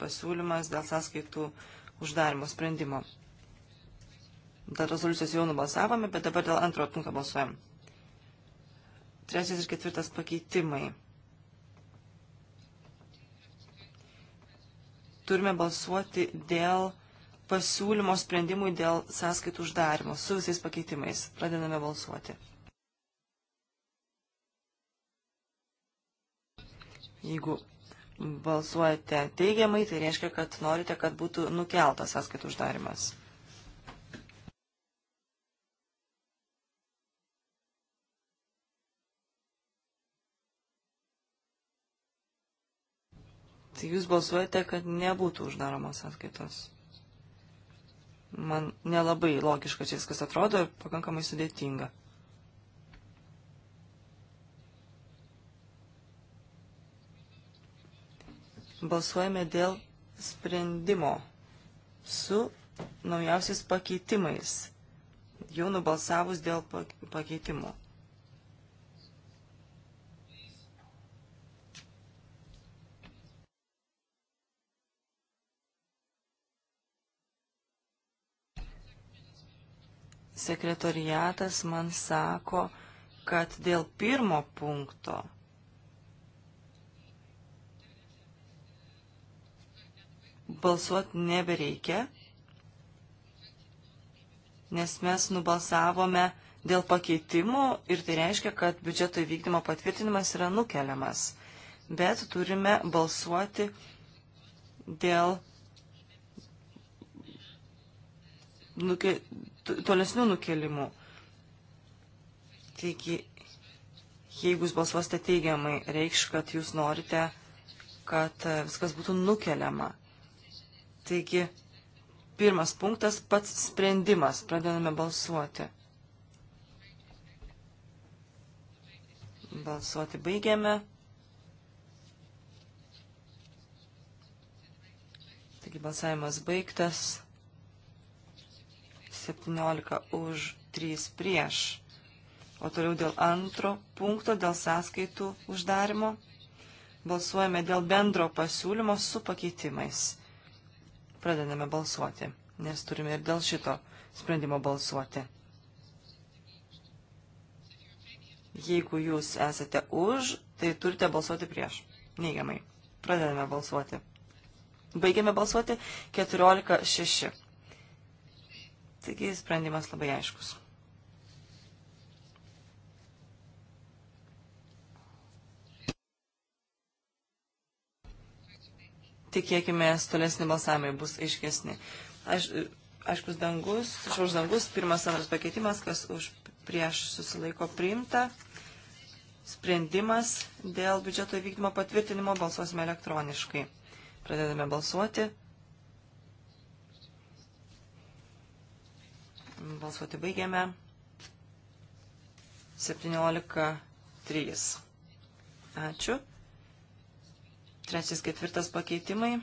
pasiūlymas dėl sąskaitų uždarimo sprendimo. Dėl rezoliucijos jau nubalsavome, bet dabar dėl antrojo punkto balsuojam. Trečias ir ketvirtas pakeitimai. Turime balsuoti dėl pasiūlymo sprendimui dėl sąskaitų uždarimo su visais pakeitimais. Pradedame balsuoti. Jeigu balsuojate teigiamai, tai reiškia, kad norite, kad būtų nukeltas sąskaitų uždarimas. Tai jūs balsuojate, kad nebūtų uždaromos sąskaitos. Man nelabai logiška čia viskas atrodo ir pakankamai sudėtinga. balsuojame dėl sprendimo su naujausiais pakeitimais, jau nubalsavus dėl pakeitimų. sekretoriatas man sako, kad dėl pirmo punkto balsuoti nebereikia, nes mes nubalsavome dėl pakeitimų ir tai reiškia, kad biudžeto įvykdymo patvirtinimas yra nukeliamas. Bet turime balsuoti dėl nuke, tolesnių nukelimų. Taigi, jeigu jūs balsuosite teigiamai, reikš, kad jūs norite, kad e, viskas būtų nukeliama. Taigi, pirmas punktas - pats sprendimas. Pradedame balsuoti. Balsuoti baigiame. Taigi balsavimas baigtas. 17 už 3 prieš. O toliau dėl antro punkto, dėl sąskaitų uždarimo. Balsuojame dėl bendro pasiūlymo su pakeitimais pradedame balsuoti, nes turime ir dėl šito sprendimo balsuoti. Jeigu jūs esate už, tai turite balsuoti prieš. Neigiamai. Pradedame balsuoti. Baigiame balsuoti 14.6. Taigi sprendimas labai aiškus. tikėkime, tolesni balsavimai bus aiškesni. Aš, aiškus dangus, šaus dangus, pirmas antras pakeitimas, kas už prieš susilaiko priimta. Sprendimas dėl biudžeto įvykdymo patvirtinimo balsuosime elektroniškai. Pradedame balsuoti. Balsuoti baigiame. 17.3. Ačiū. Trečias, ketvirtas pakeitimai.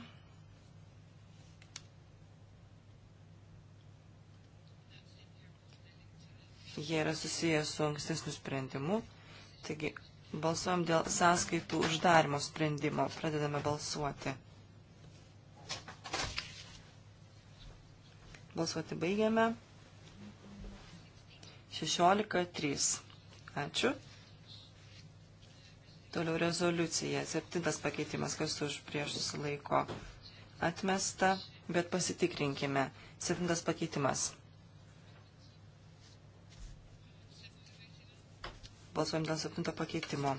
Jie yra susijęs su ankstesniu sprendimu. Taigi, balsuojam dėl sąskaitų uždarimo sprendimo. Pradedame balsuoti. Balsuoti baigiame. 16.3. Ačiū. Toliau rezoliucija. Septintas pakeitimas, kas už prieš susilaiko atmesta, bet pasitikrinkime. Septintas pakeitimas. Balsuojam dėl septinto pakeitimo.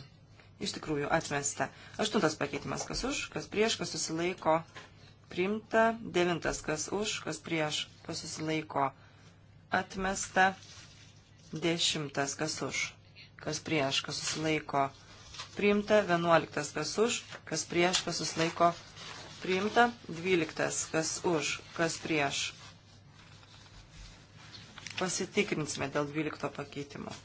Iš tikrųjų, atmesta. Aštuntas pakeitimas, kas už, kas prieš, kas susilaiko priimta. Devintas, kas už, kas prieš, kas susilaiko atmesta. Dešimtas, kas už, kas prieš, kas susilaiko atmesta priimta, 11 kas už, kas prieš, kas susilaiko priimta, 12 kas už, kas prieš. Pasitikrinsime dėl 12 pakeitimo.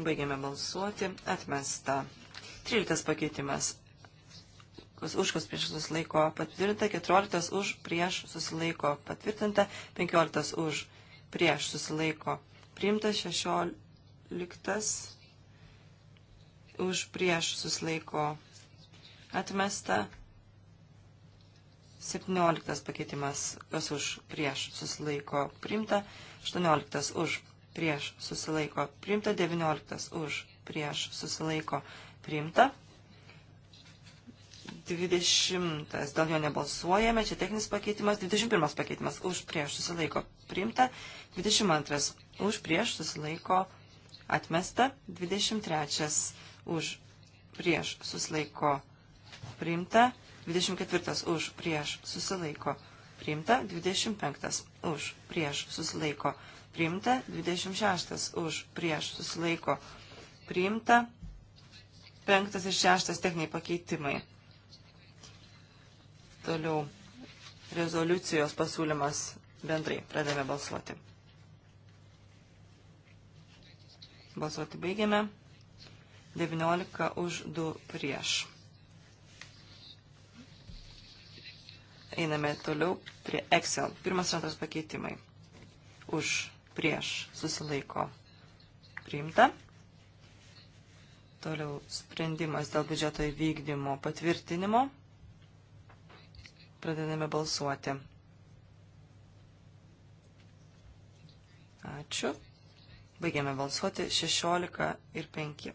Baigėme balsuoti, atmesta. 13 pakeitimas. Kas už, kas prieš susilaiko patvirtinta, 14 už, prieš susilaiko patvirtinta, 15 už prieš susilaiko priimtas, 16 už prieš susilaiko atmesta, 17 pakeitimas, kas už prieš susilaiko priimta, 18 už prieš susilaiko priimta, 19 už prieš susilaiko priimta. 20, dėl jo nebalsuojame, čia techninis pakeitimas, 21 pakeitimas, už prieš susilaiko priimta, 22, už prieš susilaiko atmesta, 23, už prieš susilaiko priimta, 24, už prieš susilaiko priimta, 25, už prieš susilaiko priimta, 26, už prieš susilaiko priimta, 5 ir 6 techniniai pakeitimai Toliau rezoliucijos pasiūlymas bendrai. Pradame balsuoti. Balsuoti baigiame. 19 už 2 prieš. Einame toliau prie Excel. Pirmas ir antras pakeitimai. Už, prieš, susilaiko. Priimta. Toliau sprendimas dėl biudžeto įvykdymo patvirtinimo. Pradedame balsuoti. Ačiū. Baigiame balsuoti 16 ir 5.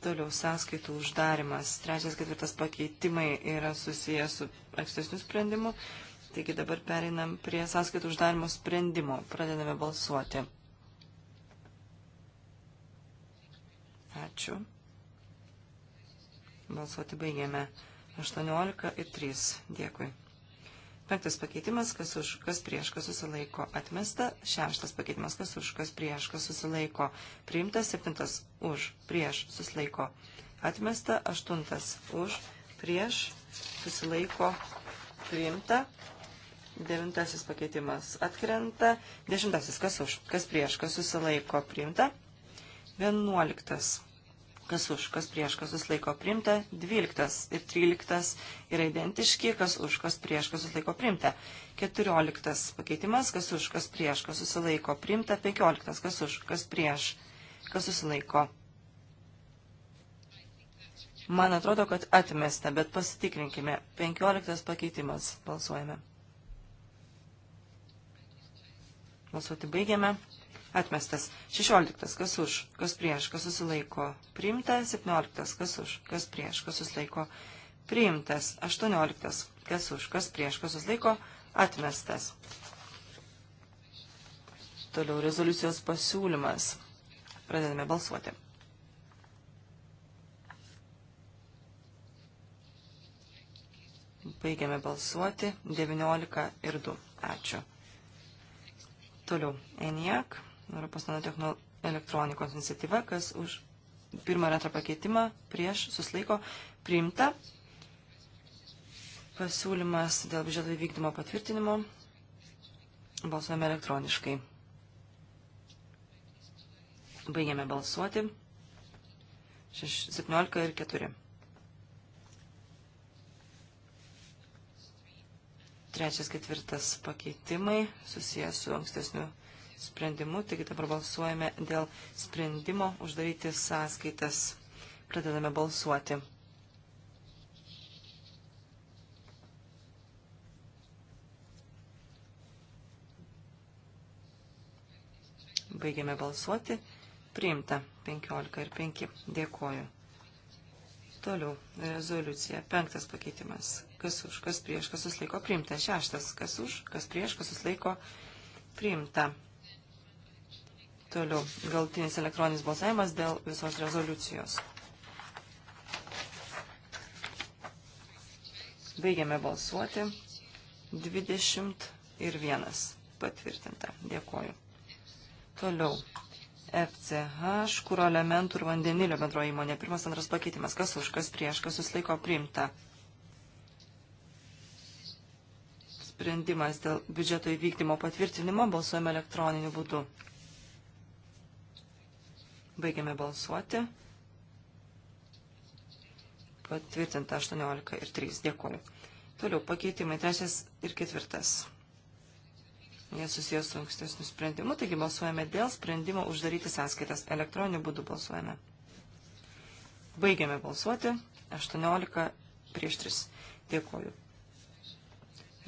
Toliau sąskaitų uždarimas. Trečias, ketvirtas pakeitimai yra susijęs su ankstesniu sprendimu. Taigi dabar pereinam prie sąskaitų uždarimo sprendimo. Pradedame balsuoti. Ačiū. Balsuoti baigiame. 18 ir 3. Dėkui. Penktas pakeitimas, kas už, kas prieš, kas susilaiko atmesta. Šeštas pakeitimas, kas už, kas prieš, kas susilaiko priimtas. Septintas už, prieš, susilaiko atmesta. Aštuntas už, prieš, susilaiko priimta. Devintasis pakeitimas atkrenta. Dešimtasis, kas už, kas prieš, kas susilaiko priimta. Vienuoliktas kas už, kas prieš, kas susilaiko primta, 12 ir 13 yra identiški, kas už, kas prieš, kas susilaiko primta, 14 pakeitimas, kas už, kas prieš, kas susilaiko primta, 15 kas už, kas prieš, kas susilaiko. Man atrodo, kad atmesta, bet pasitikrinkime. 15 pakeitimas. Balsuojame. Balsuoti baigiame. Atmestas. 16. Kas už, kas prieš, kas susilaiko. Priimta. 17. Kas už, kas prieš, kas susilaiko. Priimtas. 18. Kas už, kas prieš, kas susilaiko. Atmestas. Toliau rezoliucijos pasiūlymas. Pradedame balsuoti. Baigiame balsuoti. 19 ir 2. Ačiū. Toliau. ENIAC Europos nanotechnolo elektronikos iniciatyva, kas už pirmą ir antrą pakeitimą prieš suslaiko priimta. Pasiūlymas dėl biudžeto įvykdymo patvirtinimo. Balsuojame elektroniškai. Baigiame balsuoti. 17 ir 4. Trečias ketvirtas pakeitimai susijęs su ankstesniu sprendimu. Taigi dabar balsuojame dėl sprendimo uždaryti sąskaitas. Pradedame balsuoti. Baigiame balsuoti. Priimta 15 ir 5. Dėkoju. Toliau. Rezoliucija. Penktas pakeitimas. Kas už, kas prieš, kas suslaiko. Priimta. Šeštas. Kas už, kas prieš, kas suslaiko. Priimta. Toliau, galtinis elektroninis balsavimas dėl visos rezoliucijos. Baigiame balsuoti. 21 patvirtinta. Dėkoju. Toliau. FCH, kūro elementų ir vandenilio bendro įmonė. Pirmas, antras pakeitimas. Kas už, kas prieš, kas susilaiko priimta. Sprendimas dėl biudžeto įvykdymo patvirtinimo balsuojame elektroniniu būdu. Baigiame balsuoti. Patvirtinta 18 ir 3. Dėkuoju. Toliau pakeitimai 3 ir 4. Jie susijęs su ankstesniu sprendimu, taigi balsuojame dėl sprendimo uždaryti sąskaitas. Elektroniniu būdu balsuojame. Baigiame balsuoti. 18 prieš 3. Dėkuoju.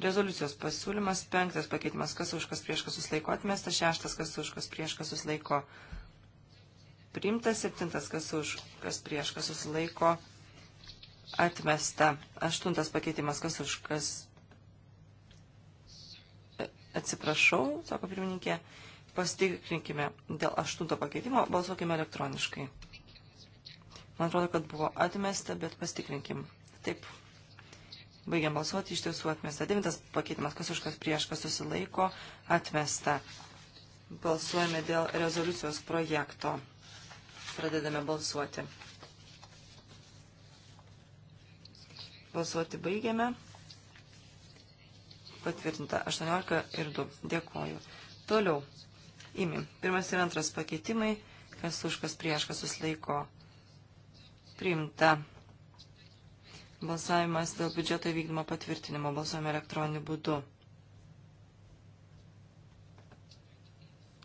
Rezoliucijos pasiūlymas, penktas pakeitimas, kas už kas prieš kas susilaiko atmesta, šeštas kas už kas prieš kas susilaiko atmesta priimta, septintas kas už, kas prieš, kas susilaiko, atmesta, aštuntas pakeitimas kas už, kas e, atsiprašau, sako pirmininkė, pasitikrinkime dėl aštunto pakeitimo, balsuokime elektroniškai. Man atrodo, kad buvo atmesta, bet pasitikrinkim. Taip. Baigiam balsuoti, iš tiesų atmesta. Devintas pakeitimas, kas už kas prieš, kas susilaiko, atmesta. Balsuojame dėl rezoliucijos projekto. Pradedame balsuoti. Balsuoti baigiame. Patvirtinta 18 ir 2. Dėkoju. Toliau. Imi. Pirmas ir antras pakeitimai. Kas už, kas prieš, kas susilaiko. Priimta. Balsavimas dėl biudžeto įvykdymo patvirtinimo. Balsuojame elektroniniu būdu.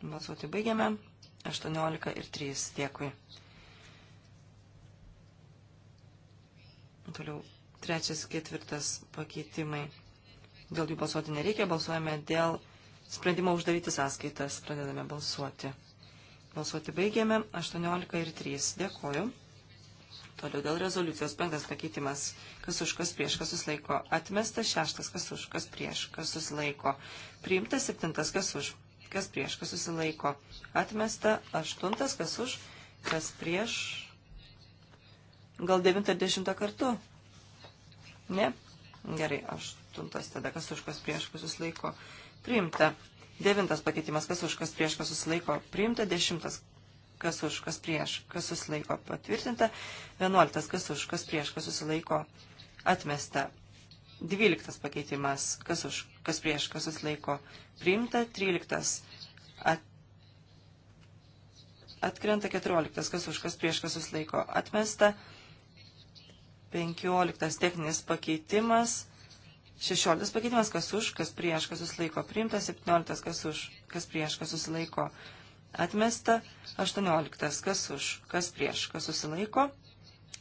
Balsuoti baigiame. 18 ir 3. Dėkui. Toliau trečias, ketvirtas pakeitimai. Dėl jų balsuoti nereikia, balsuojame dėl sprendimo uždaryti sąskaitas. Pradedame balsuoti. Balsuoti baigėme 18 ir 3. Dėkoju. Toliau dėl rezoliucijos penktas pakeitimas. Kas už, kas prieš, kas susilaiko. Atmestas šeštas, kas už, kas prieš, kas susilaiko. Priimtas septintas, kas už, kas prieš, kas susilaiko. Atmesta aštuntas, kas už, kas prieš. Gal devintą ir dešimtą kartu? Ne? Gerai, aštuntas tada, kas už, kas prieš, kas susilaiko. Priimta. Devintas pakeitimas, kas už, kas prieš, kas susilaiko. Priimta. Dešimtas, kas už, kas prieš, kas susilaiko. Patvirtinta. Vienuoliktas, kas už, kas prieš, kas susilaiko. Atmesta. 12 pakeitimas, kas, už, kas prieš, kas susilaiko priimta, 13 at, atkrenta, 14 kas už, kas prieš, kas susilaiko atmesta, 15 techninis pakeitimas, 16 pakeitimas, kas už, kas prieš, kas susilaiko priimta, 17 kas už, kas prieš, kas susilaiko atmesta, 18 kas už, kas prieš, kas susilaiko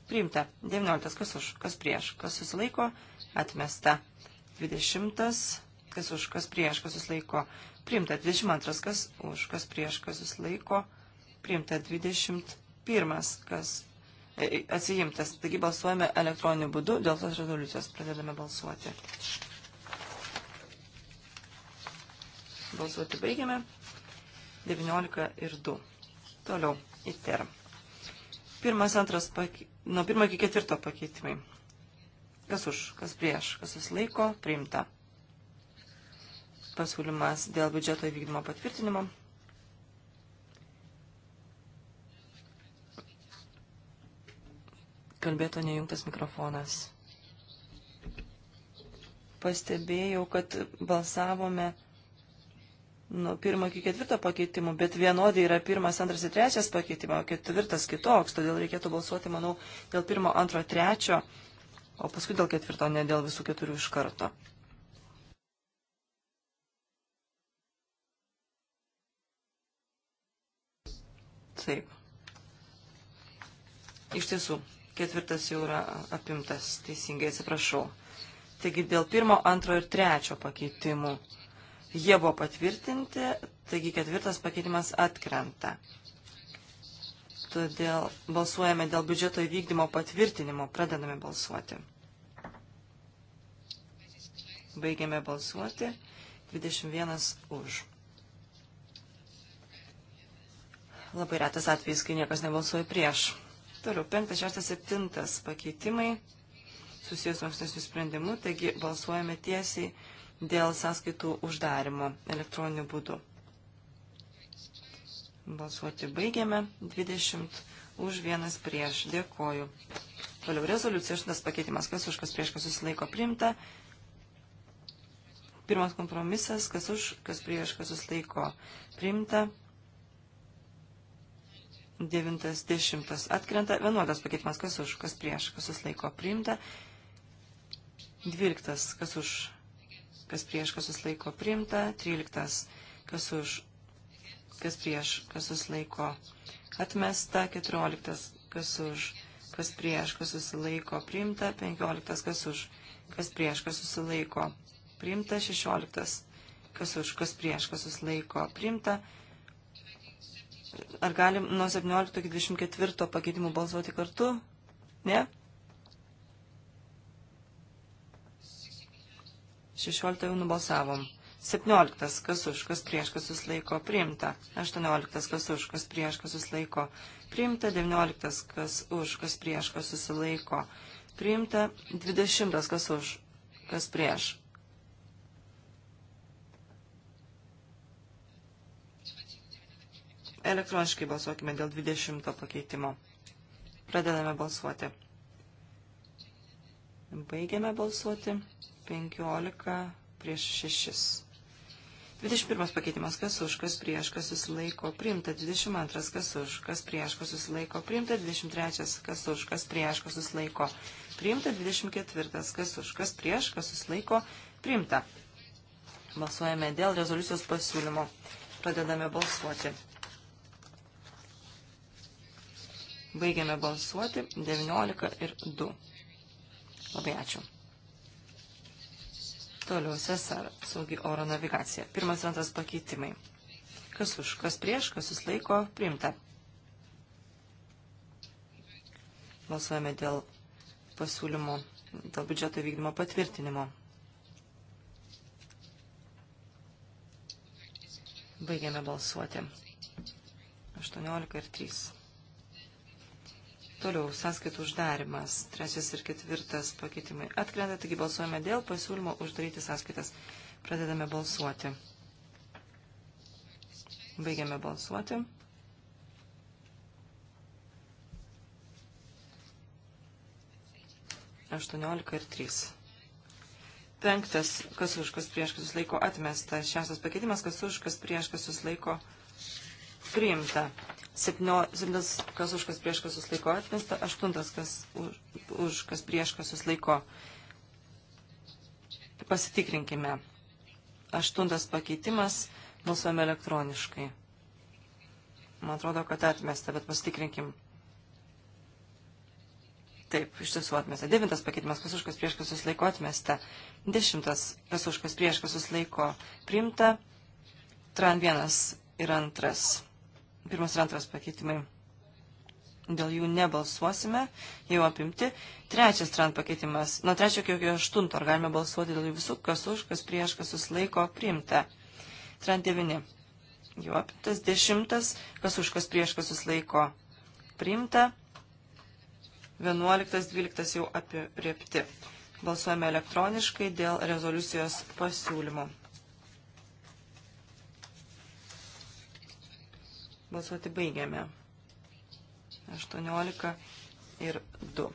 priimta, 19 kas už, kas prieš, kas susilaiko atmesta atmesta. 20. Kas už, kas prieš, kas susilaiko. Priimta 22. Kas už, kas prieš, kas susilaiko. Priimta 21. Kas e, e, atsijimtas. Taigi balsuojame elektroniniu būdu dėl tos rezoliucijos. Pradedame balsuoti. Balsuoti baigiame. 19 ir 2. Toliau. ITER. Pirmas, antras, pake... nuo pirmo iki ketvirto pakeitimai. Kas už, kas prieš, kas susilaiko, priimta. Pasiūlymas dėl biudžeto įvykdymo patvirtinimo. Kalbėto nejungtas mikrofonas. Pastebėjau, kad balsavome nuo pirmo iki ketvirto pakeitimų, bet vienodai yra pirmas, antras ir trečias pakeitimo, ketvirtas kitoks, todėl reikėtų balsuoti, manau, dėl pirmo, antro, trečio pakeitimo o paskui dėl ketvirto, ne dėl visų keturių iš karto. Taip. Iš tiesų, ketvirtas jau yra apimtas, teisingai atsiprašau. Taigi dėl pirmo, antro ir trečio pakeitimų. Jie buvo patvirtinti, taigi ketvirtas pakeitimas atkrenta. Todėl balsuojame dėl biudžeto įvykdymo patvirtinimo. Pradedame balsuoti. Baigiame balsuoti. 21 už. Labai retas atvejis, kai niekas nebalsuoja prieš. Toliau, 5, 6, 7 pakeitimai susijęs su ankstesniu sprendimu, taigi balsuojame tiesiai dėl sąskaitų uždarimo elektroniniu būdu. Balsuoti baigiame. 20 už vienas prieš. Dėkoju. Toliau rezoliucija, šitas pakeitimas, kas už, kas prieš, kas susilaiko priimta. Pirmas kompromisas, kas už, kas prieš, kas susilaiko priimta. Devintas, dešimtas atkrenta. Vienuodas pakeitimas, kas už, kas prieš, kas susilaiko priimta. Dvyliktas, kas už, kas prieš, kas susilaiko priimta. Tryliktas, kas už, kas prieš, kas susilaiko atmesta, 14 kas už, kas prieš, kas susilaiko priimta, 15 kas už, kas prieš, kas susilaiko priimta, 16 kas už, kas prieš, kas susilaiko priimta. Ar galim nuo 17 iki 24 pakeitimų balsuoti kartu? Ne? 16 jau nubalsavom. 17. Kas už, kas prieš, kas susilaiko priimta. 18. Kas už, kas prieš, kas susilaiko priimta. 19. Kas už, kas prieš, kas susilaiko priimta. 20. Kas už, kas prieš. Elektroniškai balsuokime dėl 20 pakeitimo. Pradedame balsuoti. Baigiame balsuoti. 15 prieš 6 21 pakeitimas, kas už, kas prieš, kas susilaiko, priimta 22, kas už, kas prieš, kas susilaiko, priimta 23, kas už, kas prieš, kas susilaiko, priimta 24, kas už, kas prieš, kas susilaiko, priimta. Balsuojame dėl rezoliucijos pasiūlymo. Pradedame balsuoti. Baigiame balsuoti 19 ir 2. Labai ačiū. Toliau Cesar, saugi oro navigacija. Pirmas ir antras pakeitimai. Kas už, kas prieš, kas susilaiko, priimta. Balsuojame dėl pasiūlymo, dėl biudžeto vykdymo patvirtinimo. Baigiame balsuoti. 18 ir 3. Toliau, sąskaitų uždarimas. Trečias ir ketvirtas pakeitimai atkrenta, taigi balsuojame dėl pasiūlymo uždaryti sąskaitas. Pradedame balsuoti. Baigiame balsuoti. Aštuoniolika ir trys. Penktas, kas už, kas prieš, kas susilaiko atmesta. Šeštas pakeitimas, kas už, kas prieš, kas susilaiko priimta. Septintas, kas už kas prieš kas susilaiko atmesta, aštuntas, kas už, už kas prieš kas susilaiko. Pasitikrinkime. Aštuntas pakeitimas balsuojame elektroniškai. Man atrodo, kad atmesta, bet pasitikrinkim. Taip, iš tiesų atmesta. Devintas pakeitimas, kas už kas prieš kas susilaiko atmesta. Dešimtas, kas už kas prieš kas susilaiko priimta. Tran vienas ir antras Pirmas ir antras pakeitimai. Dėl jų nebalsuosime, jau apimti. Trečias trant pakeitimas. Nuo trečio iki aštunto ar galime balsuoti dėl jų visų, kas už, kas prieš, kas susilaiko, priimta. Trant devini. Jau apimtas dešimtas, kas už, kas prieš, kas susilaiko, priimta. 11, 12 jau apriepti. Balsuojame elektroniškai dėl rezoliucijos pasiūlymų. Balsuoti baigiame. 18 ir 2.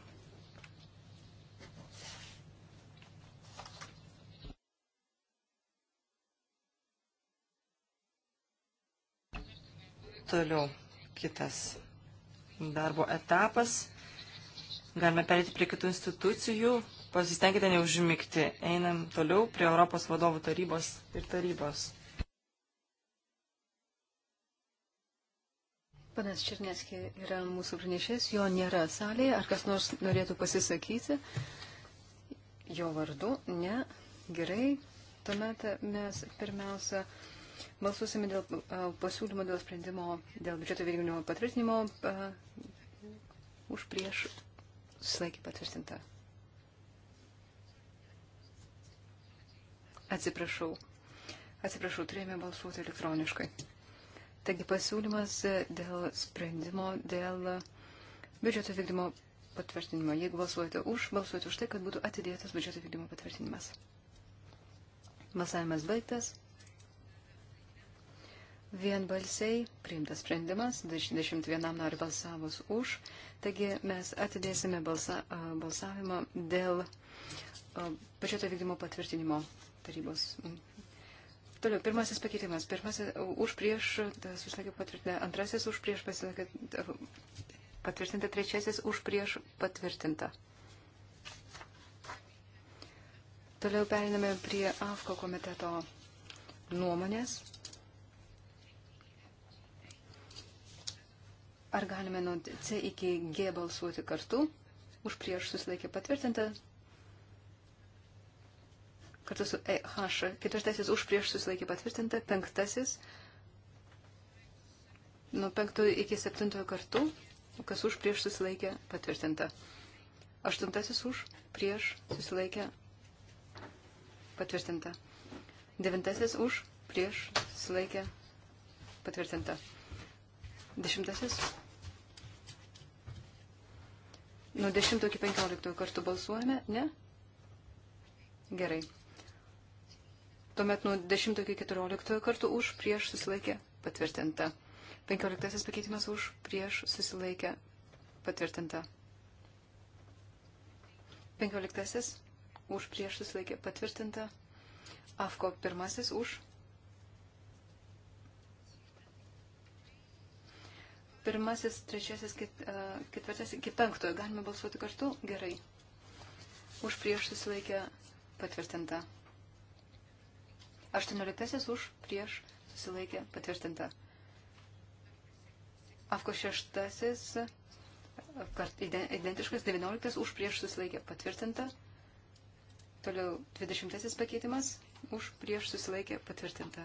Toliau kitas darbo etapas. Galime perėti prie kitų institucijų. Pasistengite neužmygti. Einam toliau prie Europos vadovų tarybos ir tarybos. Panas Čirneski yra mūsų pranešės, jo nėra salėje. Ar kas nors norėtų pasisakyti jo vardu? Ne. Gerai. Tuomet mes pirmiausia balsuosime dėl pasiūlymo dėl sprendimo dėl biudžeto vykdymo patvirtinimo uh, už prieš susilaikį patvirtintą. Atsiprašau. Atsiprašau, turėjome balsuoti elektroniškai. Taigi pasiūlymas dėl sprendimo, dėl biudžeto vykdymo patvirtinimo. Jeigu balsuojate už, balsuojate už tai, kad būtų atidėtas biudžeto vykdymo patvirtinimas. Balsavimas baigtas. Vienbalsiai priimtas sprendimas, 21 nori balsavus už, taigi mes atidėsime balsa, balsavimą dėl biudžeto vykdymo patvirtinimo tarybos Toliau, pirmasis pakeitimas. Pirmasis už prieš, susilaikė patvirtinta. Antrasis už prieš pasilaikė patvirtinta. Trečiasis už prieš patvirtinta. Toliau periname prie AFKO komiteto nuomonės. Ar galime nuo C iki G balsuoti kartu? Už prieš susilaikė patvirtinta, kartu su EH. Ketvirtasis už prieš susilaikė patvirtinta. Penktasis nuo penkto iki septintojo kartų, kas už prieš susilaikė patvirtinta. Aštuntasis už prieš susilaikė patvirtinta. Devintasis už prieš susilaikė patvirtinta. Dešimtasis Nuo 10 iki 15 kartų balsuojame, ne? Gerai. Tuomet nuo 10 iki 14 kartų už prieš susilaikė patvirtinta. 15 pakeitimas už prieš susilaikė patvirtinta. 15 už prieš susilaikė patvirtinta. AFKO pirmasis už. Pirmasis, trečiasis, ket, e, ketvirtasis, iki penktojo. Galime balsuoti kartu? Gerai. Už prieš susilaikė patvirtinta. 18 už prieš susilaikė patvirtinta. Afko 6 kart, identiškas 19 už prieš susilaikė patvirtinta. Toliau 20 pakeitimas už prieš susilaikė patvirtinta.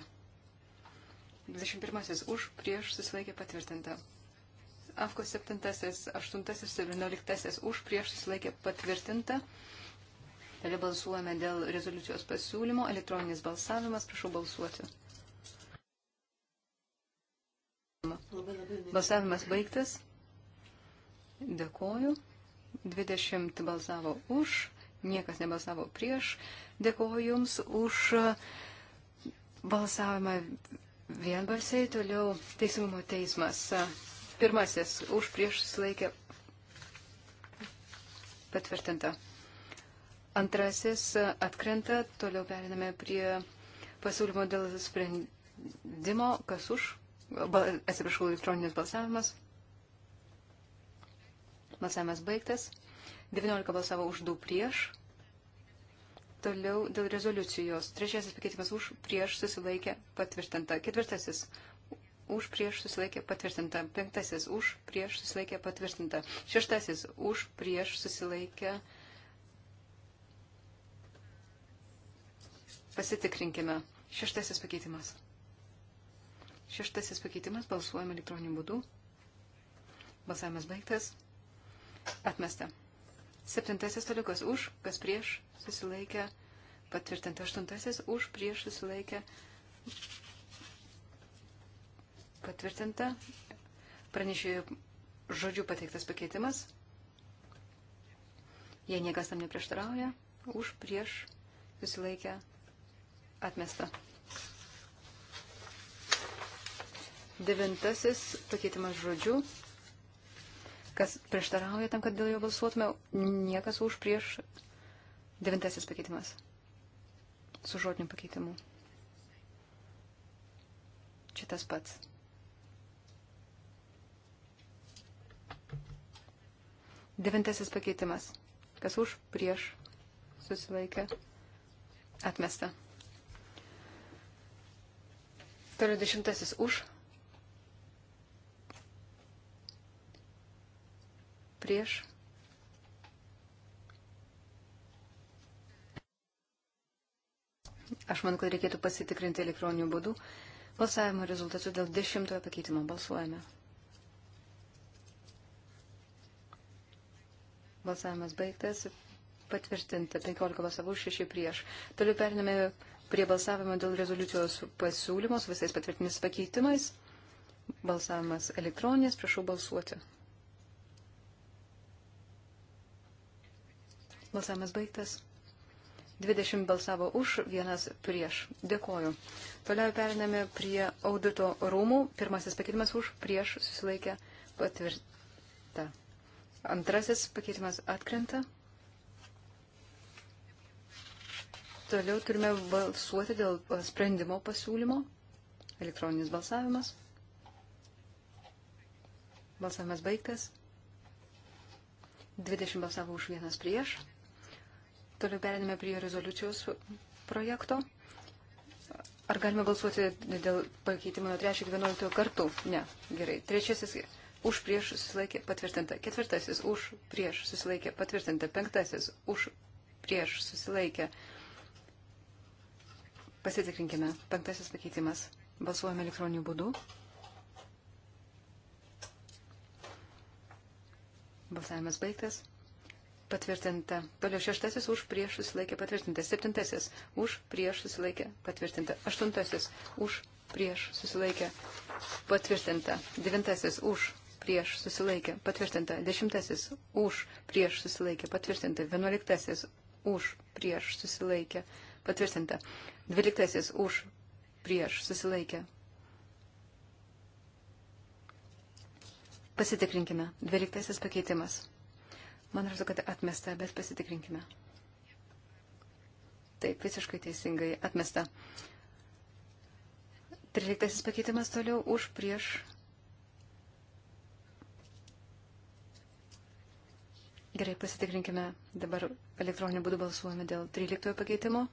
21 už prieš susilaikė patvirtinta. Afko 7, 8, 11 už prieš susilaikė patvirtinta. Toliau balsuojame dėl rezoliucijos pasiūlymo. Elektroninis balsavimas. Prašau balsuoti. Balsavimas baigtas. Dėkoju. 20 balsavo už, niekas nebalsavo prieš. Dėkoju Jums už balsavimą vienbalsiai. Toliau Teisingumo teismas. Pirmasis už prieš sulaikę patvirtinta. Antrasis atkrenta, toliau periname prie pasiūlymo dėl sprendimo, kas už, atsiprašau, elektroninis balsavimas. Balsavimas baigtas. 19 balsavo už 2 prieš. Toliau dėl rezoliucijos. Trečiasis pakeitimas už prieš susilaikė patvirtinta. Ketvirtasis už prieš susilaikė patvirtinta. Penktasis už prieš susilaikė patvirtinta. Šeštasis už prieš susilaikė patvirtinta Pasitikrinkime. Šeštasis pakeitimas. Šeštasis pakeitimas balsuojame elektroniniu būdu. Balsavimas baigtas. Atmesta. Septintasis toliukas už, kas prieš susilaikė. Patvirtinta aštuntasis už, prieš susilaikė. Patvirtinta. Pranešėjo žodžių pateiktas pakeitimas. Jei niekas tam neprieštarauja, už, prieš susilaikė Atmesta. Devintasis pakeitimas žodžių. Kas prieštarauja tam, kad dėl jo balsuotume, niekas už prieš. Devintasis pakeitimas. Su žodiniu pakeitimu. Čia tas pats. Devintasis pakeitimas. Kas už prieš susilaikė. Atmesta. Toliau dešimtasis už. Prieš. Aš manau, kad reikėtų pasitikrinti elektroninių būdų balsavimo rezultatus dėl dešimtojo pakeitimo. Balsuojame. Balsavimas baigtas. Patvirtinta 15 balsavų, 6 prieš. Toliau periname prie balsavimo dėl rezoliucijos pasiūlymos visais patvirtinis pakeitimais. Balsavimas elektroninės, prašau balsuoti. Balsavimas baigtas. 20 balsavo už, vienas prieš. Dėkoju. Toliau periname prie audito rūmų. Pirmasis pakeitimas už, prieš susilaikė patvirta. Antrasis pakeitimas atkrenta. Toliau turime balsuoti dėl sprendimo pasiūlymo. Elektroninis balsavimas. Balsavimas baigtas. 20 balsavo už vienas prieš. Toliau periname prie rezoliucijos projekto. Ar galime balsuoti dėl pakeitimo nuo 3 iki 11 kartų? Ne. Gerai. Trečiasis už prieš susilaikė patvirtinta. Ketvirtasis už prieš susilaikė patvirtinta. Penktasis už prieš susilaikė patvirtinta Pasitikrinkime. Penktasis pakeitimas. Balsuojame elektroniniu būdu. Balsavimas baigtas. Patvirtinta. Toliau šeštasis už prieš susilaikė patvirtinta. Septintasis už prieš susilaikė patvirtinta. Aštuntasis už prieš susilaikė patvirtinta. Devintasis už prieš susilaikė patvirtinta. Dešimtasis už prieš susilaikė patvirtinta. Vienuoliktasis už prieš susilaikė patvirtinta patvirtinta. Dvyliktasis už, prieš, susilaikė. Pasitikrinkime. Dvyliktasis pakeitimas. Man atrodo, kad atmesta, bet pasitikrinkime. Taip, visiškai teisingai atmesta. Tryliktasis pakeitimas toliau už prieš. Gerai, pasitikrinkime. Dabar elektroniniu būdu balsuojame dėl tryliktojo pakeitimo.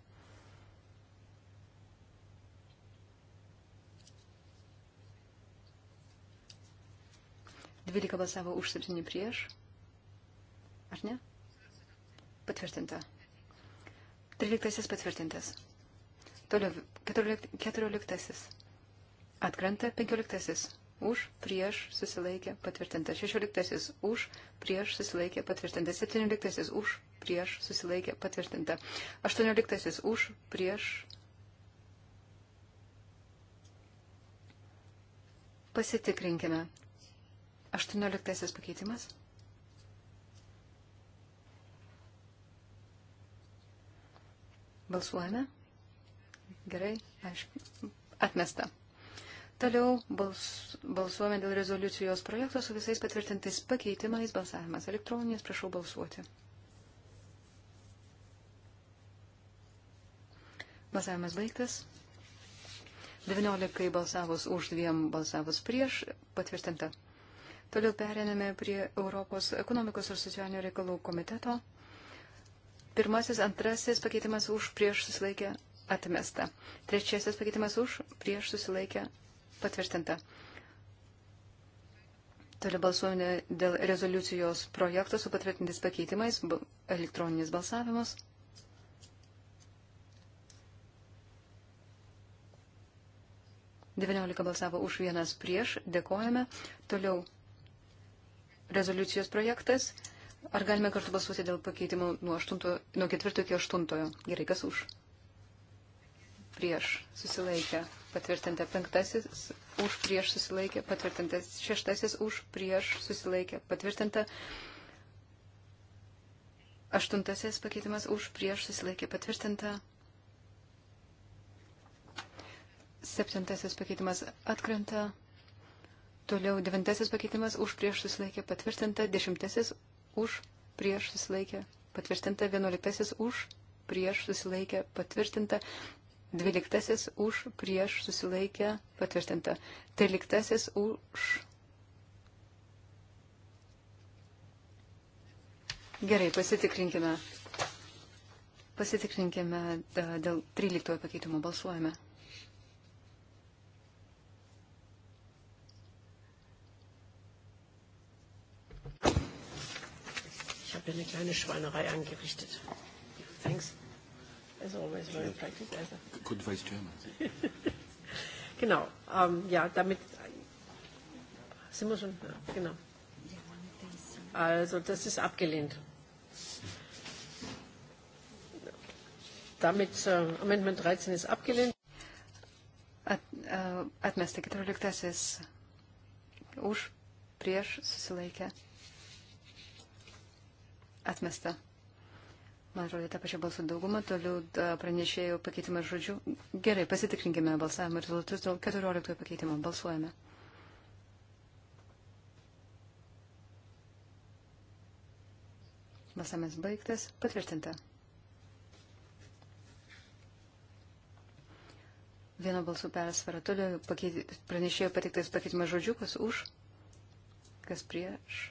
12 balsavo už 7 prieš. Ar ne? Patvirtinta. 13 patvirtintas. Toliau 14. 14. Atkrenta 15. Už, prieš, susilaikė, patvirtinta. 16. Už, prieš, susilaikė, patvirtinta. 17. Už, prieš, susilaikė, patvirtinta. 18. Už, prieš, Pasitikrinkime. 18 pakeitimas. Balsuojame. Gerai, aišku, atmesta. Toliau bals, balsuojame dėl rezoliucijos projekto su visais patvirtintais pakeitimais. Balsavimas elektroninis, prašau balsuoti. Balsavimas baigtas. 19 balsavus už, 2 balsavus prieš, patvirtinta. Toliau periname prie Europos ekonomikos ir socialinių reikalų komiteto. Pirmasis, antrasis pakeitimas už prieš susilaikę atmesta. Trečiasis pakeitimas už prieš susilaikę patvirtinta. Toliau balsuojame dėl rezoliucijos projekto su patvirtintis pakeitimais, elektroninis balsavimas. Devyniolika balsavo už vienas prieš, dėkojame. Toliau rezoliucijos projektas. Ar galime kartu balsuoti dėl pakeitimų nuo, 8, nuo 4 iki 8? Gerai, kas už? Prieš susilaikę patvirtinta penktasis, už prieš susilaikę patvirtinta šeštasis, už prieš susilaikę patvirtinta aštuntasis pakeitimas, už prieš susilaikę patvirtinta septintasis pakeitimas atkrenta. Toliau devintasis pakeitimas už prieš susilaikę patvirtinta, dešimtasis už prieš susilaikę patvirtinta, vienuoliktasis už prieš susilaikę patvirtinta, dvyliktasis už prieš susilaikę patvirtinta, tryliktasis už. Gerai, pasitikrinkime. Pasitikrinkime e, dėl 13 pakeitimo balsuojame. habe eine kleine Schweinerei angerichtet. Thanks. As always, very practical. Good vice chairman. genau. Ähm, ja, damit sind wir schon. Ja, genau. Also, das ist abgelehnt. Damit äh, Amendment 13 ist abgelehnt. At, äh, atmesta 14. Už, prieš, susilaikę atmesta. Man atrodo, tą pačią balsų daugumą toliau pranešėjau pakeitimą žodžių. Gerai, pasitikrinkime balsavimo rezultatus dėl 14 pakeitimo. Balsuojame. Balsavimas baigtas. Patvirtinta. Vieno balsų persvara. Toliau pranešėjo patiktas pakeitimas žodžių, kas už, kas prieš.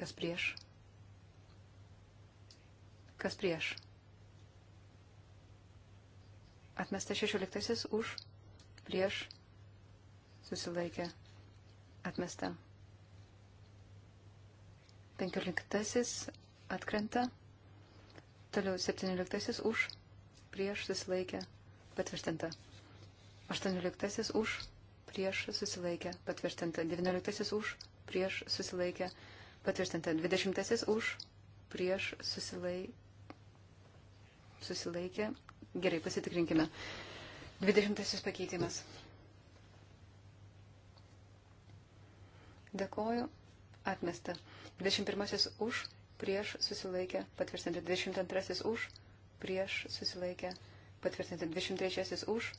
Kas prieš? Kas prieš? Atmesta 16 už, prieš, susilaikė, atmesta. 15 atkrenta, toliau 17 už, prieš, susilaikė, patvirtinta. 18 už, prieš, susilaikė, patvirtinta. 19 už, prieš, susilaikė, patvirtinta Patvirtinta 20 už, prieš susilai, susilaikė. Gerai, pasitikrinkime. 20 pakeitimas. Dėkoju. Atmesta. 21 už, prieš susilaikė. Patvirtinta 22 už, prieš susilaikė. Patvirtinta 23 už,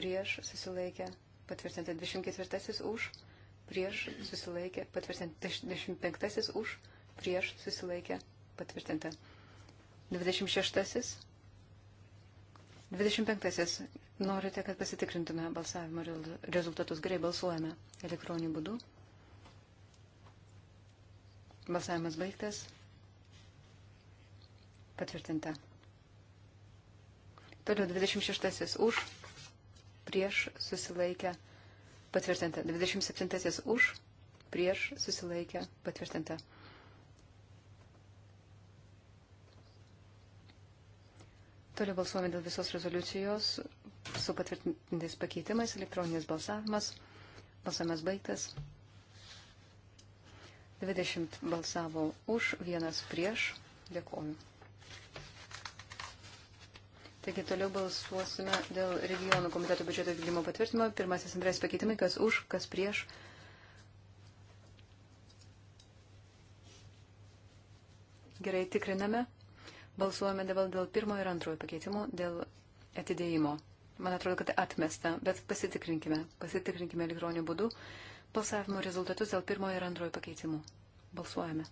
prieš susilaikė. Patvirtinta 24 už prieš susilaikė patvirtinta. 25 už, prieš susilaikė patvirtinta. 26. 25. Norite, kad pasitikrintume balsavimo rezultatus. Gerai balsuojame elektroniniu būdu. Balsavimas baigtas. Patvirtinta. Toliau 26. Už, prieš susilaikę patvirtinta patvirtinta. 27 už, prieš susilaikę, patvirtinta. Toliau balsuojame dėl visos rezoliucijos su patvirtintais pakeitimais, elektroninis balsavimas, balsavimas baigtas. 20 balsavo už, vienas prieš. Dėkoju. Taigi toliau balsuosime dėl regionų komiteto biudžeto vykdymo patvirtimo. Pirmasis antras pakeitimai, kas už, kas prieš. Gerai tikriname. Balsuojame dabar dėl pirmo ir antrojo pakeitimo, dėl atidėjimo. Man atrodo, kad atmesta, bet pasitikrinkime. Pasitikrinkime elektroniniu būdu balsavimo rezultatus dėl pirmojo ir antrojo pakeitimų. Balsuojame.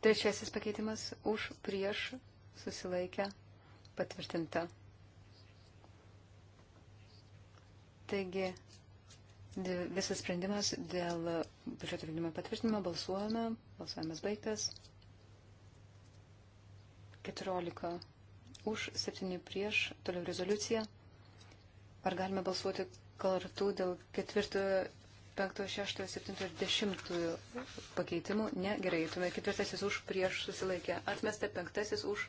Trečiasis pakeitimas už prieš susilaikę patvirtinta. Taigi visas sprendimas dėl biudžeto vykdymo patvirtinimo balsuojame. Balsuojamas baigtas. 14 už, 7 prieš, toliau rezoliucija. Ar galime balsuoti kartu dėl ketvirtojo 5, 6, 7 ir 10 pakeitimų. Ne, gerai, tuomet ketvirtasis už prieš susilaikę. Atmesta penktasis už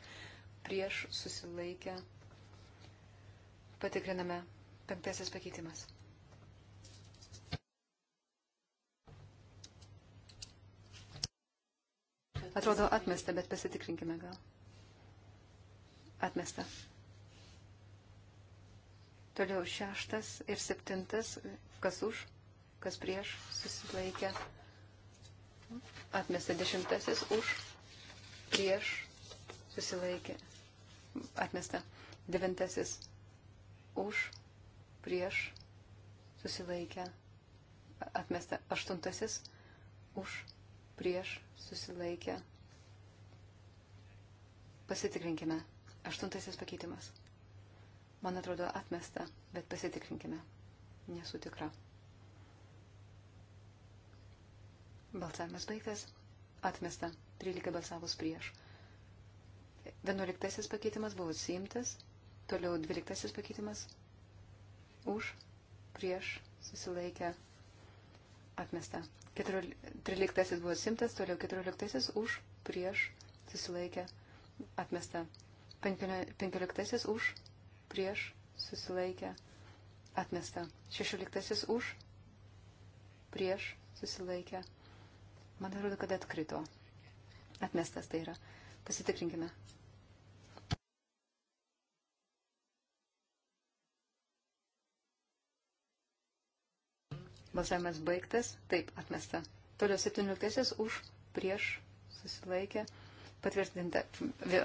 prieš susilaikę. Patikriname penktasis pakeitimas. Atrodo atmesta, bet pasitikrinkime gal. Atmesta. Toliau šeštas ir septintas, kas už, kas prieš susilaikė. Atmesta dešimtasis už, prieš susilaikė. Atmesta devintasis už, prieš susilaikė. Atmesta aštuntasis už, prieš susilaikė. Pasitikrinkime. Aštuntasis pakeitimas. Man atrodo atmesta, bet pasitikrinkime. Nesu tikra. Balsavimas baigtas. Atmesta. 13 balsavus prieš. 11 pakeitimas buvo atsiimtas. Toliau 12 pakeitimas. Už. Prieš. Susilaikę. Atmesta. 13 buvo atsiimtas. Toliau 14 už. Prieš. Susilaikę. Atmesta. 15 už. Prieš. Susilaikę. Atmesta. 16 už. Prieš. Susilaikę Man atrodo, kad atkrito. Atmestas tai yra. Pasitikrinkime. Balsavimas baigtas. Taip, atmesta. Toliau 17 už, prieš, susilaikė, patvirtinta.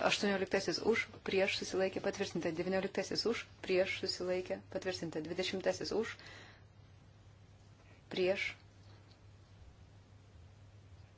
18 už, prieš, susilaikė, patvirtinta. 19 už, prieš, susilaikė, patvirtinta. 20 už, prieš,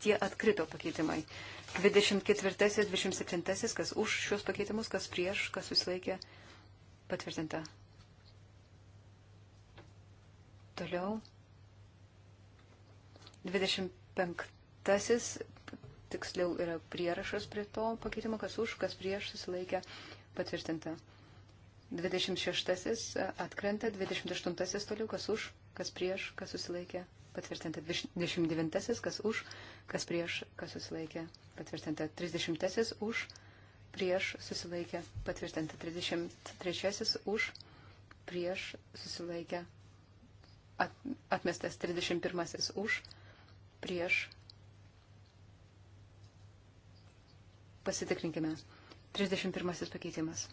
tie atkrito pakeitimai. 24, 27, kas už šios pakeitimus, kas prieš, kas susilaikė, patvirtinta. Toliau. 25, tiksliau yra prierašas prie to pakeitimo, kas už, kas prieš, susilaikė, patvirtinta. 26 atkrenta, 28 toliau, kas už, kas prieš, kas susilaikė, patvirtinta 29, kas už, kas prieš, kas susilaikė, patvirtinta 30 už, prieš susilaikė, patvirtinta 33 už, prieš susilaikė, at, atmestas 31 už, prieš. Pasitikrinkime. 31 pakeitimas.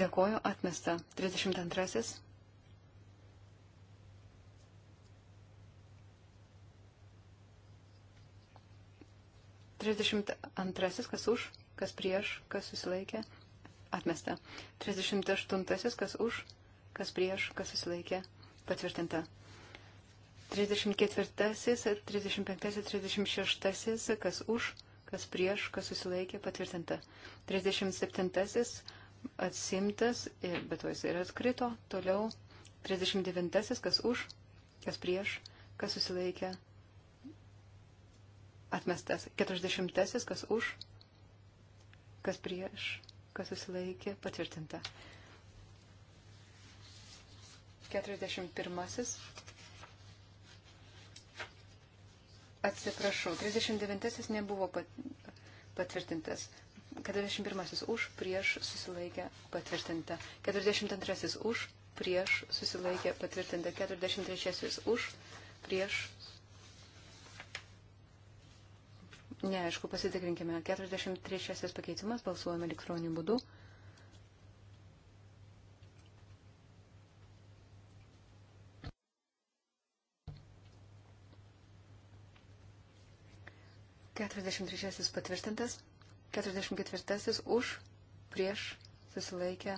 Dėkoju, atmesta. 32. Trisdešimt antrasis, kas už, kas prieš, kas susilaikė, atmesta. Trisdešimt aštuntasis, kas už, kas prieš, kas susilaikė, patvirtinta. 34, 35, 36, kas už, kas prieš, kas susilaikė, patvirtinta. 37, atsimtas, bet to jis ir atkrito. Toliau 39. kas už, kas prieš, kas susilaikė. Atmestas 40. kas už, kas prieš, kas susilaikė, patvirtinta. 41. Atsiprašau, 39 nebuvo pat, patvirtintas. 41 už, prieš susilaikė patvirtinta. 42 už, prieš susilaikė patvirtinta. 43 už, prieš. Neaišku, pasitikrinkime. 43 pakeitimas balsuojame elektroniniu būdu. Keturiasdešimt trečiasis patvirtintas. 44 už, prieš, susilaikę,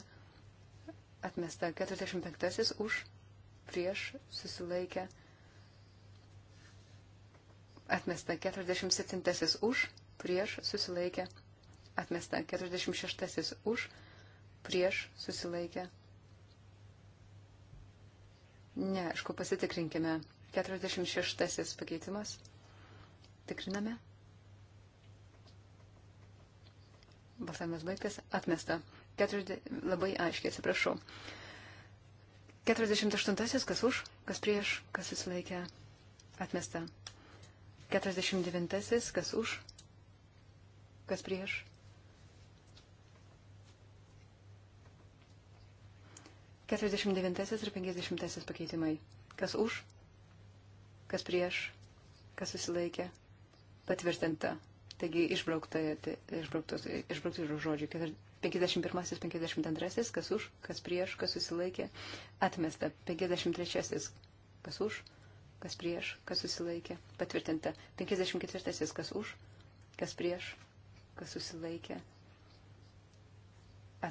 atmesta. 45 už, prieš, susilaikę, atmesta. 47 už, prieš, susilaikę, atmesta. 46 už, prieš, susilaikę. Ne, aišku, pasitikrinkime. 46 pakeitimas. Tikriname. Balsavimas baigtas. Atmesta. 40, labai aiškiai, atsiprašau. 48. Kas už, kas prieš, kas susilaikė. Atmesta. 49. Kas už, kas prieš. Keturiasdešimt devintasis ir penkiasdešimtasis pakeitimai. Kas už, kas prieš, kas susilaikė, patvirtinta. Taigi išbraukta, tai išbrauktos, išbraukti ir žodžiai. 51-52, kas už, kas prieš, kas susilaikė. Atmesta. 53, kas už, kas prieš, kas susilaikė. Patvirtinta. 54, kas už, kas prieš, kas susilaikė.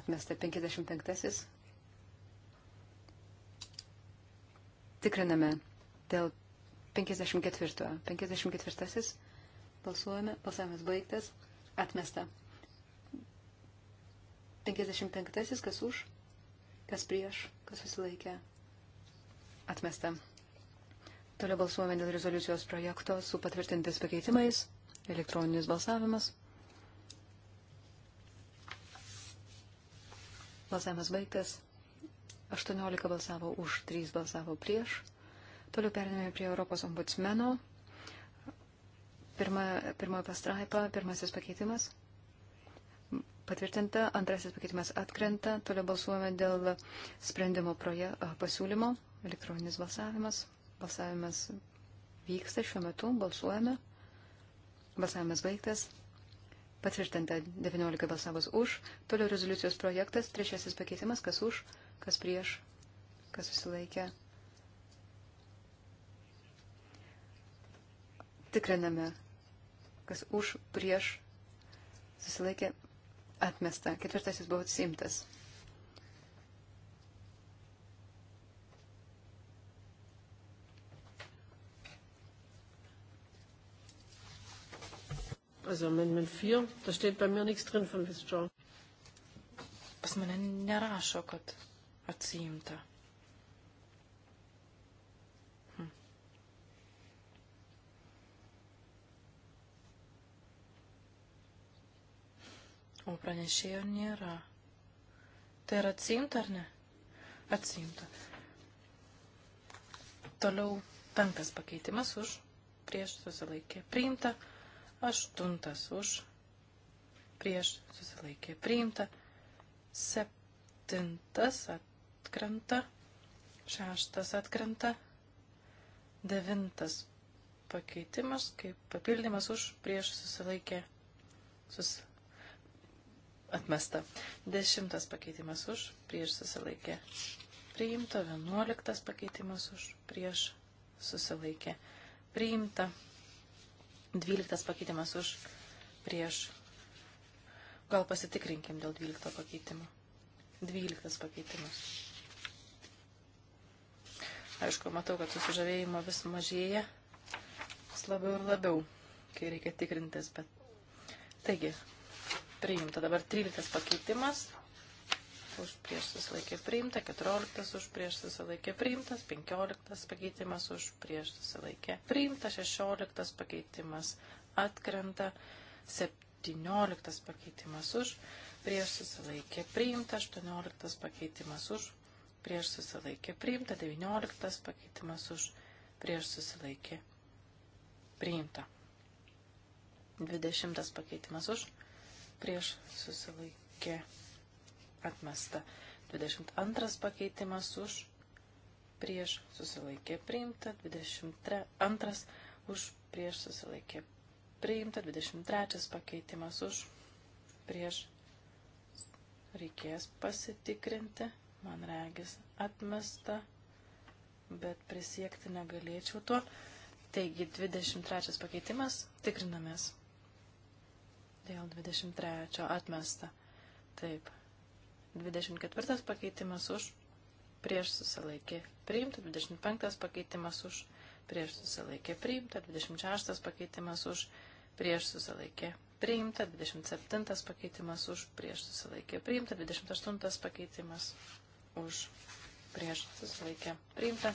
Atmesta. 55. Tikriname dėl 54. 54. Balsuojame. Balsavimas baigtas. Atmesta. 55. Kas už? Kas prieš? Kas susilaikė? Atmesta. Toliau balsuojame dėl rezoliucijos projekto su patvirtintis pakeitimais. Elektroninis balsavimas. Balsavimas baigtas. 18 balsavo už, 3 balsavo prieš. Toliau perėmėme prie Europos ombudsmeno Pirma, pirmoji pastraipa, pirmasis pakeitimas. Patvirtinta, antrasis pakeitimas atkrenta, toliau balsuojame dėl sprendimo proje, pasiūlymo, elektroninis balsavimas, balsavimas vyksta šiuo metu, balsuojame, balsavimas baigtas, patvirtinta 19 balsavus už, toliau rezoliucijos projektas, trečiasis pakeitimas, kas už, kas prieš, kas susilaikė. Tikriname kas už, prieš, susilaikė, atmesta. Ketvirtasis buvo atsimtas. Also Amendment 4, da steht bei mir nichts drin von Withdraw. Pas mane nerašo, kad atsiimta. O pranešėjo nėra. Tai yra atsiimta ar ne? Atsiimta. Toliau penktas pakeitimas už, prieš susilaikė priimta, aštuntas už, prieš susilaikė priimta, septintas atkrenta, šeštas atkrenta, devintas pakeitimas kaip papildymas už, prieš susilaikė susilaikė atmesta. Dešimtas pakeitimas už, prieš susilaikė. Priimta. Vienuoliktas pakeitimas už, prieš susilaikė. Priimta. Dvyliktas pakeitimas už, prieš. Gal pasitikrinkim dėl dvylikto pakeitimo. Dvyliktas pakeitimas. Aišku, matau, kad susižavėjimo vis mažėja. Vis labiau ir labiau, kai reikia tikrintis, bet. Taigi, priimta. Dabar 13 pakeitimas. Už prieš susilaikė priimta. 14 už prieš susilaikė priimtas. 15 pakeitimas už prieš susilaikė priimta. 16 pakeitimas atkrenta. 17 pakeitimas už prieš susilaikė priimta. 18 pakeitimas už prieš susilaikė priimta. 19 pakeitimas už prieš susilaikė priimta. 20 pakeitimas už prieš susilaikė atmesta. 22 pakeitimas už prieš susilaikė priimta. 22 už prieš susilaikė priimta. 23 pakeitimas už prieš reikės pasitikrinti. Man regis atmesta, bet prisiekti negalėčiau tuo. Taigi 23 pakeitimas tikrinamės. Dėl 23 atmesta. Taip. 24 pakeitimas už, prieš susilaikė priimta, 25 pakeitimas už, prieš susilaikė priimta, 26 pakeitimas už, prieš susilaikė priimta, 27 pakeitimas už, prieš susilaikė priimta, 28 pakeitimas už, prieš susilaikė priimta.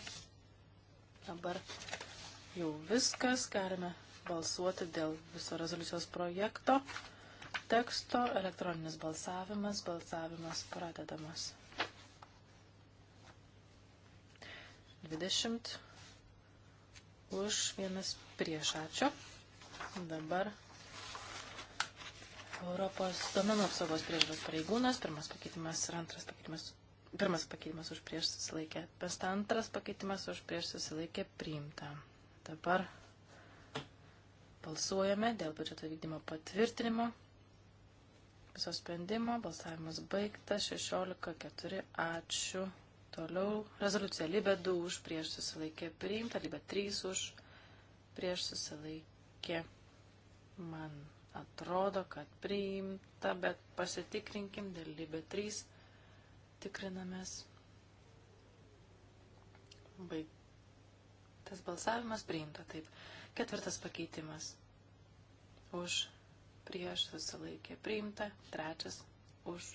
Dabar jau viskas, galime balsuoti dėl viso rezoliucijos projekto teksto. Elektroninis balsavimas. Balsavimas pradedamas. 20 už vienas prieš. Ačiū. Dabar Europos domenų apsaugos priežiūros pareigūnas. Pirmas pakeitimas ir antras pakeitimas pirmas pakeitimas už prieš susilaikė, bet antras pakeitimas už prieš susilaikė priimta. Dabar Balsuojame dėl biudžeto vykdymo patvirtinimo. Viso sprendimo. Balsavimas baigtas. 16.4. Ačiū. Toliau. Rezoliucija. Libė 2 už prieš susilaikė priimta. Libė 3 už prieš susilaikė. Man atrodo, kad priimta, bet pasitikrinkim dėl Libė 3. Tikrinamės. Baigtas balsavimas priimta. Taip. Ketvirtas pakeitimas. Už, prieš, susilaikė, priimta. Trečias, už,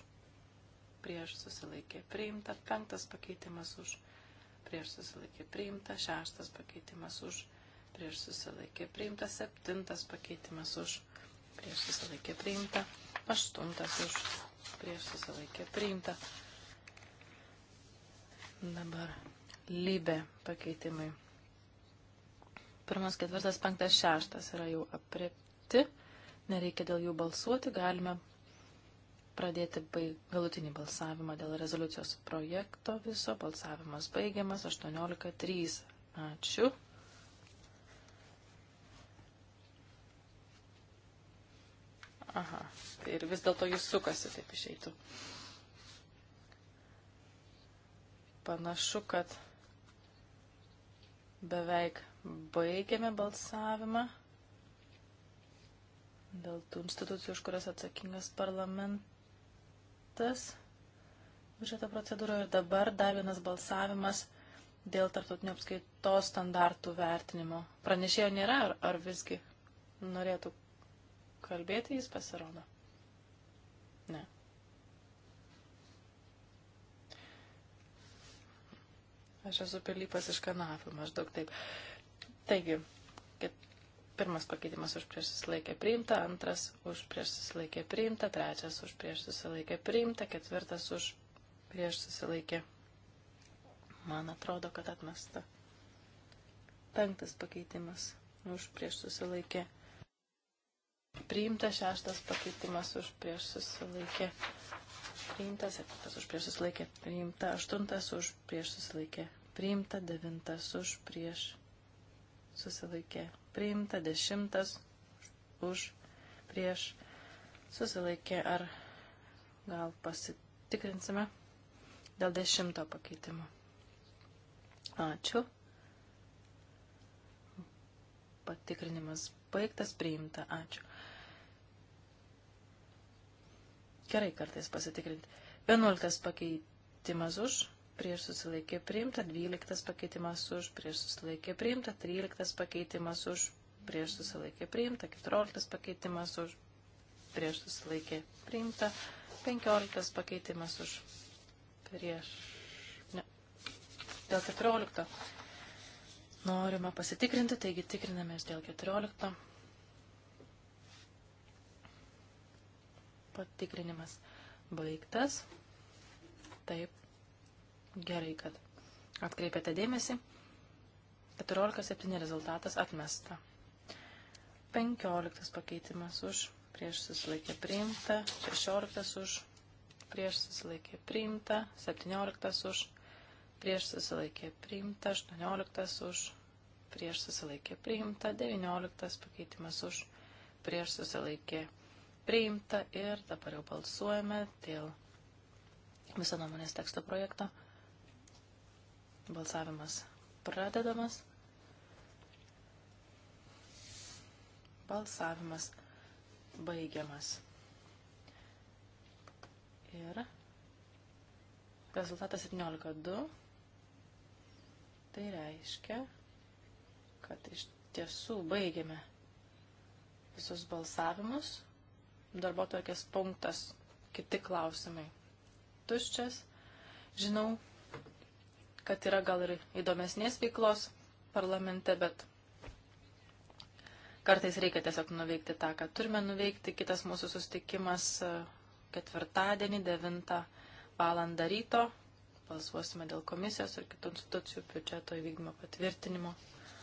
prieš, susilaikė, priimta. Penktas pakeitimas už, prieš, susilaikė, priimta. Šeštas pakeitimas už, prieš, susilaikė, priimta. Septintas pakeitimas už, prieš, susilaikė, priimta. Aštuntas už, prieš, susilaikė, priimta. Dabar lybė pakeitimai Pirmas, ketvirtas, penktas, šeštas yra jau aprepti. Nereikia dėl jų balsuoti. Galime pradėti baig... galutinį balsavimą dėl rezoliucijos projekto viso. Balsavimas baigiamas 18.3. Ačiū. Aha, tai ir vis dėlto jis sukasi, taip išeitų. Panašu, kad beveik Baigiame balsavimą dėl tų institucijų, už kurias atsakingas parlamentas už šitą procedūrą. Ir dabar dar vienas balsavimas dėl tarptautinio apskaitos standartų vertinimo. Pranešėjo nėra, ar, ar visgi norėtų kalbėti, jis pasirodo. Ne. Aš esu pilypas iš kanapų, maždaug taip. Taigi, pirmas pakeitimas už prieš susilaikę priimta, antras už prieš susilaikę priimta, trečias už prieš susilaikę priimta, ketvirtas už prieš susilaikę. Man atrodo, kad atmesta. Penktas pakeitimas už prieš susilaikę priimta, šeštas pakeitimas už prieš susilaikę priimta, septintas už prieš susilaikę priimta, aštuntas už prieš susilaikę priimta, devintas už prieš susilaikę susilaikė priimta, dešimtas už prieš susilaikė ar gal pasitikrinsime dėl dešimto pakeitimo. Ačiū. Patikrinimas baigtas, priimta. Ačiū. Gerai kartais pasitikrinti. Vienuoliktas pakeitimas už prieš susilaikė priimta, 12 pakeitimas už, prieš susilaikė priimta, 13 pakeitimas už, prieš susilaikė priimta, 14 pakeitimas už, prieš susilaikė priimta, 15 pakeitimas už, prieš. Ne. Dėl 14. Norima pasitikrinti, taigi tikrinamės dėl 14. Patikrinimas baigtas. Taip, Gerai, kad atkreipėte dėmesį. 14.7 rezultatas atmesta. 15 pakeitimas už, prieš susilaikė priimta, 16 už, prieš susilaikė priimta, 17 už, prieš susilaikė priimta, 18 už, prieš susilaikė priimta, 19 pakeitimas už, prieš susilaikė priimta ir dabar jau balsuojame dėl viso nuomonės teksto projekto. Balsavimas pradedamas. Balsavimas baigiamas. Ir rezultatas 17.2. Tai reiškia, kad iš tiesų baigėme visus balsavimus. Darbo tokias punktas, kiti klausimai. Tuščias. Žinau, kad yra gal ir įdomesnės veiklos parlamente, bet kartais reikia tiesiog nuveikti tą, ką turime nuveikti. Kitas mūsų sustikimas e, ketvirtadienį 9 val. ryto. Balsuosime dėl komisijos ir kitų institucijų biudžeto įvykdymo patvirtinimo.